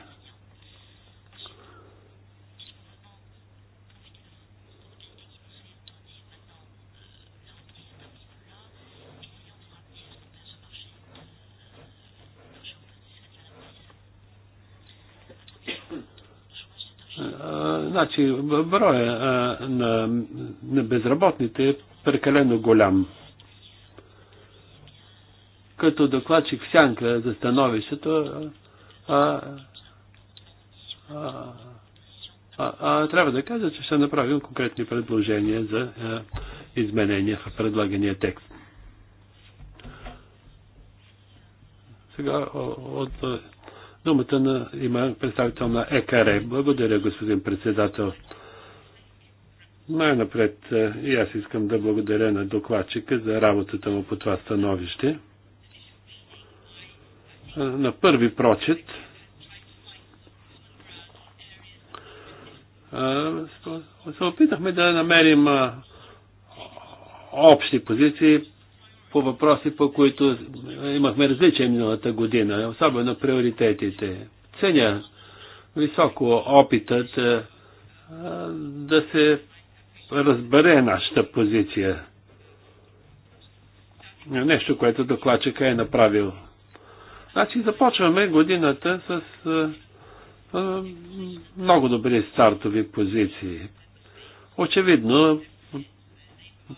Значи броя на, на безработните е прекалено голям. Като докладчик сянка за становището, а, а, а, а, трябва да кажа, че ще направим конкретни предложения за а, изменения в предлагания текст. Сега от Думата на, има представител на ЕКАРЕ. Благодаря, господин председател. Най-напред е, и аз искам да благодаря на докладчика за работата му по това становище. Е, на първи прочет е, се опитахме да намерим общи позиции по въпроси, по които имахме различия миналата година, особено приоритетите. Ценя високо опитът да се разбере нашата позиция. Нещо, което докладчика е направил. Значи започваме годината с а, а, много добри стартови позиции. Очевидно,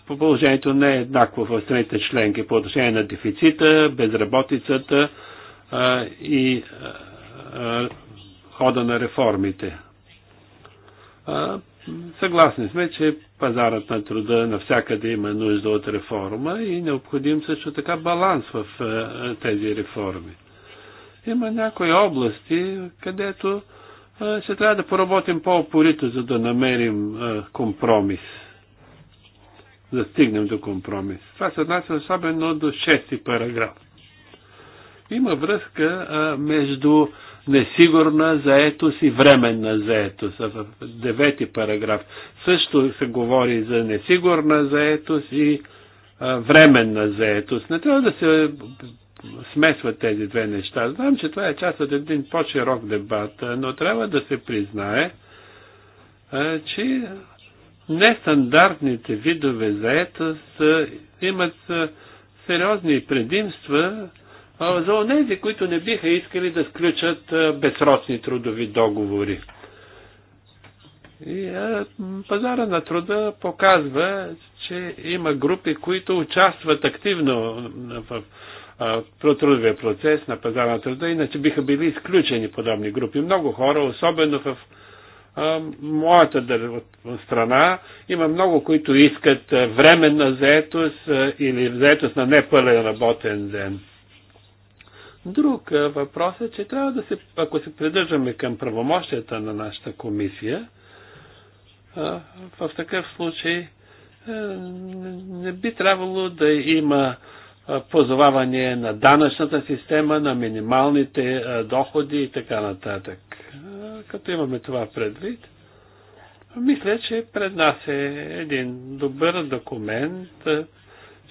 положението не е еднакво в страните членки по отношение на дефицита, безработицата а, и а, хода на реформите. А, съгласни сме, че пазарът на труда навсякъде има нужда от реформа и необходим също така баланс в а, тези реформи. Има някои области, където а, ще трябва да поработим по-опорито, за да намерим а, компромис – да стигнем до компромис. Това се отнася особено до шести параграф. Има връзка а, между несигурна заетост и временна заетост. В девети параграф също се говори за несигурна заетост и а, временна заетост. Не трябва да се смесват тези две неща. Знам, че това е част от един по-широк дебат, но трябва да се признае, а, че нестандартните видове заетост имат сериозни предимства за онези, които не биха искали да сключат безсрочни трудови договори. И а, пазара на труда показва, че има групи, които участват активно в трудовия процес на пазара на труда, иначе биха били изключени подобни групи. Много хора, особено в моята страна има много, които искат временна заетост или заетост на непълен работен ден. Друг въпрос е, че трябва да се, ако се придържаме към правомощията на нашата комисия, в такъв случай не би трябвало да има позоваване на данъчната система, на минималните доходи и така нататък. Като имаме това предвид, мисля, че пред нас е един добър документ.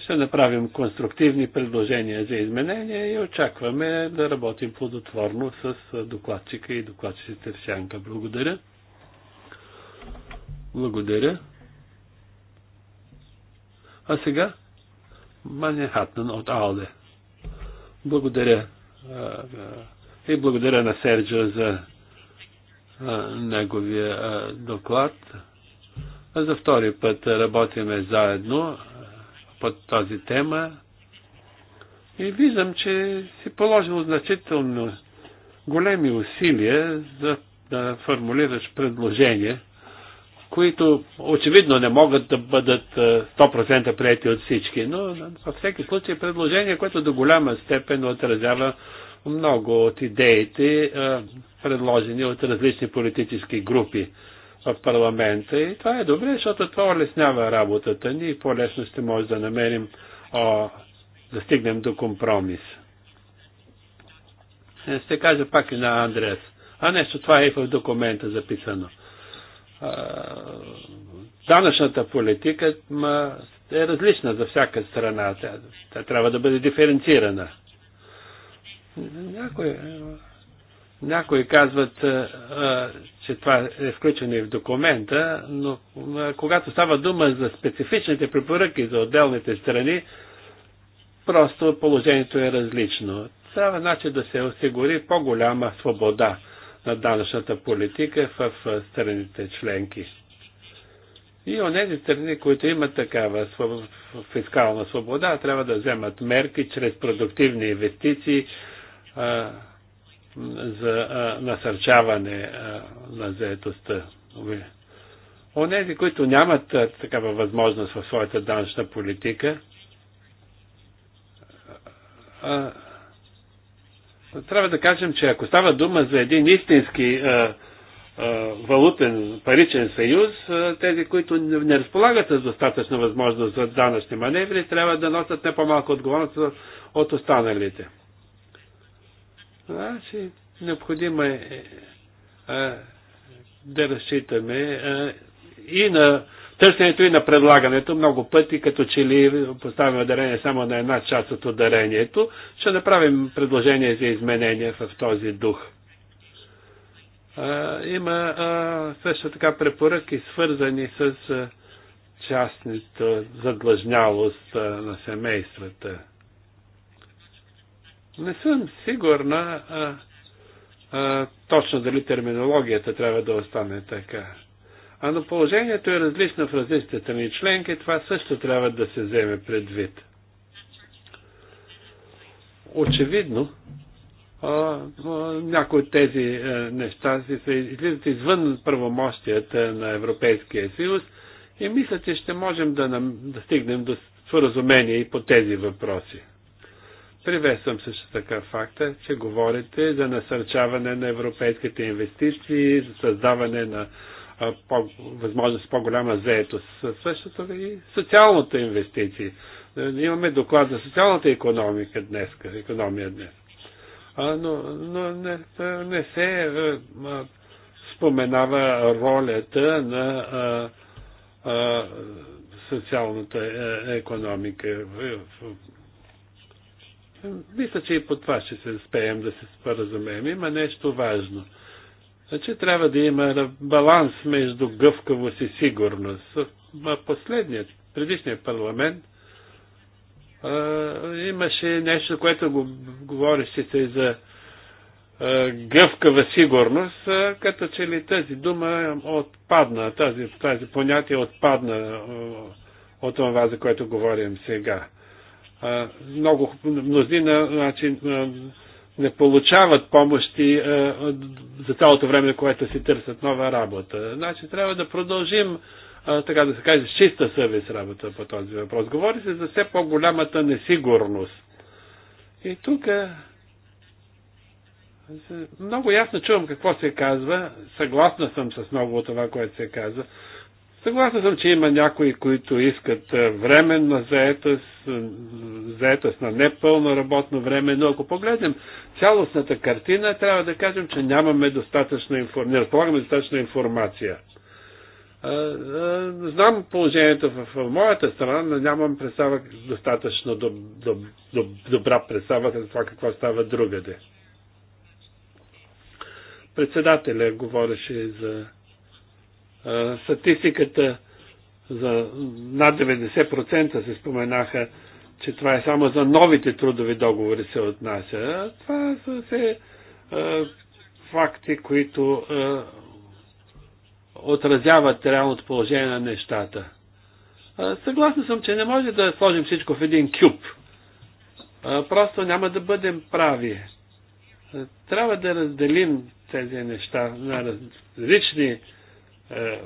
Ще направим конструктивни предложения за изменения и очакваме да работим плодотворно с докладчика и докладчиците в Сянка. Благодаря. Благодаря. А сега Мане Хатнан от Алде. Благодаря. И благодаря на Серджа за неговия доклад. За втори път работиме заедно под тази тема и виждам, че си положил значително големи усилия за да формулираш предложения, които очевидно не могат да бъдат 100% прияти от всички, но във всеки случай предложение, което до голяма степен отразява много от идеите, предложени от различни политически групи в парламента. И това е добре, защото това улеснява работата ни и по-лесно ще може да намерим, а, да стигнем до компромис. Е, ще кажа пак и на Андреас. А нещо, това е и в документа записано. Данъчната политика е различна за всяка страна. Тя, тя трябва да бъде диференцирана. Някой някои казват, че това е включено и в документа, но когато става дума за специфичните препоръки за отделните страни, просто положението е различно. Трябва значи да се осигури по-голяма свобода на данъчната политика в страните членки. И онези страни, които имат такава фискална свобода, трябва да вземат мерки чрез продуктивни инвестиции, за насърчаване на заедостта. Онези, които нямат такава възможност в своята данъчна политика, трябва да кажем, че ако става дума за един истински а, а, валутен паричен съюз, а, тези, които не разполагат с достатъчна възможност за данъчни маневри, трябва да носят не по-малко отговорност от останалите. Значи, необходимо е а, е, е, да разчитаме а, е, и на търсенето, и на предлагането. Много пъти, като че ли поставяме ударение само на една част от ударението, ще направим предложение за изменение в този дух. А, има а, също така препоръки, свързани с частната задлъжнялост на семействата. Не съм сигурна а, а, точно дали терминологията трябва да остане така. А но положението е различно в различните страни членки, това също трябва да се вземе предвид. Очевидно, а, а, някои от тези а, неща си се излизат извън правомощията на Европейския съюз и мисля, че ще можем да, нам, да стигнем до споразумение и по тези въпроси. Приветствам също така факта, че говорите за насърчаване на европейските инвестиции, за създаване на по, възможност по-голяма заетост. Същото и социалната инвестиции. Е, имаме доклад за социалната економика днес, економия днес. А, но но не, не се е, а, споменава ролята на а, а, социалната е, економика. Мисля, че и по това ще се успеем да се споразумеем. Има нещо важно. Значи трябва да има баланс между гъвкавост и сигурност. Последният, предишният парламент а, имаше нещо, което го говореше се за гъвкава сигурност, а, като че ли тази дума отпадна, тази, тази понятие отпадна от това, за което говорим сега много мнозина значи, не получават помощи за цялото време, което си търсят нова работа. Значи трябва да продължим, така да се каже, с чиста съвест работа по този въпрос. Говори се за все по-голямата несигурност. И тук много ясно чувам какво се казва, съгласна съм с много от това, което се казва, Съгласен съм, че има някои, които искат е, временна заетост, е, заетост на непълно работно време, но ако погледнем цялостната картина, трябва да кажем, че нямаме достатъчно информация, не разполагаме достатъчно информация. Е, знам положението в моята страна, но нямам представа достатъчно доб, доб, доб, добра представа за това какво става другаде. Председателя говореше за Статистиката за над 90% се споменаха, че това е само за новите трудови договори се отнася. Това са се факти, които отразяват реалното положение на нещата. Съгласна съм, че не може да сложим всичко в един кюб. Просто няма да бъдем прави. Трябва да разделим тези неща на различни е, е,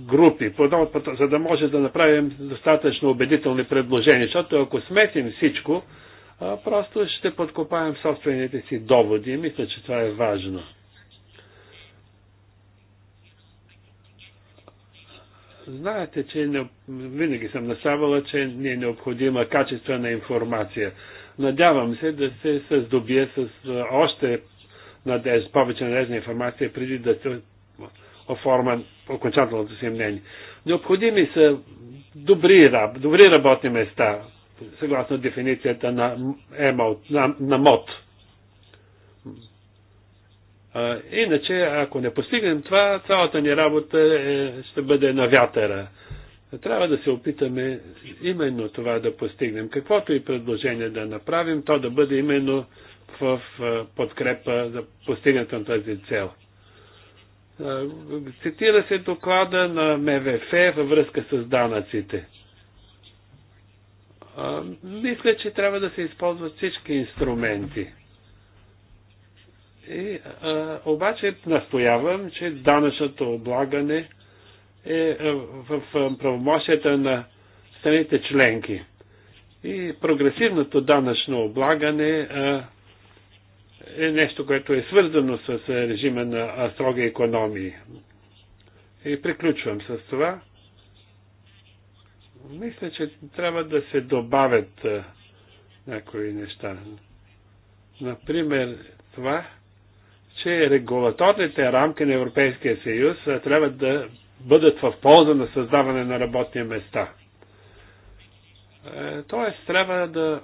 групи, за да може да направим достатъчно убедителни предложения, защото ако сметим всичко, просто ще подкопаем собствените си доводи. Мисля, че това е важно. Знаете, че не, винаги съм насявала, че ни е необходима качествена информация. Надявам се да се създобие с още надеж, повече надежна информация преди да се оформа окончателното си мнение. Необходими са добри, добри работни места, съгласно дефиницията на, ЕМОТ, на, на МОД. А, иначе, ако не постигнем това, цялата ни работа е, ще бъде на вятъра. Трябва да се опитаме именно това да постигнем. Каквото и предложение да направим, то да бъде именно в подкрепа за постигането на тази цел. Цитира се доклада на МВФ във връзка с данъците. Мисля, че трябва да се използват всички инструменти. И, а, обаче настоявам, че данъчното облагане е в правомощията на страните членки. И прогресивното данъчно облагане а, е нещо, което е свързано с е, режима на строги економии. И приключвам с това. Мисля, че трябва да се добавят е, някои неща. Например, това, че регулаторните рамки на Европейския съюз е, трябва да бъдат в полза на създаване на работни места. Тоест, трябва да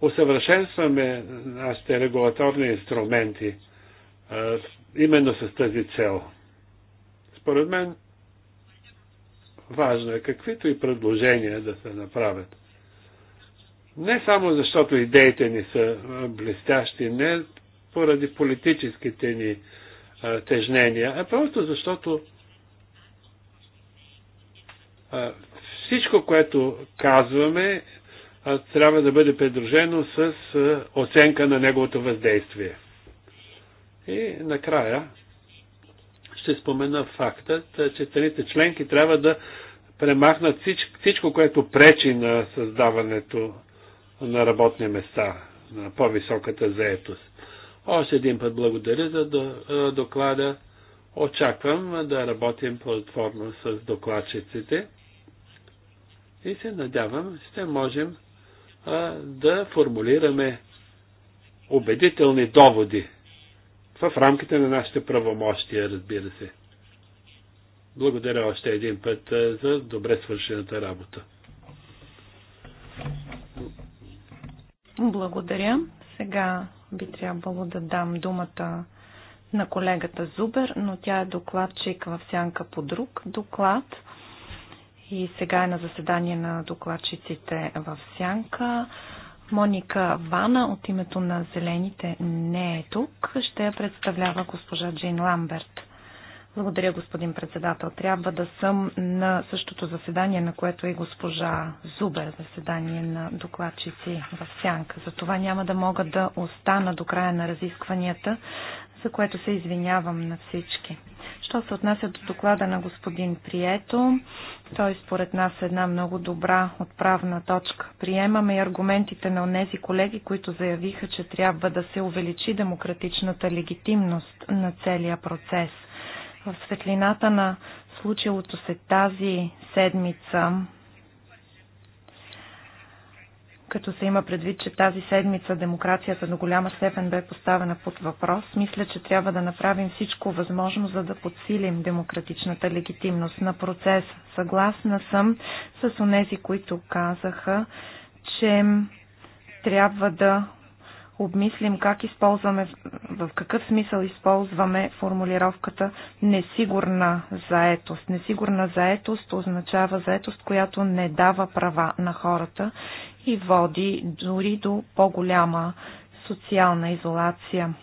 усъвършенстваме нашите регулаторни инструменти именно с тази цел. Според мен, важно е каквито и предложения да се направят. Не само защото идеите ни са блестящи, не поради политическите ни тежнения, а просто защото всичко, което казваме, трябва да бъде придружено с оценка на неговото въздействие. И накрая ще спомена факта, че страните членки трябва да премахнат всичко, всичко, което пречи на създаването на работни места, на по-високата заетост. Още един път благодаря за доклада. Очаквам да работим платформа с докладчиците и се надявам, ще можем да формулираме убедителни доводи в рамките на нашите правомощия, разбира се. Благодаря още един път за добре свършената работа. Благодаря. Сега би трябвало да дам думата на колегата Зубер, но тя е докладчик в сянка по друг доклад – и сега е на заседание на докладчиците в Сянка. Моника Вана от името на Зелените не е тук. Ще я представлява госпожа Джейн Ламберт. Благодаря, господин председател. Трябва да съм на същото заседание, на което е госпожа Зубер, заседание на докладчици в Сянка. Затова няма да мога да остана до края на разискванията, за което се извинявам на всички. Що се отнася до доклада на господин Прието, той според нас е една много добра отправна точка. Приемаме и аргументите на онези колеги, които заявиха, че трябва да се увеличи демократичната легитимност на целия процес. В светлината на случилото се тази седмица като се има предвид, че тази седмица демокрацията до голяма степен бе поставена под въпрос, мисля, че трябва да направим всичко възможно, за да подсилим демократичната легитимност на процеса. Съгласна съм с онези, които казаха, че трябва да обмислим как използваме, в какъв смисъл използваме формулировката несигурна заетост. Несигурна заетост означава заетост, която не дава права на хората и води дори до по-голяма социална изолация.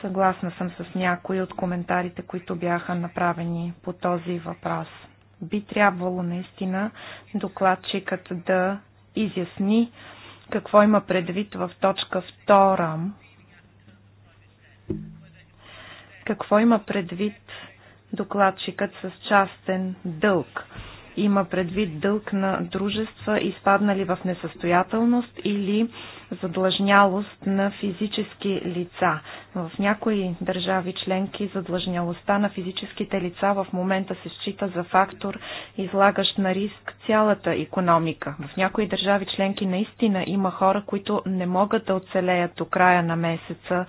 Съгласна съм с някои от коментарите, които бяха направени по този въпрос. Би трябвало наистина докладчикът да изясни какво има предвид в точка 2. Какво има предвид докладчикът с частен дълг? има предвид дълг на дружества, изпаднали в несъстоятелност или задлъжнялост на физически лица. В някои държави членки задлъжнялостта на физическите лица в момента се счита за фактор, излагащ на риск цялата економика. В някои държави членки наистина има хора, които не могат да оцелеят до края на месеца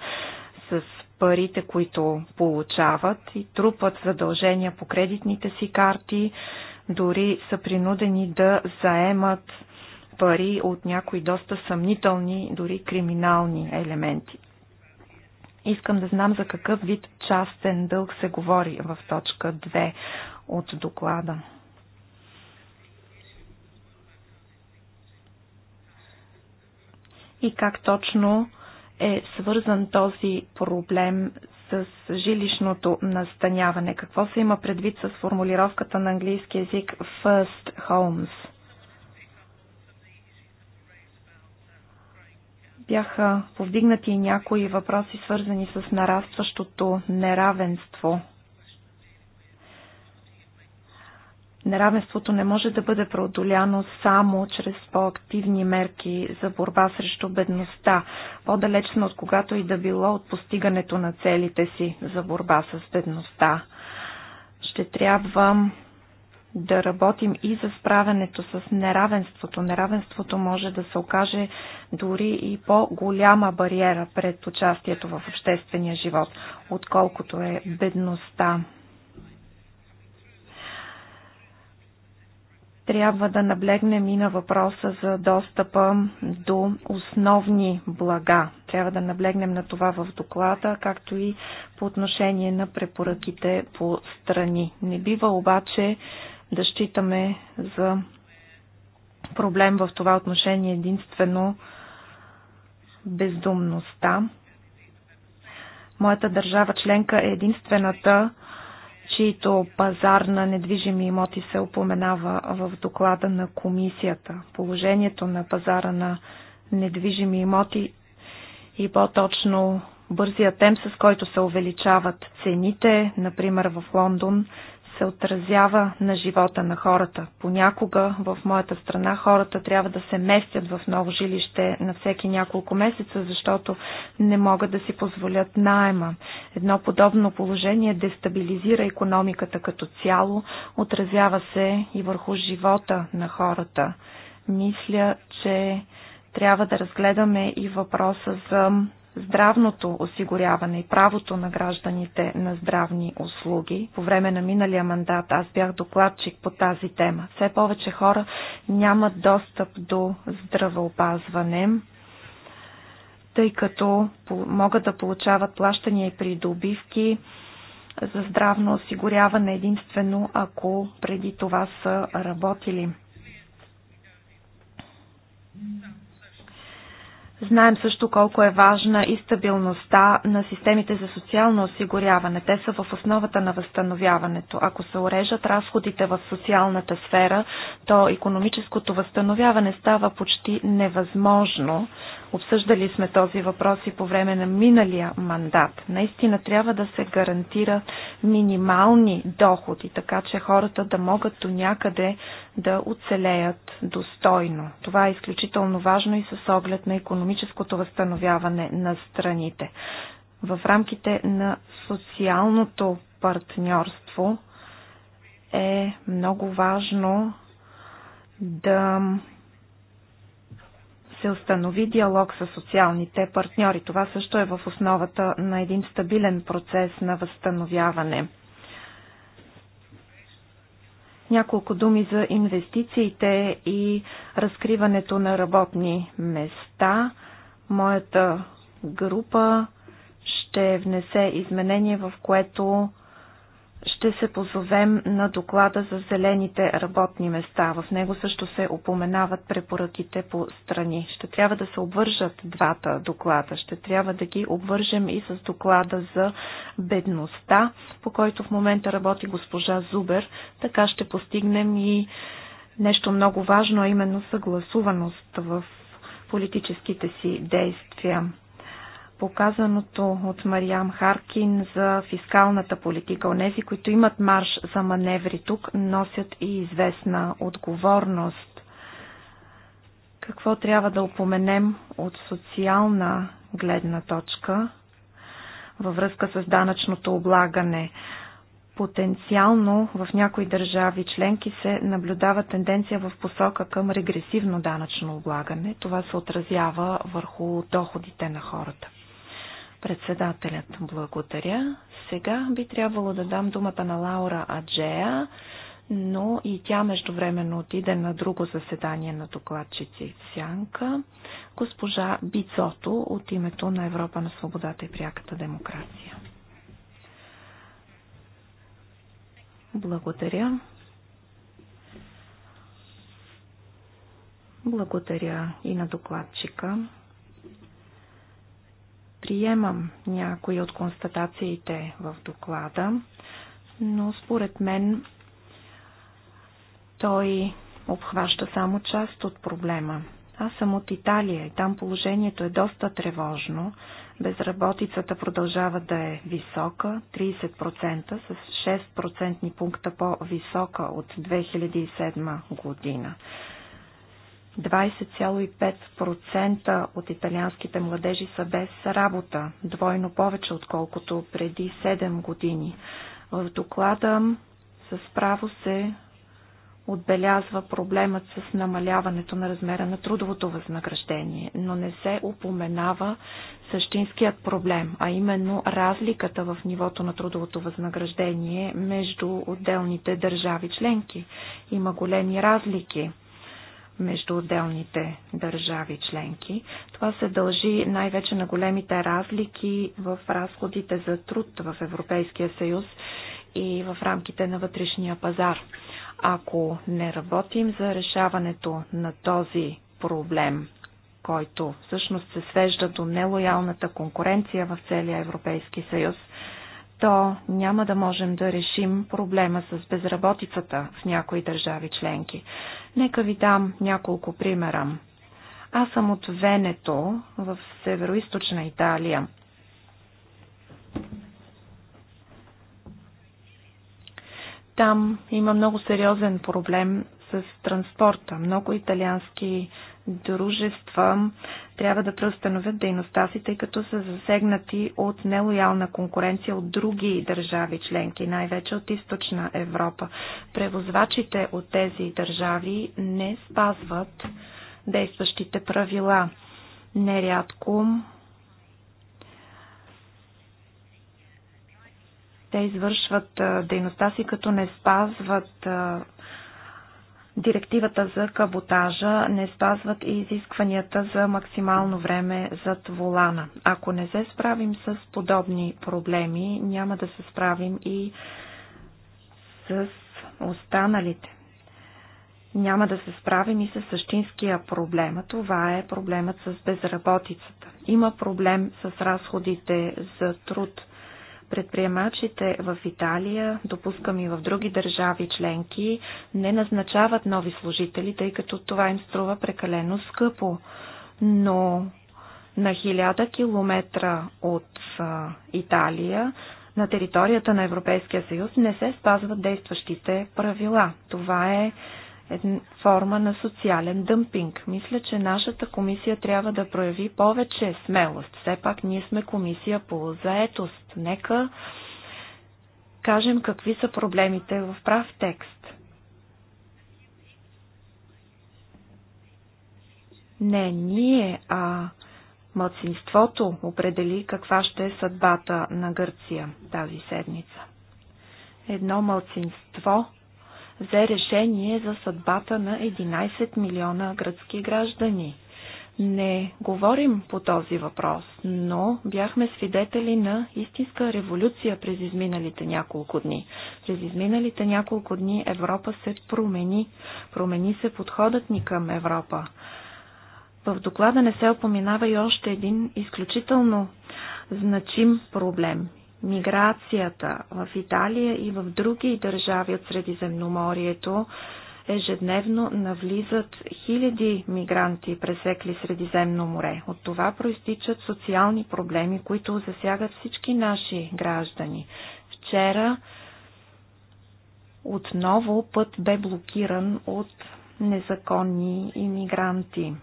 с парите, които получават и трупат задължения по кредитните си карти, дори са принудени да заемат пари от някои доста съмнителни, дори криминални елементи. Искам да знам за какъв вид частен дълг се говори в точка 2 от доклада. И как точно е свързан този проблем с жилищното настаняване? Какво се има предвид с формулировката на английски язик first homes? Бяха повдигнати и някои въпроси, свързани с нарастващото неравенство Неравенството не може да бъде преодоляно само чрез по-активни мерки за борба срещу бедността, по-далеч сме от когато и да било от постигането на целите си за борба с бедността. Ще трябва да работим и за справянето с неравенството. Неравенството може да се окаже дори и по-голяма бариера пред участието в обществения живот, отколкото е бедността. Трябва да наблегнем и на въпроса за достъпа до основни блага. Трябва да наблегнем на това в доклада, както и по отношение на препоръките по страни. Не бива обаче да считаме за проблем в това отношение единствено бездумността. Моята държава членка е единствената, Чието пазар на недвижими имоти се упоменава в доклада на комисията. Положението на пазара на недвижими имоти и по-точно бързия темп, с който се увеличават цените, например в Лондон, се отразява на живота на хората. Понякога в моята страна хората трябва да се местят в ново жилище на всеки няколко месеца, защото не могат да си позволят найема. Едно подобно положение дестабилизира економиката като цяло, отразява се и върху живота на хората. Мисля, че трябва да разгледаме и въпроса за здравното осигуряване и правото на гражданите на здравни услуги. По време на миналия мандат аз бях докладчик по тази тема. Все повече хора нямат достъп до здравеопазване, тъй като могат да получават плащания и придобивки за здравно осигуряване единствено, ако преди това са работили. Знаем също колко е важна и стабилността на системите за социално осигуряване. Те са в основата на възстановяването. Ако се урежат разходите в социалната сфера, то економическото възстановяване става почти невъзможно. Обсъждали сме този въпрос и по време на миналия мандат. Наистина трябва да се гарантира минимални доходи, така че хората да могат до някъде да оцелеят достойно. Това е изключително важно и с оглед на економическото възстановяване на страните. В рамките на социалното партньорство е много важно да се установи диалог с социалните партньори. Това също е в основата на един стабилен процес на възстановяване. Няколко думи за инвестициите и разкриването на работни места. Моята група ще внесе изменение, в което ще се позовем на доклада за зелените работни места. В него също се упоменават препоръките по страни. Ще трябва да се обвържат двата доклада. Ще трябва да ги обвържем и с доклада за бедността, по който в момента работи госпожа Зубер. Така ще постигнем и нещо много важно, а именно съгласуваност в политическите си действия показаното от Мариам Харкин за фискалната политика. Онези, които имат марш за маневри тук, носят и известна отговорност. Какво трябва да упоменем от социална гледна точка във връзка с данъчното облагане? потенциално в някои държави членки се наблюдава тенденция в посока към регресивно данъчно облагане. Това се отразява върху доходите на хората. Председателят, благодаря. Сега би трябвало да дам думата на Лаура Аджея, но и тя междувременно отиде на друго заседание на докладчици в Сянка, госпожа Бицото от името на Европа на свободата и пряката демокрация. Благодаря. Благодаря и на докладчика. Приемам някои от констатациите в доклада, но според мен той обхваща само част от проблема. Аз съм от Италия и там положението е доста тревожно. Безработицата продължава да е висока, 30%, с 6% пункта по-висока от 2007 година. 20,5% от италианските младежи са без работа, двойно повече отколкото преди 7 години. В доклада с право се отбелязва проблемът с намаляването на размера на трудовото възнаграждение, но не се упоменава същинският проблем, а именно разликата в нивото на трудовото възнаграждение между отделните държави членки. Има големи разлики между отделните държави членки. Това се дължи най-вече на големите разлики в разходите за труд в Европейския съюз и в рамките на вътрешния пазар. Ако не работим за решаването на този проблем, който всъщност се свежда до нелоялната конкуренция в целия Европейски съюз – то няма да можем да решим проблема с безработицата в някои държави членки. Нека ви дам няколко примера. Аз съм от Венето в северо Италия. Там има много сериозен проблем с транспорта. Много италиански дружества трябва да преустановят дейността си, тъй като са засегнати от нелоялна конкуренция от други държави членки, най-вече от източна Европа. Превозвачите от тези държави не спазват действащите правила. Нерядко те извършват дейността си, като не спазват директивата за каботажа не спазват и изискванията за максимално време зад волана. Ако не се справим с подобни проблеми, няма да се справим и с останалите. Няма да се справим и с същинския проблем. Това е проблемът с безработицата. Има проблем с разходите за труд – Предприемачите в Италия, допускам и в други държави членки, не назначават нови служители, тъй като това им струва прекалено скъпо. Но на хиляда километра от Италия на територията на Европейския съюз не се спазват действащите правила. Това е една форма на социален дъмпинг. Мисля, че нашата комисия трябва да прояви повече смелост. Все пак ние сме комисия по заетост. Нека кажем какви са проблемите в прав текст. Не ние, а младсинството определи каква ще е съдбата на Гърция тази седмица. Едно младсинство взе решение за съдбата на 11 милиона гръцки граждани. Не говорим по този въпрос, но бяхме свидетели на истинска революция през изминалите няколко дни. През изминалите няколко дни Европа се промени. Промени се подходът ни към Европа. В доклада не се опоминава и още един изключително значим проблем миграцията в Италия и в други държави от Средиземноморието ежедневно навлизат хиляди мигранти, пресекли Средиземно море. От това проистичат социални проблеми, които засягат всички наши граждани. Вчера отново път бе блокиран от незаконни иммигранти.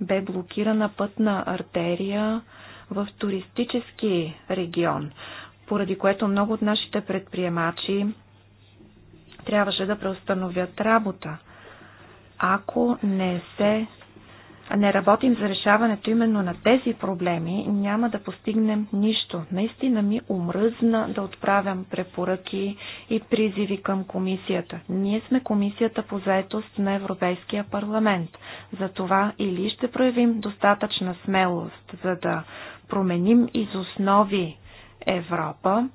Бе блокирана пътна артерия в туристически регион, поради което много от нашите предприемачи трябваше да преустановят работа. Ако не се не работим за решаването именно на тези проблеми, няма да постигнем нищо. Наистина ми омръзна да отправям препоръки и призиви към комисията. Ние сме комисията по заетост на Европейския парламент. За това или ще проявим достатъчна смелост, за да променим из основи Европа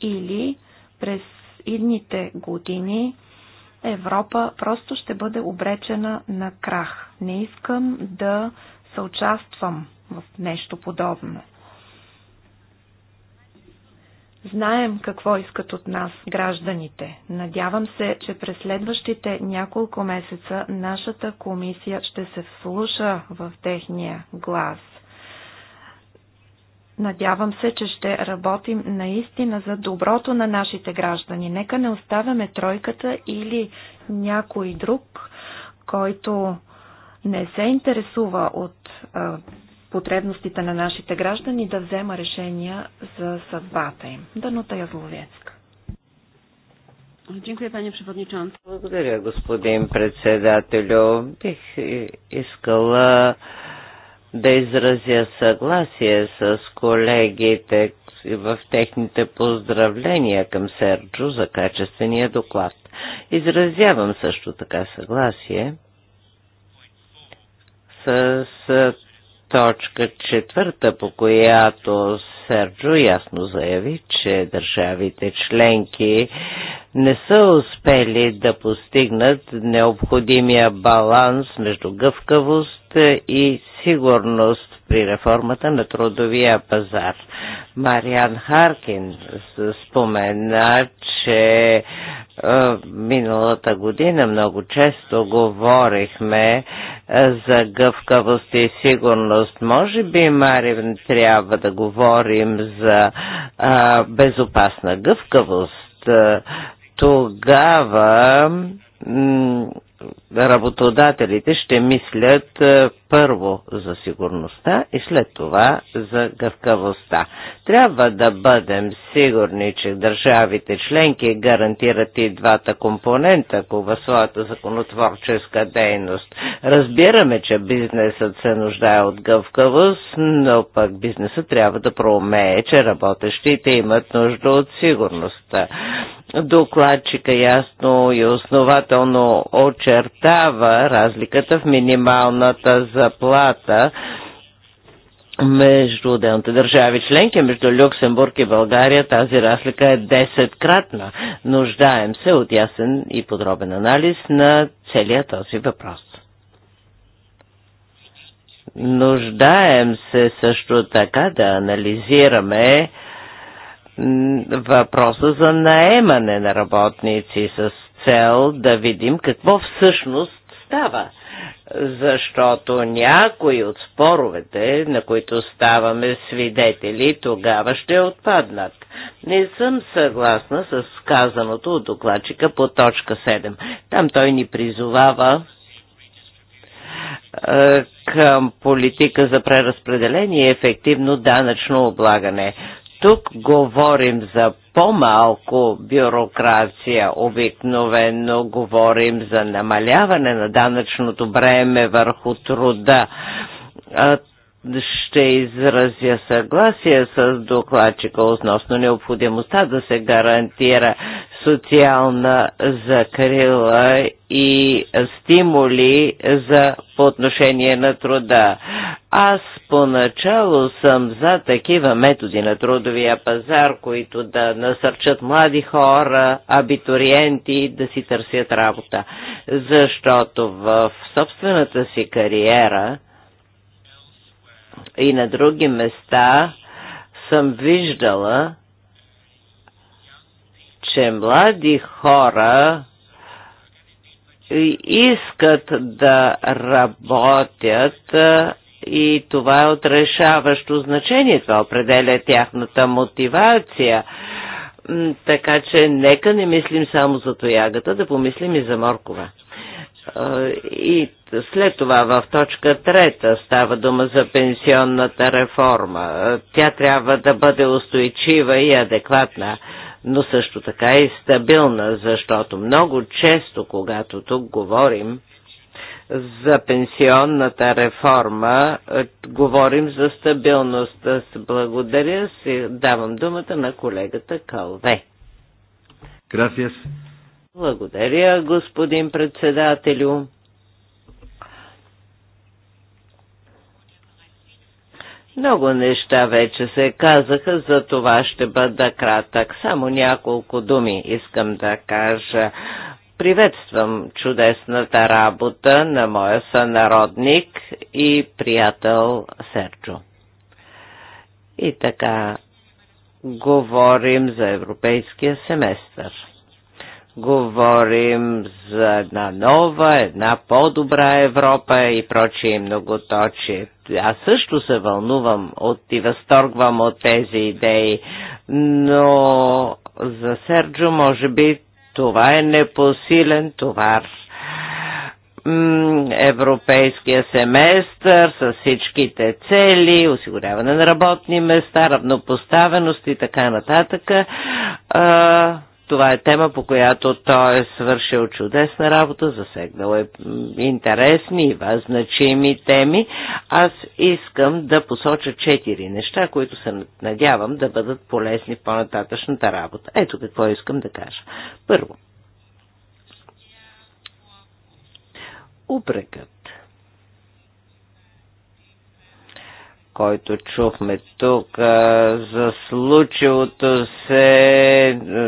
или през идните години Европа просто ще бъде обречена на крах. Не искам да съучаствам в нещо подобно. Знаем какво искат от нас гражданите. Надявам се, че през следващите няколко месеца нашата комисия ще се вслуша в техния глас – Надявам се, че ще работим наистина за доброто на нашите граждани. Нека не оставяме тройката или някой друг, който не се интересува от а, потребностите на нашите граждани да взема решения за съдбата им. Данута Язловецка. Dziękuję panie Благодаря господин председателю. Бих е, искала да изразя съгласие с колегите в техните поздравления към Серджо за качествения доклад. Изразявам също така съгласие с точка четвърта, по която Серджо ясно заяви, че държавите членки не са успели да постигнат необходимия баланс между гъвкавост и сигурност при реформата на трудовия пазар. Мариан Харкин спомена, че миналата година много често говорихме за гъвкавост и сигурност. Може би, Мариан, трябва да говорим за безопасна гъвкавост. Тогава работодателите ще мислят е, първо за сигурността и след това за гъвкавостта. Трябва да бъдем сигурни, че държавите членки гарантират и двата компонента в своята законотворческа дейност. Разбираме, че бизнесът се нуждае от гъвкавост, но пък бизнесът трябва да проумее, че работещите имат нужда от сигурността. Докладчика ясно и основателно очерта остава разликата в минималната заплата между отделните държави членки, между Люксембург и България тази разлика е 10-кратна. Нуждаем се от ясен и подробен анализ на целият този въпрос. Нуждаем се също така да анализираме въпроса за наемане на работници с цел да видим какво всъщност става защото някои от споровете, на които ставаме свидетели, тогава ще отпаднат. Не съм съгласна с казаното от докладчика по точка 7. Там той ни призовава е, към политика за преразпределение и ефективно данъчно облагане. Тук говорим за по-малко бюрокрация. Обикновено говорим за намаляване на данъчното бреме върху труда ще изразя съгласие с докладчика относно необходимостта да се гарантира социална закрила и стимули за по отношение на труда. Аз поначало съм за такива методи на трудовия пазар, които да насърчат млади хора, абитуриенти да си търсят работа. Защото в собствената си кариера и на други места съм виждала, че млади хора искат да работят и това е отрешаващо значение. Това определя тяхната мотивация. Така че нека не мислим само за тоягата, да помислим и за моркова. И след това в точка трета става дума за пенсионната реформа. Тя трябва да бъде устойчива и адекватна но също така и стабилна, защото много често, когато тук говорим за пенсионната реформа, е, говорим за стабилност. Благодаря си, давам думата на колегата Калве. Gracias. Благодаря, господин председателю. Много неща вече се казаха, за това ще бъда кратък. Само няколко думи искам да кажа. Приветствам чудесната работа на моя сънародник и приятел Серджо. И така, говорим за европейския семестър. Говорим за една нова, една по-добра Европа и прочие много точи. Аз също се вълнувам от и възторгвам от тези идеи, но за Серджо може би това е непосилен товар европейския семестър с всичките цели, осигуряване на работни места, равнопоставеност и така нататък. А, това е тема, по която той е свършил чудесна работа, засегнал е интересни и значими теми. Аз искам да посоча четири неща, които се надявам да бъдат полезни в по-нататъчната работа. Ето какво искам да кажа. Първо, упрекът който чухме тук за случилото се,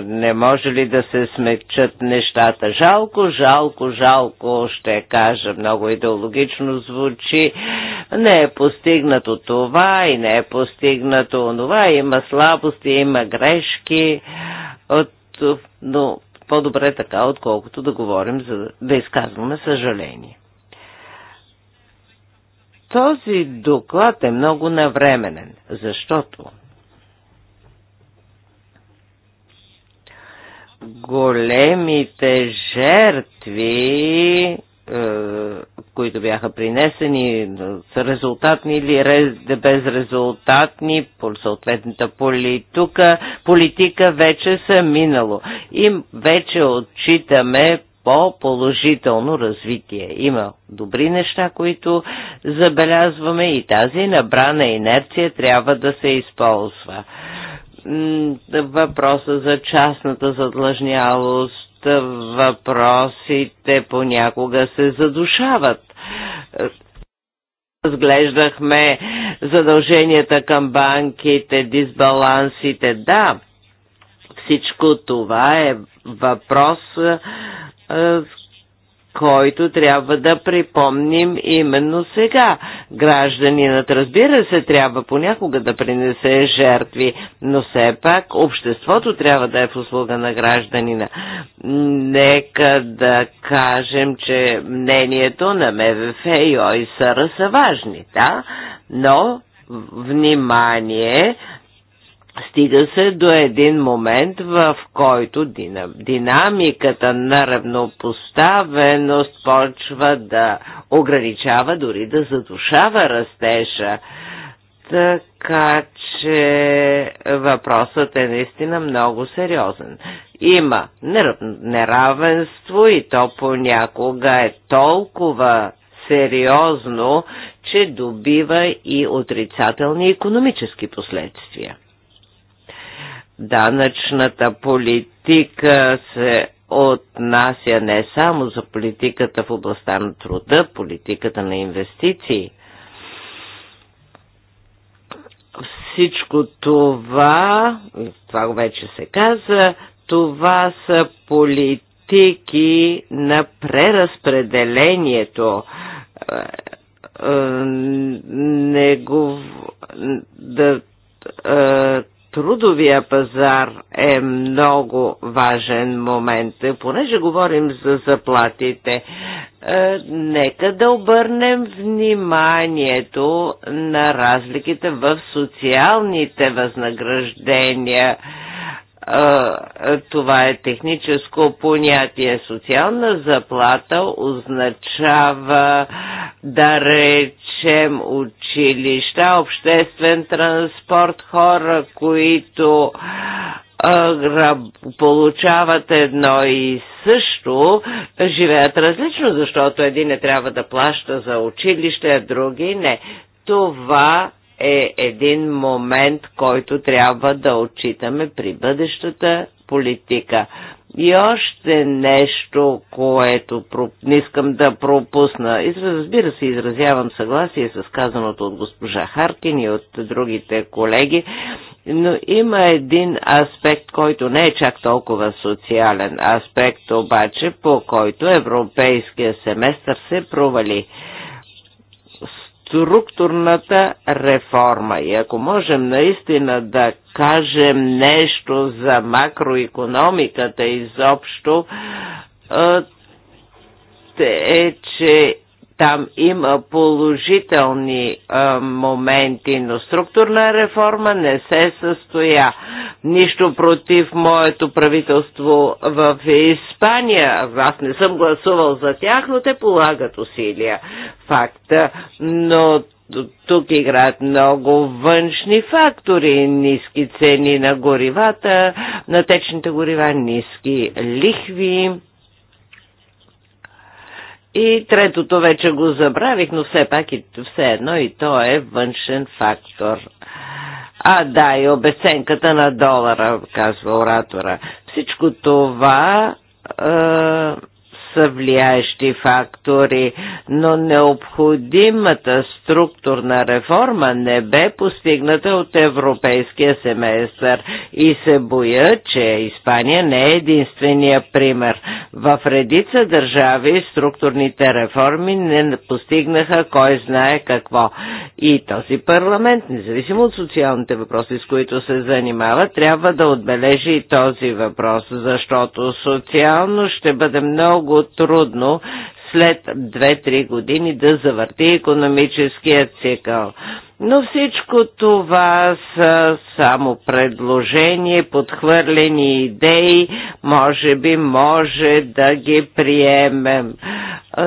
не може ли да се смекчат нещата? Жалко, жалко, жалко, ще кажа, много идеологично звучи. Не е постигнато това и не е постигнато онова, има слабости, има грешки, от, но по-добре така, отколкото да говорим, за да изказваме съжаление. Този доклад е много навременен, защото големите жертви е, които бяха принесени, са резултатни или безрезултатни по съответната политика, политика вече са минало. И вече отчитаме по-положително развитие. Има добри неща, които забелязваме и тази набрана инерция трябва да се използва. Въпроса за частната задлъжнялост, въпросите понякога се задушават. Разглеждахме задълженията към банките, дисбалансите. Да, всичко това е въпрос, който трябва да припомним именно сега. Гражданинът, разбира се, трябва понякога да принесе жертви, но все пак обществото трябва да е в услуга на гражданина. Нека да кажем, че мнението на МВФ и ОИСР са важни, да, но внимание стига се до един момент, в който динамиката на равнопоставеност почва да ограничава, дори да задушава растежа. Така че въпросът е наистина много сериозен. Има неравенство и то понякога е толкова сериозно, че добива и отрицателни економически последствия. Данъчната политика се отнася не само за политиката в областта на труда, политиката на инвестиции. Всичко това, това вече се каза, това са политики на преразпределението. Е, е, не го, да, е, трудовия пазар е много важен момент. Понеже говорим за заплатите, е, нека да обърнем вниманието на разликите в социалните възнаграждения е, е, това е техническо понятие. Социална заплата означава да речем речем училища, обществен транспорт, хора, които получават едно и също, живеят различно, защото един не трябва да плаща за училище, а други не. Това е един момент, който трябва да отчитаме при бъдещата политика. И още нещо, което не искам да пропусна. разбира се, изразявам съгласие с казаното от госпожа Харкин и от другите колеги, но има един аспект, който не е чак толкова социален аспект, обаче по който европейския семестър се провали структурната реформа. И ако можем наистина да кажем нещо за макроекономиката изобщо, е, е че там има положителни а, моменти, но структурна реформа не се състоя. Нищо против моето правителство в Испания. Аз не съм гласувал за тях, но те полагат усилия. Факта. Но тук играят много външни фактори. Ниски цени на горивата, на течните горива, ниски лихви и третото вече го забравих, но все пак и все едно и то е външен фактор. А, да, и обесценката на долара, казва оратора. Всичко това е са влияещи фактори, но необходимата структурна реформа не бе постигната от европейския семестър и се боя, че Испания не е единствения пример. В редица държави структурните реформи не постигнаха кой знае какво. И този парламент, независимо от социалните въпроси, с които се занимава, трябва да отбележи и този въпрос, защото социално ще бъде много трудно след 2-3 години да завърти економическия цикъл. Но всичко това са само предложения, подхвърлени идеи, може би може да ги приемем.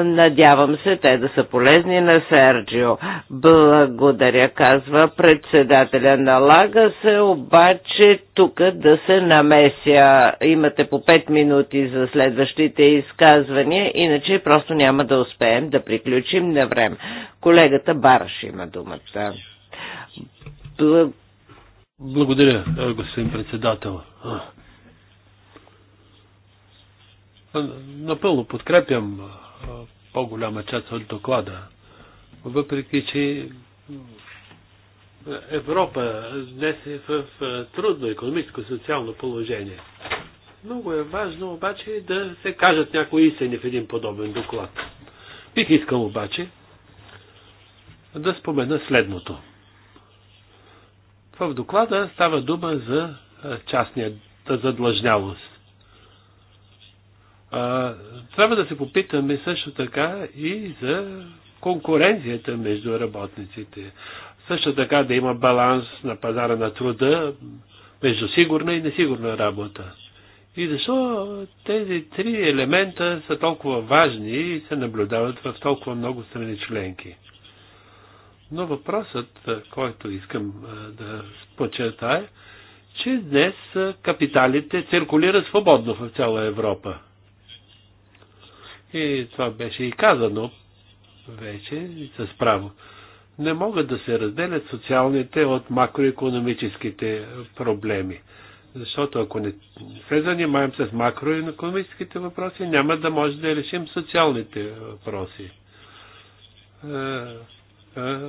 Надявам се те да са полезни на Серджио. Благодаря, казва председателя. Налага се обаче тук да се намеся. Имате по 5 минути за следващите изказвания, иначе просто няма да успеем да приключим на време. Колегата Бараш има думата. Благодаря, господин председател. Напълно подкрепям по-голяма част от доклада, въпреки че Европа днес е в трудно економическо социално положение. Много е важно обаче да се кажат някои истини в един подобен доклад. Бих искал обаче да спомена следното. В доклада става дума за частния задлъжнявост. Трябва да се попитаме също така и за конкуренцията между работниците. Също така да има баланс на пазара на труда между сигурна и несигурна работа. И защо тези три елемента са толкова важни и се наблюдават в толкова много страни членки? Но въпросът, който искам да подчертая, че днес капиталите циркулират свободно в цяла Европа. И това беше и казано вече с право. Не могат да се разделят социалните от макроекономическите проблеми. Защото ако не се занимаем с макроекономическите въпроси, няма да може да решим социалните въпроси. Е,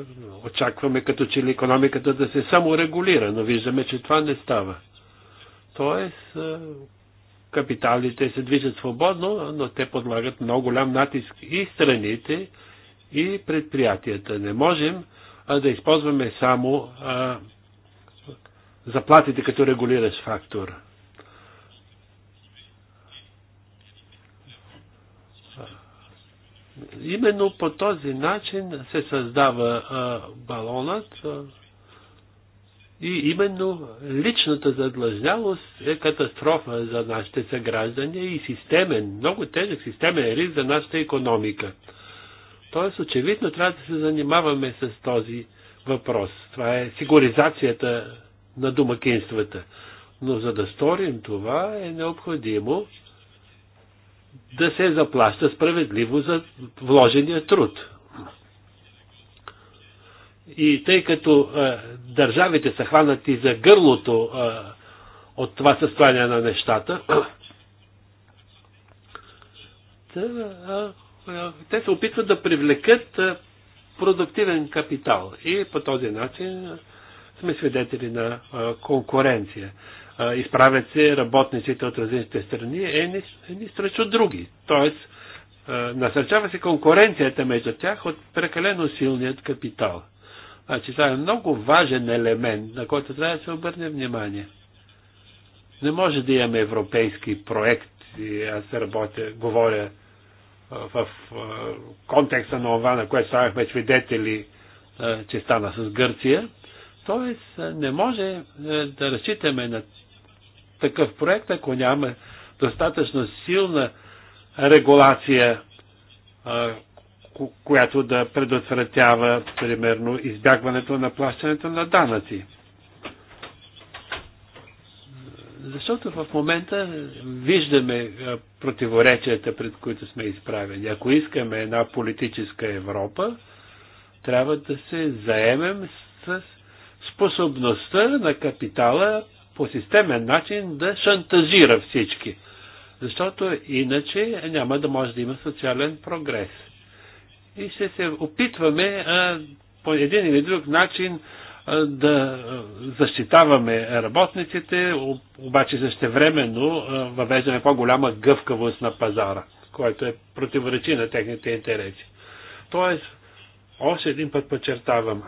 очакваме като че ли економиката да се саморегулира, но виждаме, че това не става. Тоест, е, капиталите се движат свободно, но те подлагат много голям натиск и страните, и предприятията. Не можем да използваме само заплатите като регулиращ фактор. Именно по този начин се създава а, балонът а, и именно личната задлъжнялост е катастрофа за нашите съграждани и системен, много тежък системен риск за нашата економика. Тоест, очевидно трябва да се занимаваме с този въпрос. Това е сигуризацията на домакинствата. Но за да сторим това е необходимо да се заплаща справедливо за вложения труд. И тъй като е, държавите са хванати за гърлото е, от това състояние на нещата, те, е, е, те се опитват да привлекат е, продуктивен капитал. И по този начин е, сме свидетели на е, конкуренция изправят се работниците от различните страни, едни, едни срещу други. Тоест, насърчава се конкуренцията между тях от прекалено силният капитал. Значи, това е много важен елемент, на който трябва да се обърне внимание. Не може да имаме европейски проект, и аз работя, говоря в контекста на това, на което ставахме свидетели, че стана с Гърция. Тоест, не може да разчитаме на такъв проект, ако няма достатъчно силна регулация, която да предотвратява, примерно, избягването на плащането на данъци. Защото в момента виждаме противоречията, пред които сме изправени. Ако искаме една политическа Европа, трябва да се заемем с способността на капитала по системен начин да шантажира всички. Защото иначе няма да може да има социален прогрес. И ще се опитваме а, по един или друг начин а, да защитаваме работниците, обаче същевременно а, въвеждаме по-голяма гъвкавост на пазара, което е противоречи на техните интереси. Тоест, още един път подчертавам,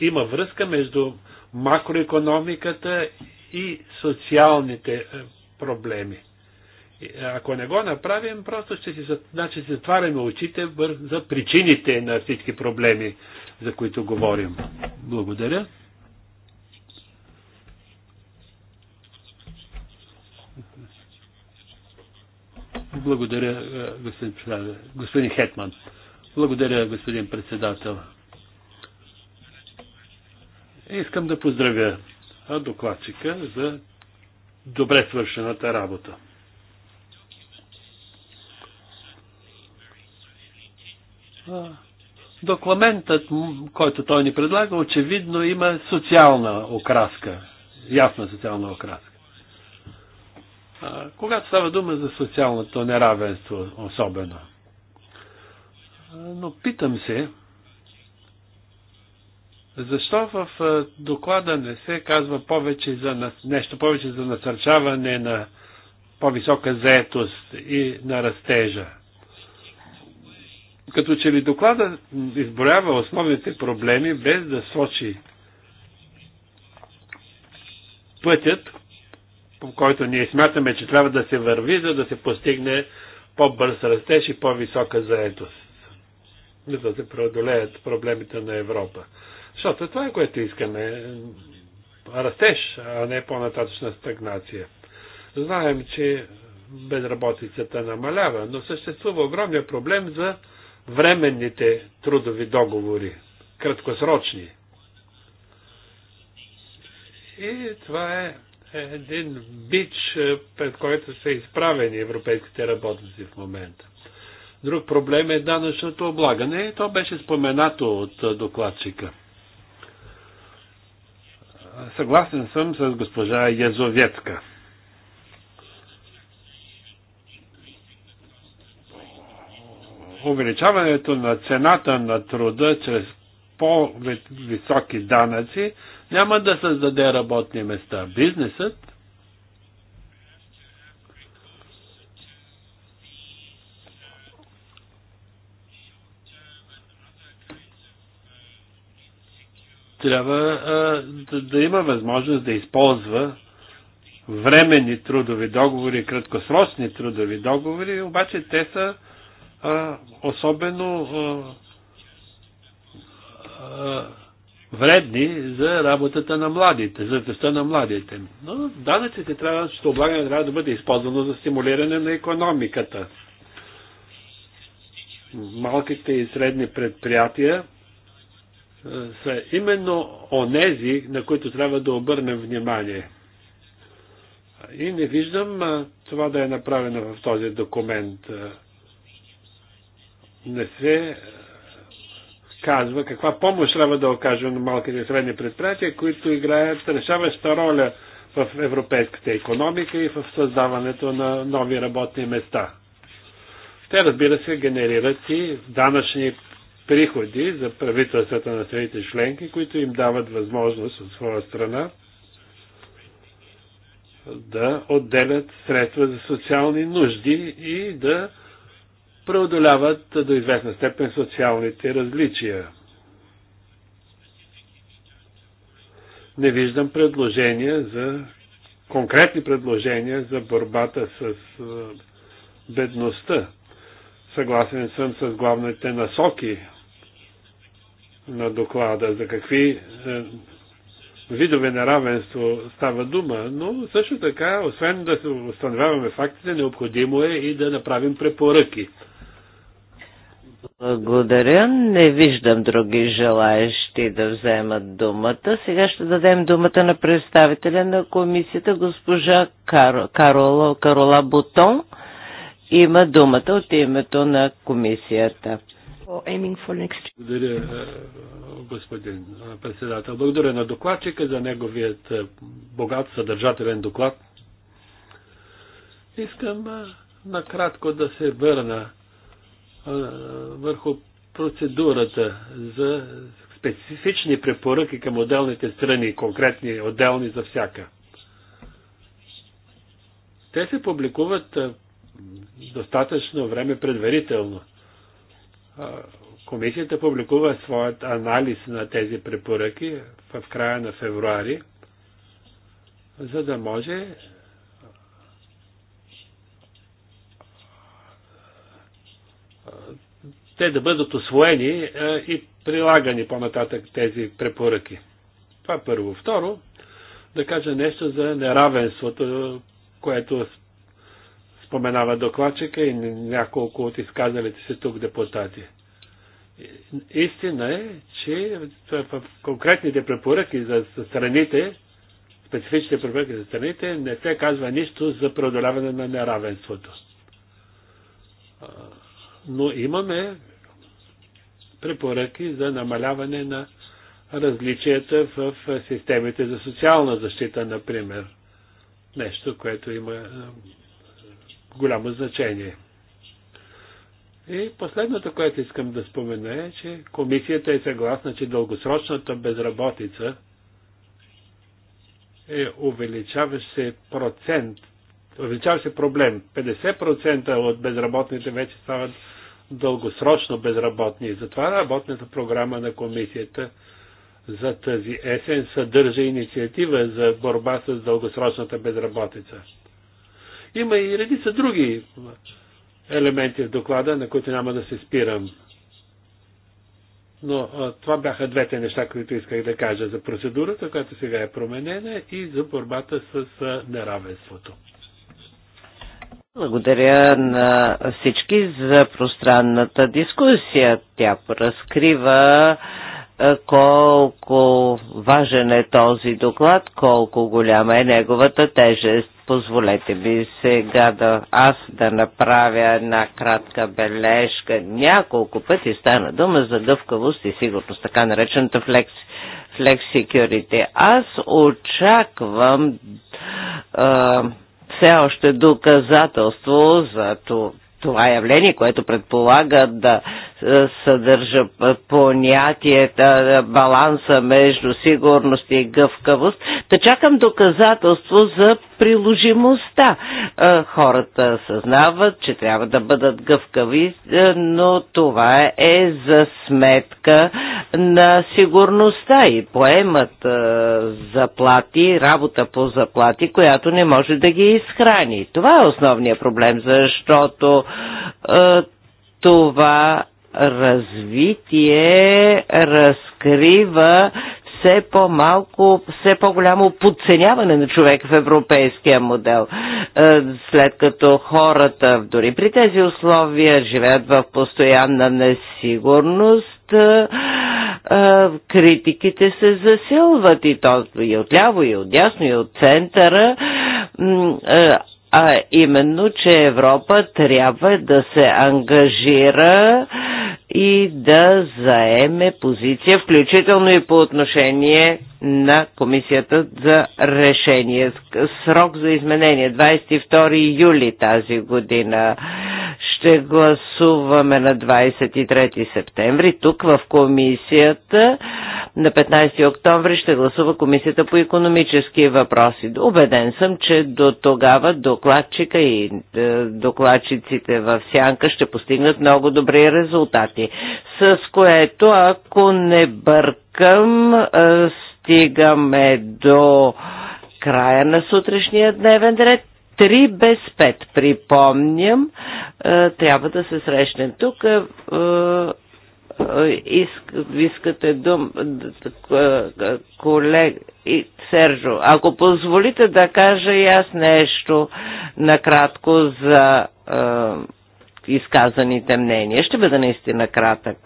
има връзка между макроекономиката и социалните е, проблеми. Е, ако не го направим, просто ще си, значи, си затваряме очите за причините на всички проблеми, за които говорим. Благодаря. Благодаря, е, господин, господин Хетман. Благодаря, господин председател. Искам да поздравя докладчика за добре свършената работа. Документът, който той ни предлага, очевидно има социална окраска, ясна социална окраска. Когато става дума за социалното неравенство, особено. Но питам се, защо в доклада не се казва повече за, нещо повече за насърчаване на по-висока заетост и на растежа? Като че ли доклада изброява основните проблеми, без да сочи пътят, по който ние смятаме, че трябва да се върви, за да се постигне по-бърз растеж и по-висока заетост, за да се преодолеят проблемите на Европа. Защото това е което искаме. Растеж, а не по-нататъчна стагнация. Знаем, че безработицата намалява, но съществува огромния проблем за временните трудови договори, краткосрочни. И това е един бич, пред който са изправени европейските работници в момента. Друг проблем е данъчното облагане. То беше споменато от докладчика. Съгласен съм с госпожа Язовецка. Увеличаването на цената на труда чрез по-високи данъци няма да създаде работни места. Бизнесът трябва да, да има възможност да използва временни трудови договори, краткосрочни трудови договори, обаче те са а, особено а, а, вредни за работата на младите, за заедостта на младите. Но данъците трябва, защото облагане трябва да бъде използвано за стимулиране на економиката. Малките и средни предприятия са именно онези, на които трябва да обърнем внимание. И не виждам това да е направено в този документ. Не се казва каква помощ трябва да окажем на малките и средни предприятия, които играят решаваща роля в европейската економика и в създаването на нови работни места. Те, разбира се, генерират и данъчни приходи за правителствата на страните членки, които им дават възможност от своя страна да отделят средства за социални нужди и да преодоляват до известна степен социалните различия. Не виждам предложения за конкретни предложения за борбата с бедността. Съгласен съм с главните насоки на доклада, за какви е, видове на равенство става дума, но също така, освен да се установяваме фактите, необходимо е и да направим препоръки. Благодаря. Не виждам други желаящи да вземат думата. Сега ще дадем думата на представителя на комисията, госпожа Кар... Карола... Карола Бутон. Има думата от името на комисията. Благодаря, е, господин е, председател. Благодаря на докладчика за неговият е, богат съдържателен доклад. Искам накратко да се върна върху процедурата за специфични препоръки към отделните страни, конкретни, отделни за всяка. Те се публикуват достатъчно време предварително. Комисията публикува своят анализ на тези препоръки в края на февруари, за да може те да бъдат освоени и прилагани по-нататък тези препоръки. Това първо. Второ, да кажа нещо за неравенството, което споменава докладчика и няколко от изказалите се тук депутати. Истина е, че в конкретните препоръки за страните, специфичните препоръки за страните, не се казва нищо за преодоляване на неравенството. Но имаме препоръки за намаляване на различията в системите за социална защита, например. Нещо, което има голямо значение. И последното, което искам да спомена е, че комисията е съгласна, че дългосрочната безработица е увеличаващ се процент, увеличаващ се проблем. 50% от безработните вече стават дългосрочно безработни. Затова работната програма на комисията за тази есен съдържа инициатива за борба с дългосрочната безработица. Има и редица други елементи в доклада, на които няма да се спирам. Но а, това бяха двете неща, които исках да кажа за процедурата, която сега е променена и за борбата с а, неравенството. Благодаря на всички за пространната дискусия. Тя разкрива колко важен е този доклад, колко голяма е неговата тежест. Позволете ми сега да аз да направя една кратка бележка. Няколко пъти стана дума за гъвкавост и сигурност, така наречената флекс, security. Аз очаквам а, все още доказателство за това явление, което предполага да е, съдържа понятията е, баланса между сигурност и гъвкавост, да чакам доказателство за приложимостта. Е, хората съзнават, че трябва да бъдат гъвкави, но това е за сметка на сигурността и поемат заплати, работа по заплати, която не може да ги изхрани. Това е основният проблем, защото това развитие разкрива все по-малко, все по-голямо подценяване на човека в европейския модел. След като хората, дори при тези условия, живеят в постоянна несигурност, критиките се засилват и, то, и отляво, и отдясно, и от центъра а именно, че Европа трябва да се ангажира и да заеме позиция, включително и по отношение на комисията за решение. Срок за изменение 22 юли тази година ще гласуваме на 23 септември тук в комисията. На 15 октомври ще гласува комисията по економически въпроси. Обеден съм, че до тогава докладчика и е, докладчиците в сянка ще постигнат много добри резултати. С което, ако не бъркам, е, стигаме до края на сутрешния дневен ред Три без пет, припомням, е, трябва да се срещнем тук. Е, е, искате дум, колег и Сержо, ако позволите да кажа и аз нещо накратко за изказаните мнения. Ще бъда наистина кратък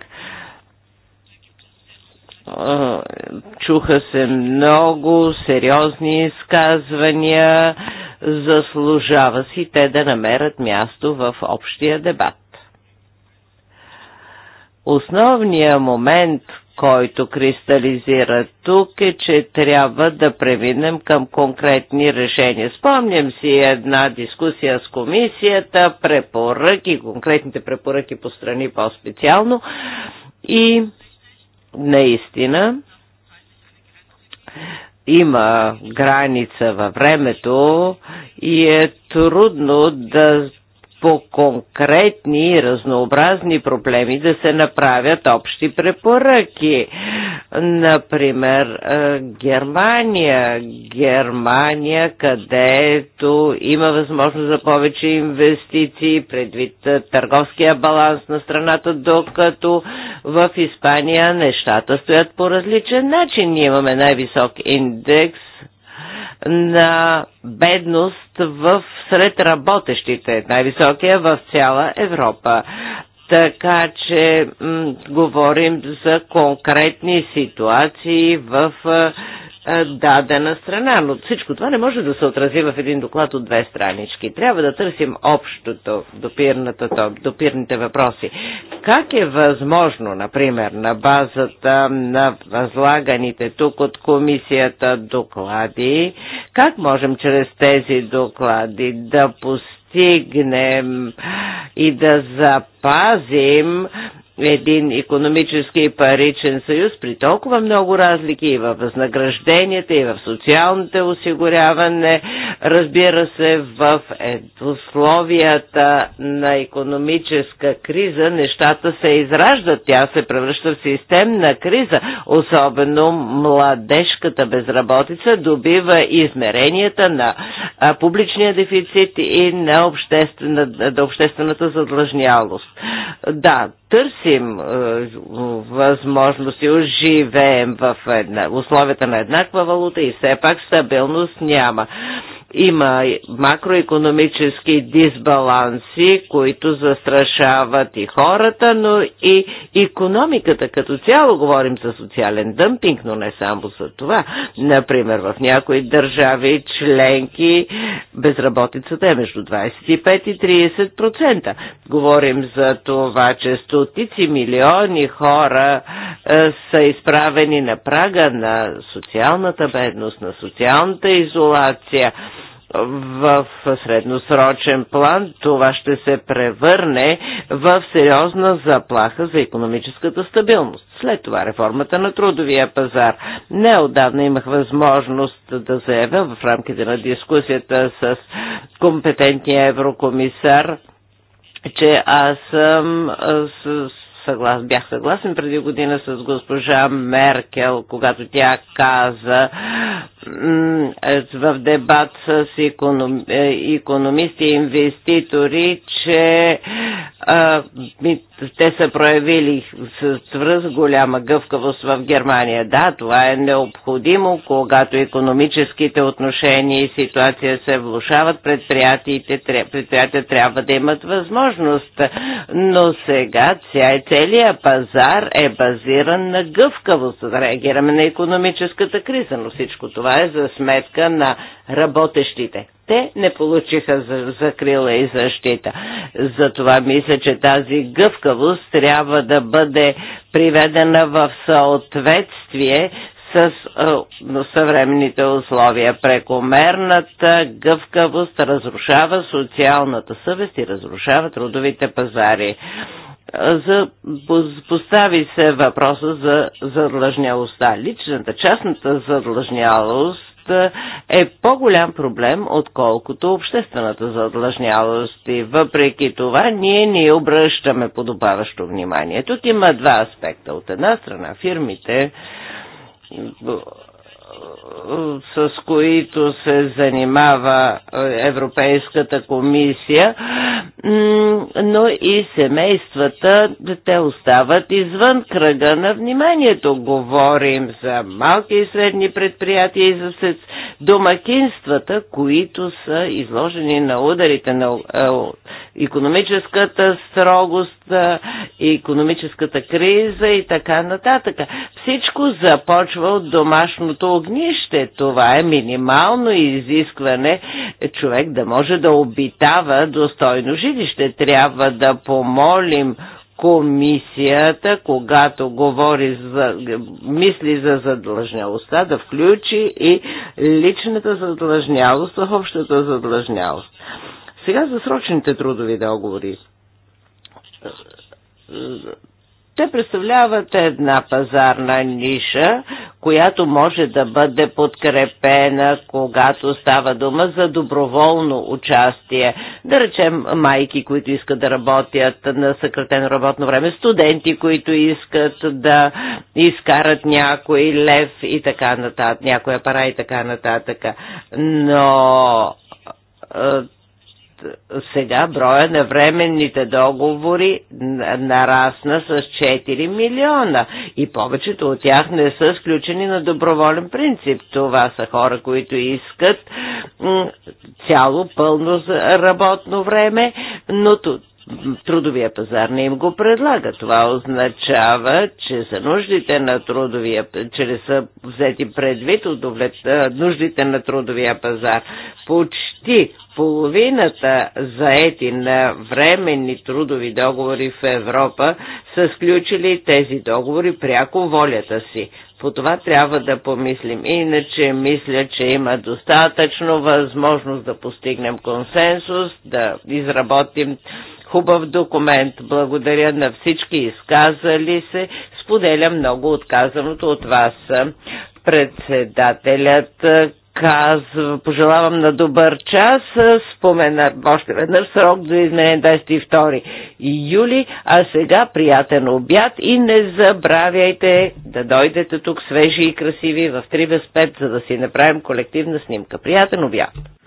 чуха се много сериозни изказвания, заслужава си те да намерят място в общия дебат. Основният момент, който кристализира тук е, че трябва да преминем към конкретни решения. Спомням си една дискусия с комисията, препоръки, конкретните препоръки по страни по-специално и Наистина, има граница във времето и е трудно да по конкретни и разнообразни проблеми да се направят общи препоръки. Например, е, Германия. Германия, където има възможност за повече инвестиции предвид е, търговския баланс на страната, докато в Испания нещата стоят по различен начин. Ние имаме най-висок индекс на бедност в сред работещите, най-високия в цяла Европа. Така че говорим за конкретни ситуации в дадена страна. Но всичко това не може да се отрази в един доклад от две странички. Трябва да търсим общото, допирните въпроси. Как е възможно, например, на базата на възлаганите тук от комисията доклади, как можем чрез тези доклади да постигнем постигнем и да запазим един економически и паричен съюз при толкова много разлики и във възнагражденията, и в социалните осигуряване, разбира се, в условията на економическа криза нещата се израждат. Тя се превръща в системна криза, особено младежката безработица добива измеренията на публичния дефицит и на, обществена, на обществената задлъжнялост. Да, търсим е, възможности, живеем в една, условията на еднаква валута и все пак стабилност няма. Има макроекономически дисбаланси, които застрашават и хората, но и економиката като цяло. Говорим за социален дъмпинг, но не само за това. Например, в някои държави членки безработицата е между 25 и 30%. Говорим за това, че стотици милиони хора е, са изправени на прага на социалната бедност, на социалната изолация в средносрочен план това ще се превърне в сериозна заплаха за економическата стабилност. След това реформата на трудовия пазар. Неодавна имах възможност да заявя в рамките на дискусията с компетентния еврокомисар, че аз съм с съглас, бях съгласен преди година с госпожа Меркел, когато тя каза е, в дебат с економ, економисти и инвеститори, че а, те са проявили с твърз голяма гъвкавост в Германия. Да, това е необходимо, когато економическите отношения и ситуация се влушават, предприятията, предприятия трябва да имат възможност. Но сега целият пазар е базиран на гъвкавост. Да реагираме на економическата криза, но всичко това е за сметка на работещите те не получиха закрила и защита. Затова мисля, че тази гъвкавост трябва да бъде приведена в съответствие с е, съвременните условия. Прекомерната гъвкавост разрушава социалната съвест и разрушава трудовите пазари. За, постави се въпроса за задлъжнялостта. Личната, частната задлъжнялост е по-голям проблем, отколкото обществената задлъжнялост. И въпреки това, ние ни обръщаме подобаващо внимание. Тук има два аспекта. От една страна, фирмите с които се занимава е, Европейската комисия, но и семействата, те остават извън кръга на вниманието. Говорим за малки и средни предприятия и за домакинствата, които са изложени на ударите на е, економическата строгост, е, економическата криза и така нататък. Всичко започва от домашното огнище още. Това е минимално изискване човек да може да обитава достойно жилище. Трябва да помолим комисията, когато говори за, мисли за задлъжнялостта, да включи и личната задлъжнялост в общата задлъжнялост. Сега за срочните трудови договори те представляват една пазарна ниша, която може да бъде подкрепена, когато става дума за доброволно участие. Да речем майки, които искат да работят на съкратено работно време, студенти, които искат да изкарат някой лев и така нататък, някоя пара и така нататък. Но сега броя на временните договори нарасна с 4 милиона и повечето от тях не са сключени на доброволен принцип. Това са хора, които искат цяло пълно работно време, но трудовия пазар не им го предлага. Това означава, че за нуждите на трудовия, че са взети предвид удовлет, нуждите на трудовия пазар. Почти половината заети на временни трудови договори в Европа са сключили тези договори пряко волята си. По това трябва да помислим. Иначе мисля, че има достатъчно възможност да постигнем консенсус, да изработим хубав документ. Благодаря на всички изказали се. Споделя много отказаното от вас председателят казва, пожелавам на добър час, спомена още веднъж срок до изменение 22 юли, а сега приятен обяд и не забравяйте да дойдете тук свежи и красиви в 3 без 5, за да си направим колективна снимка. Приятен обяд!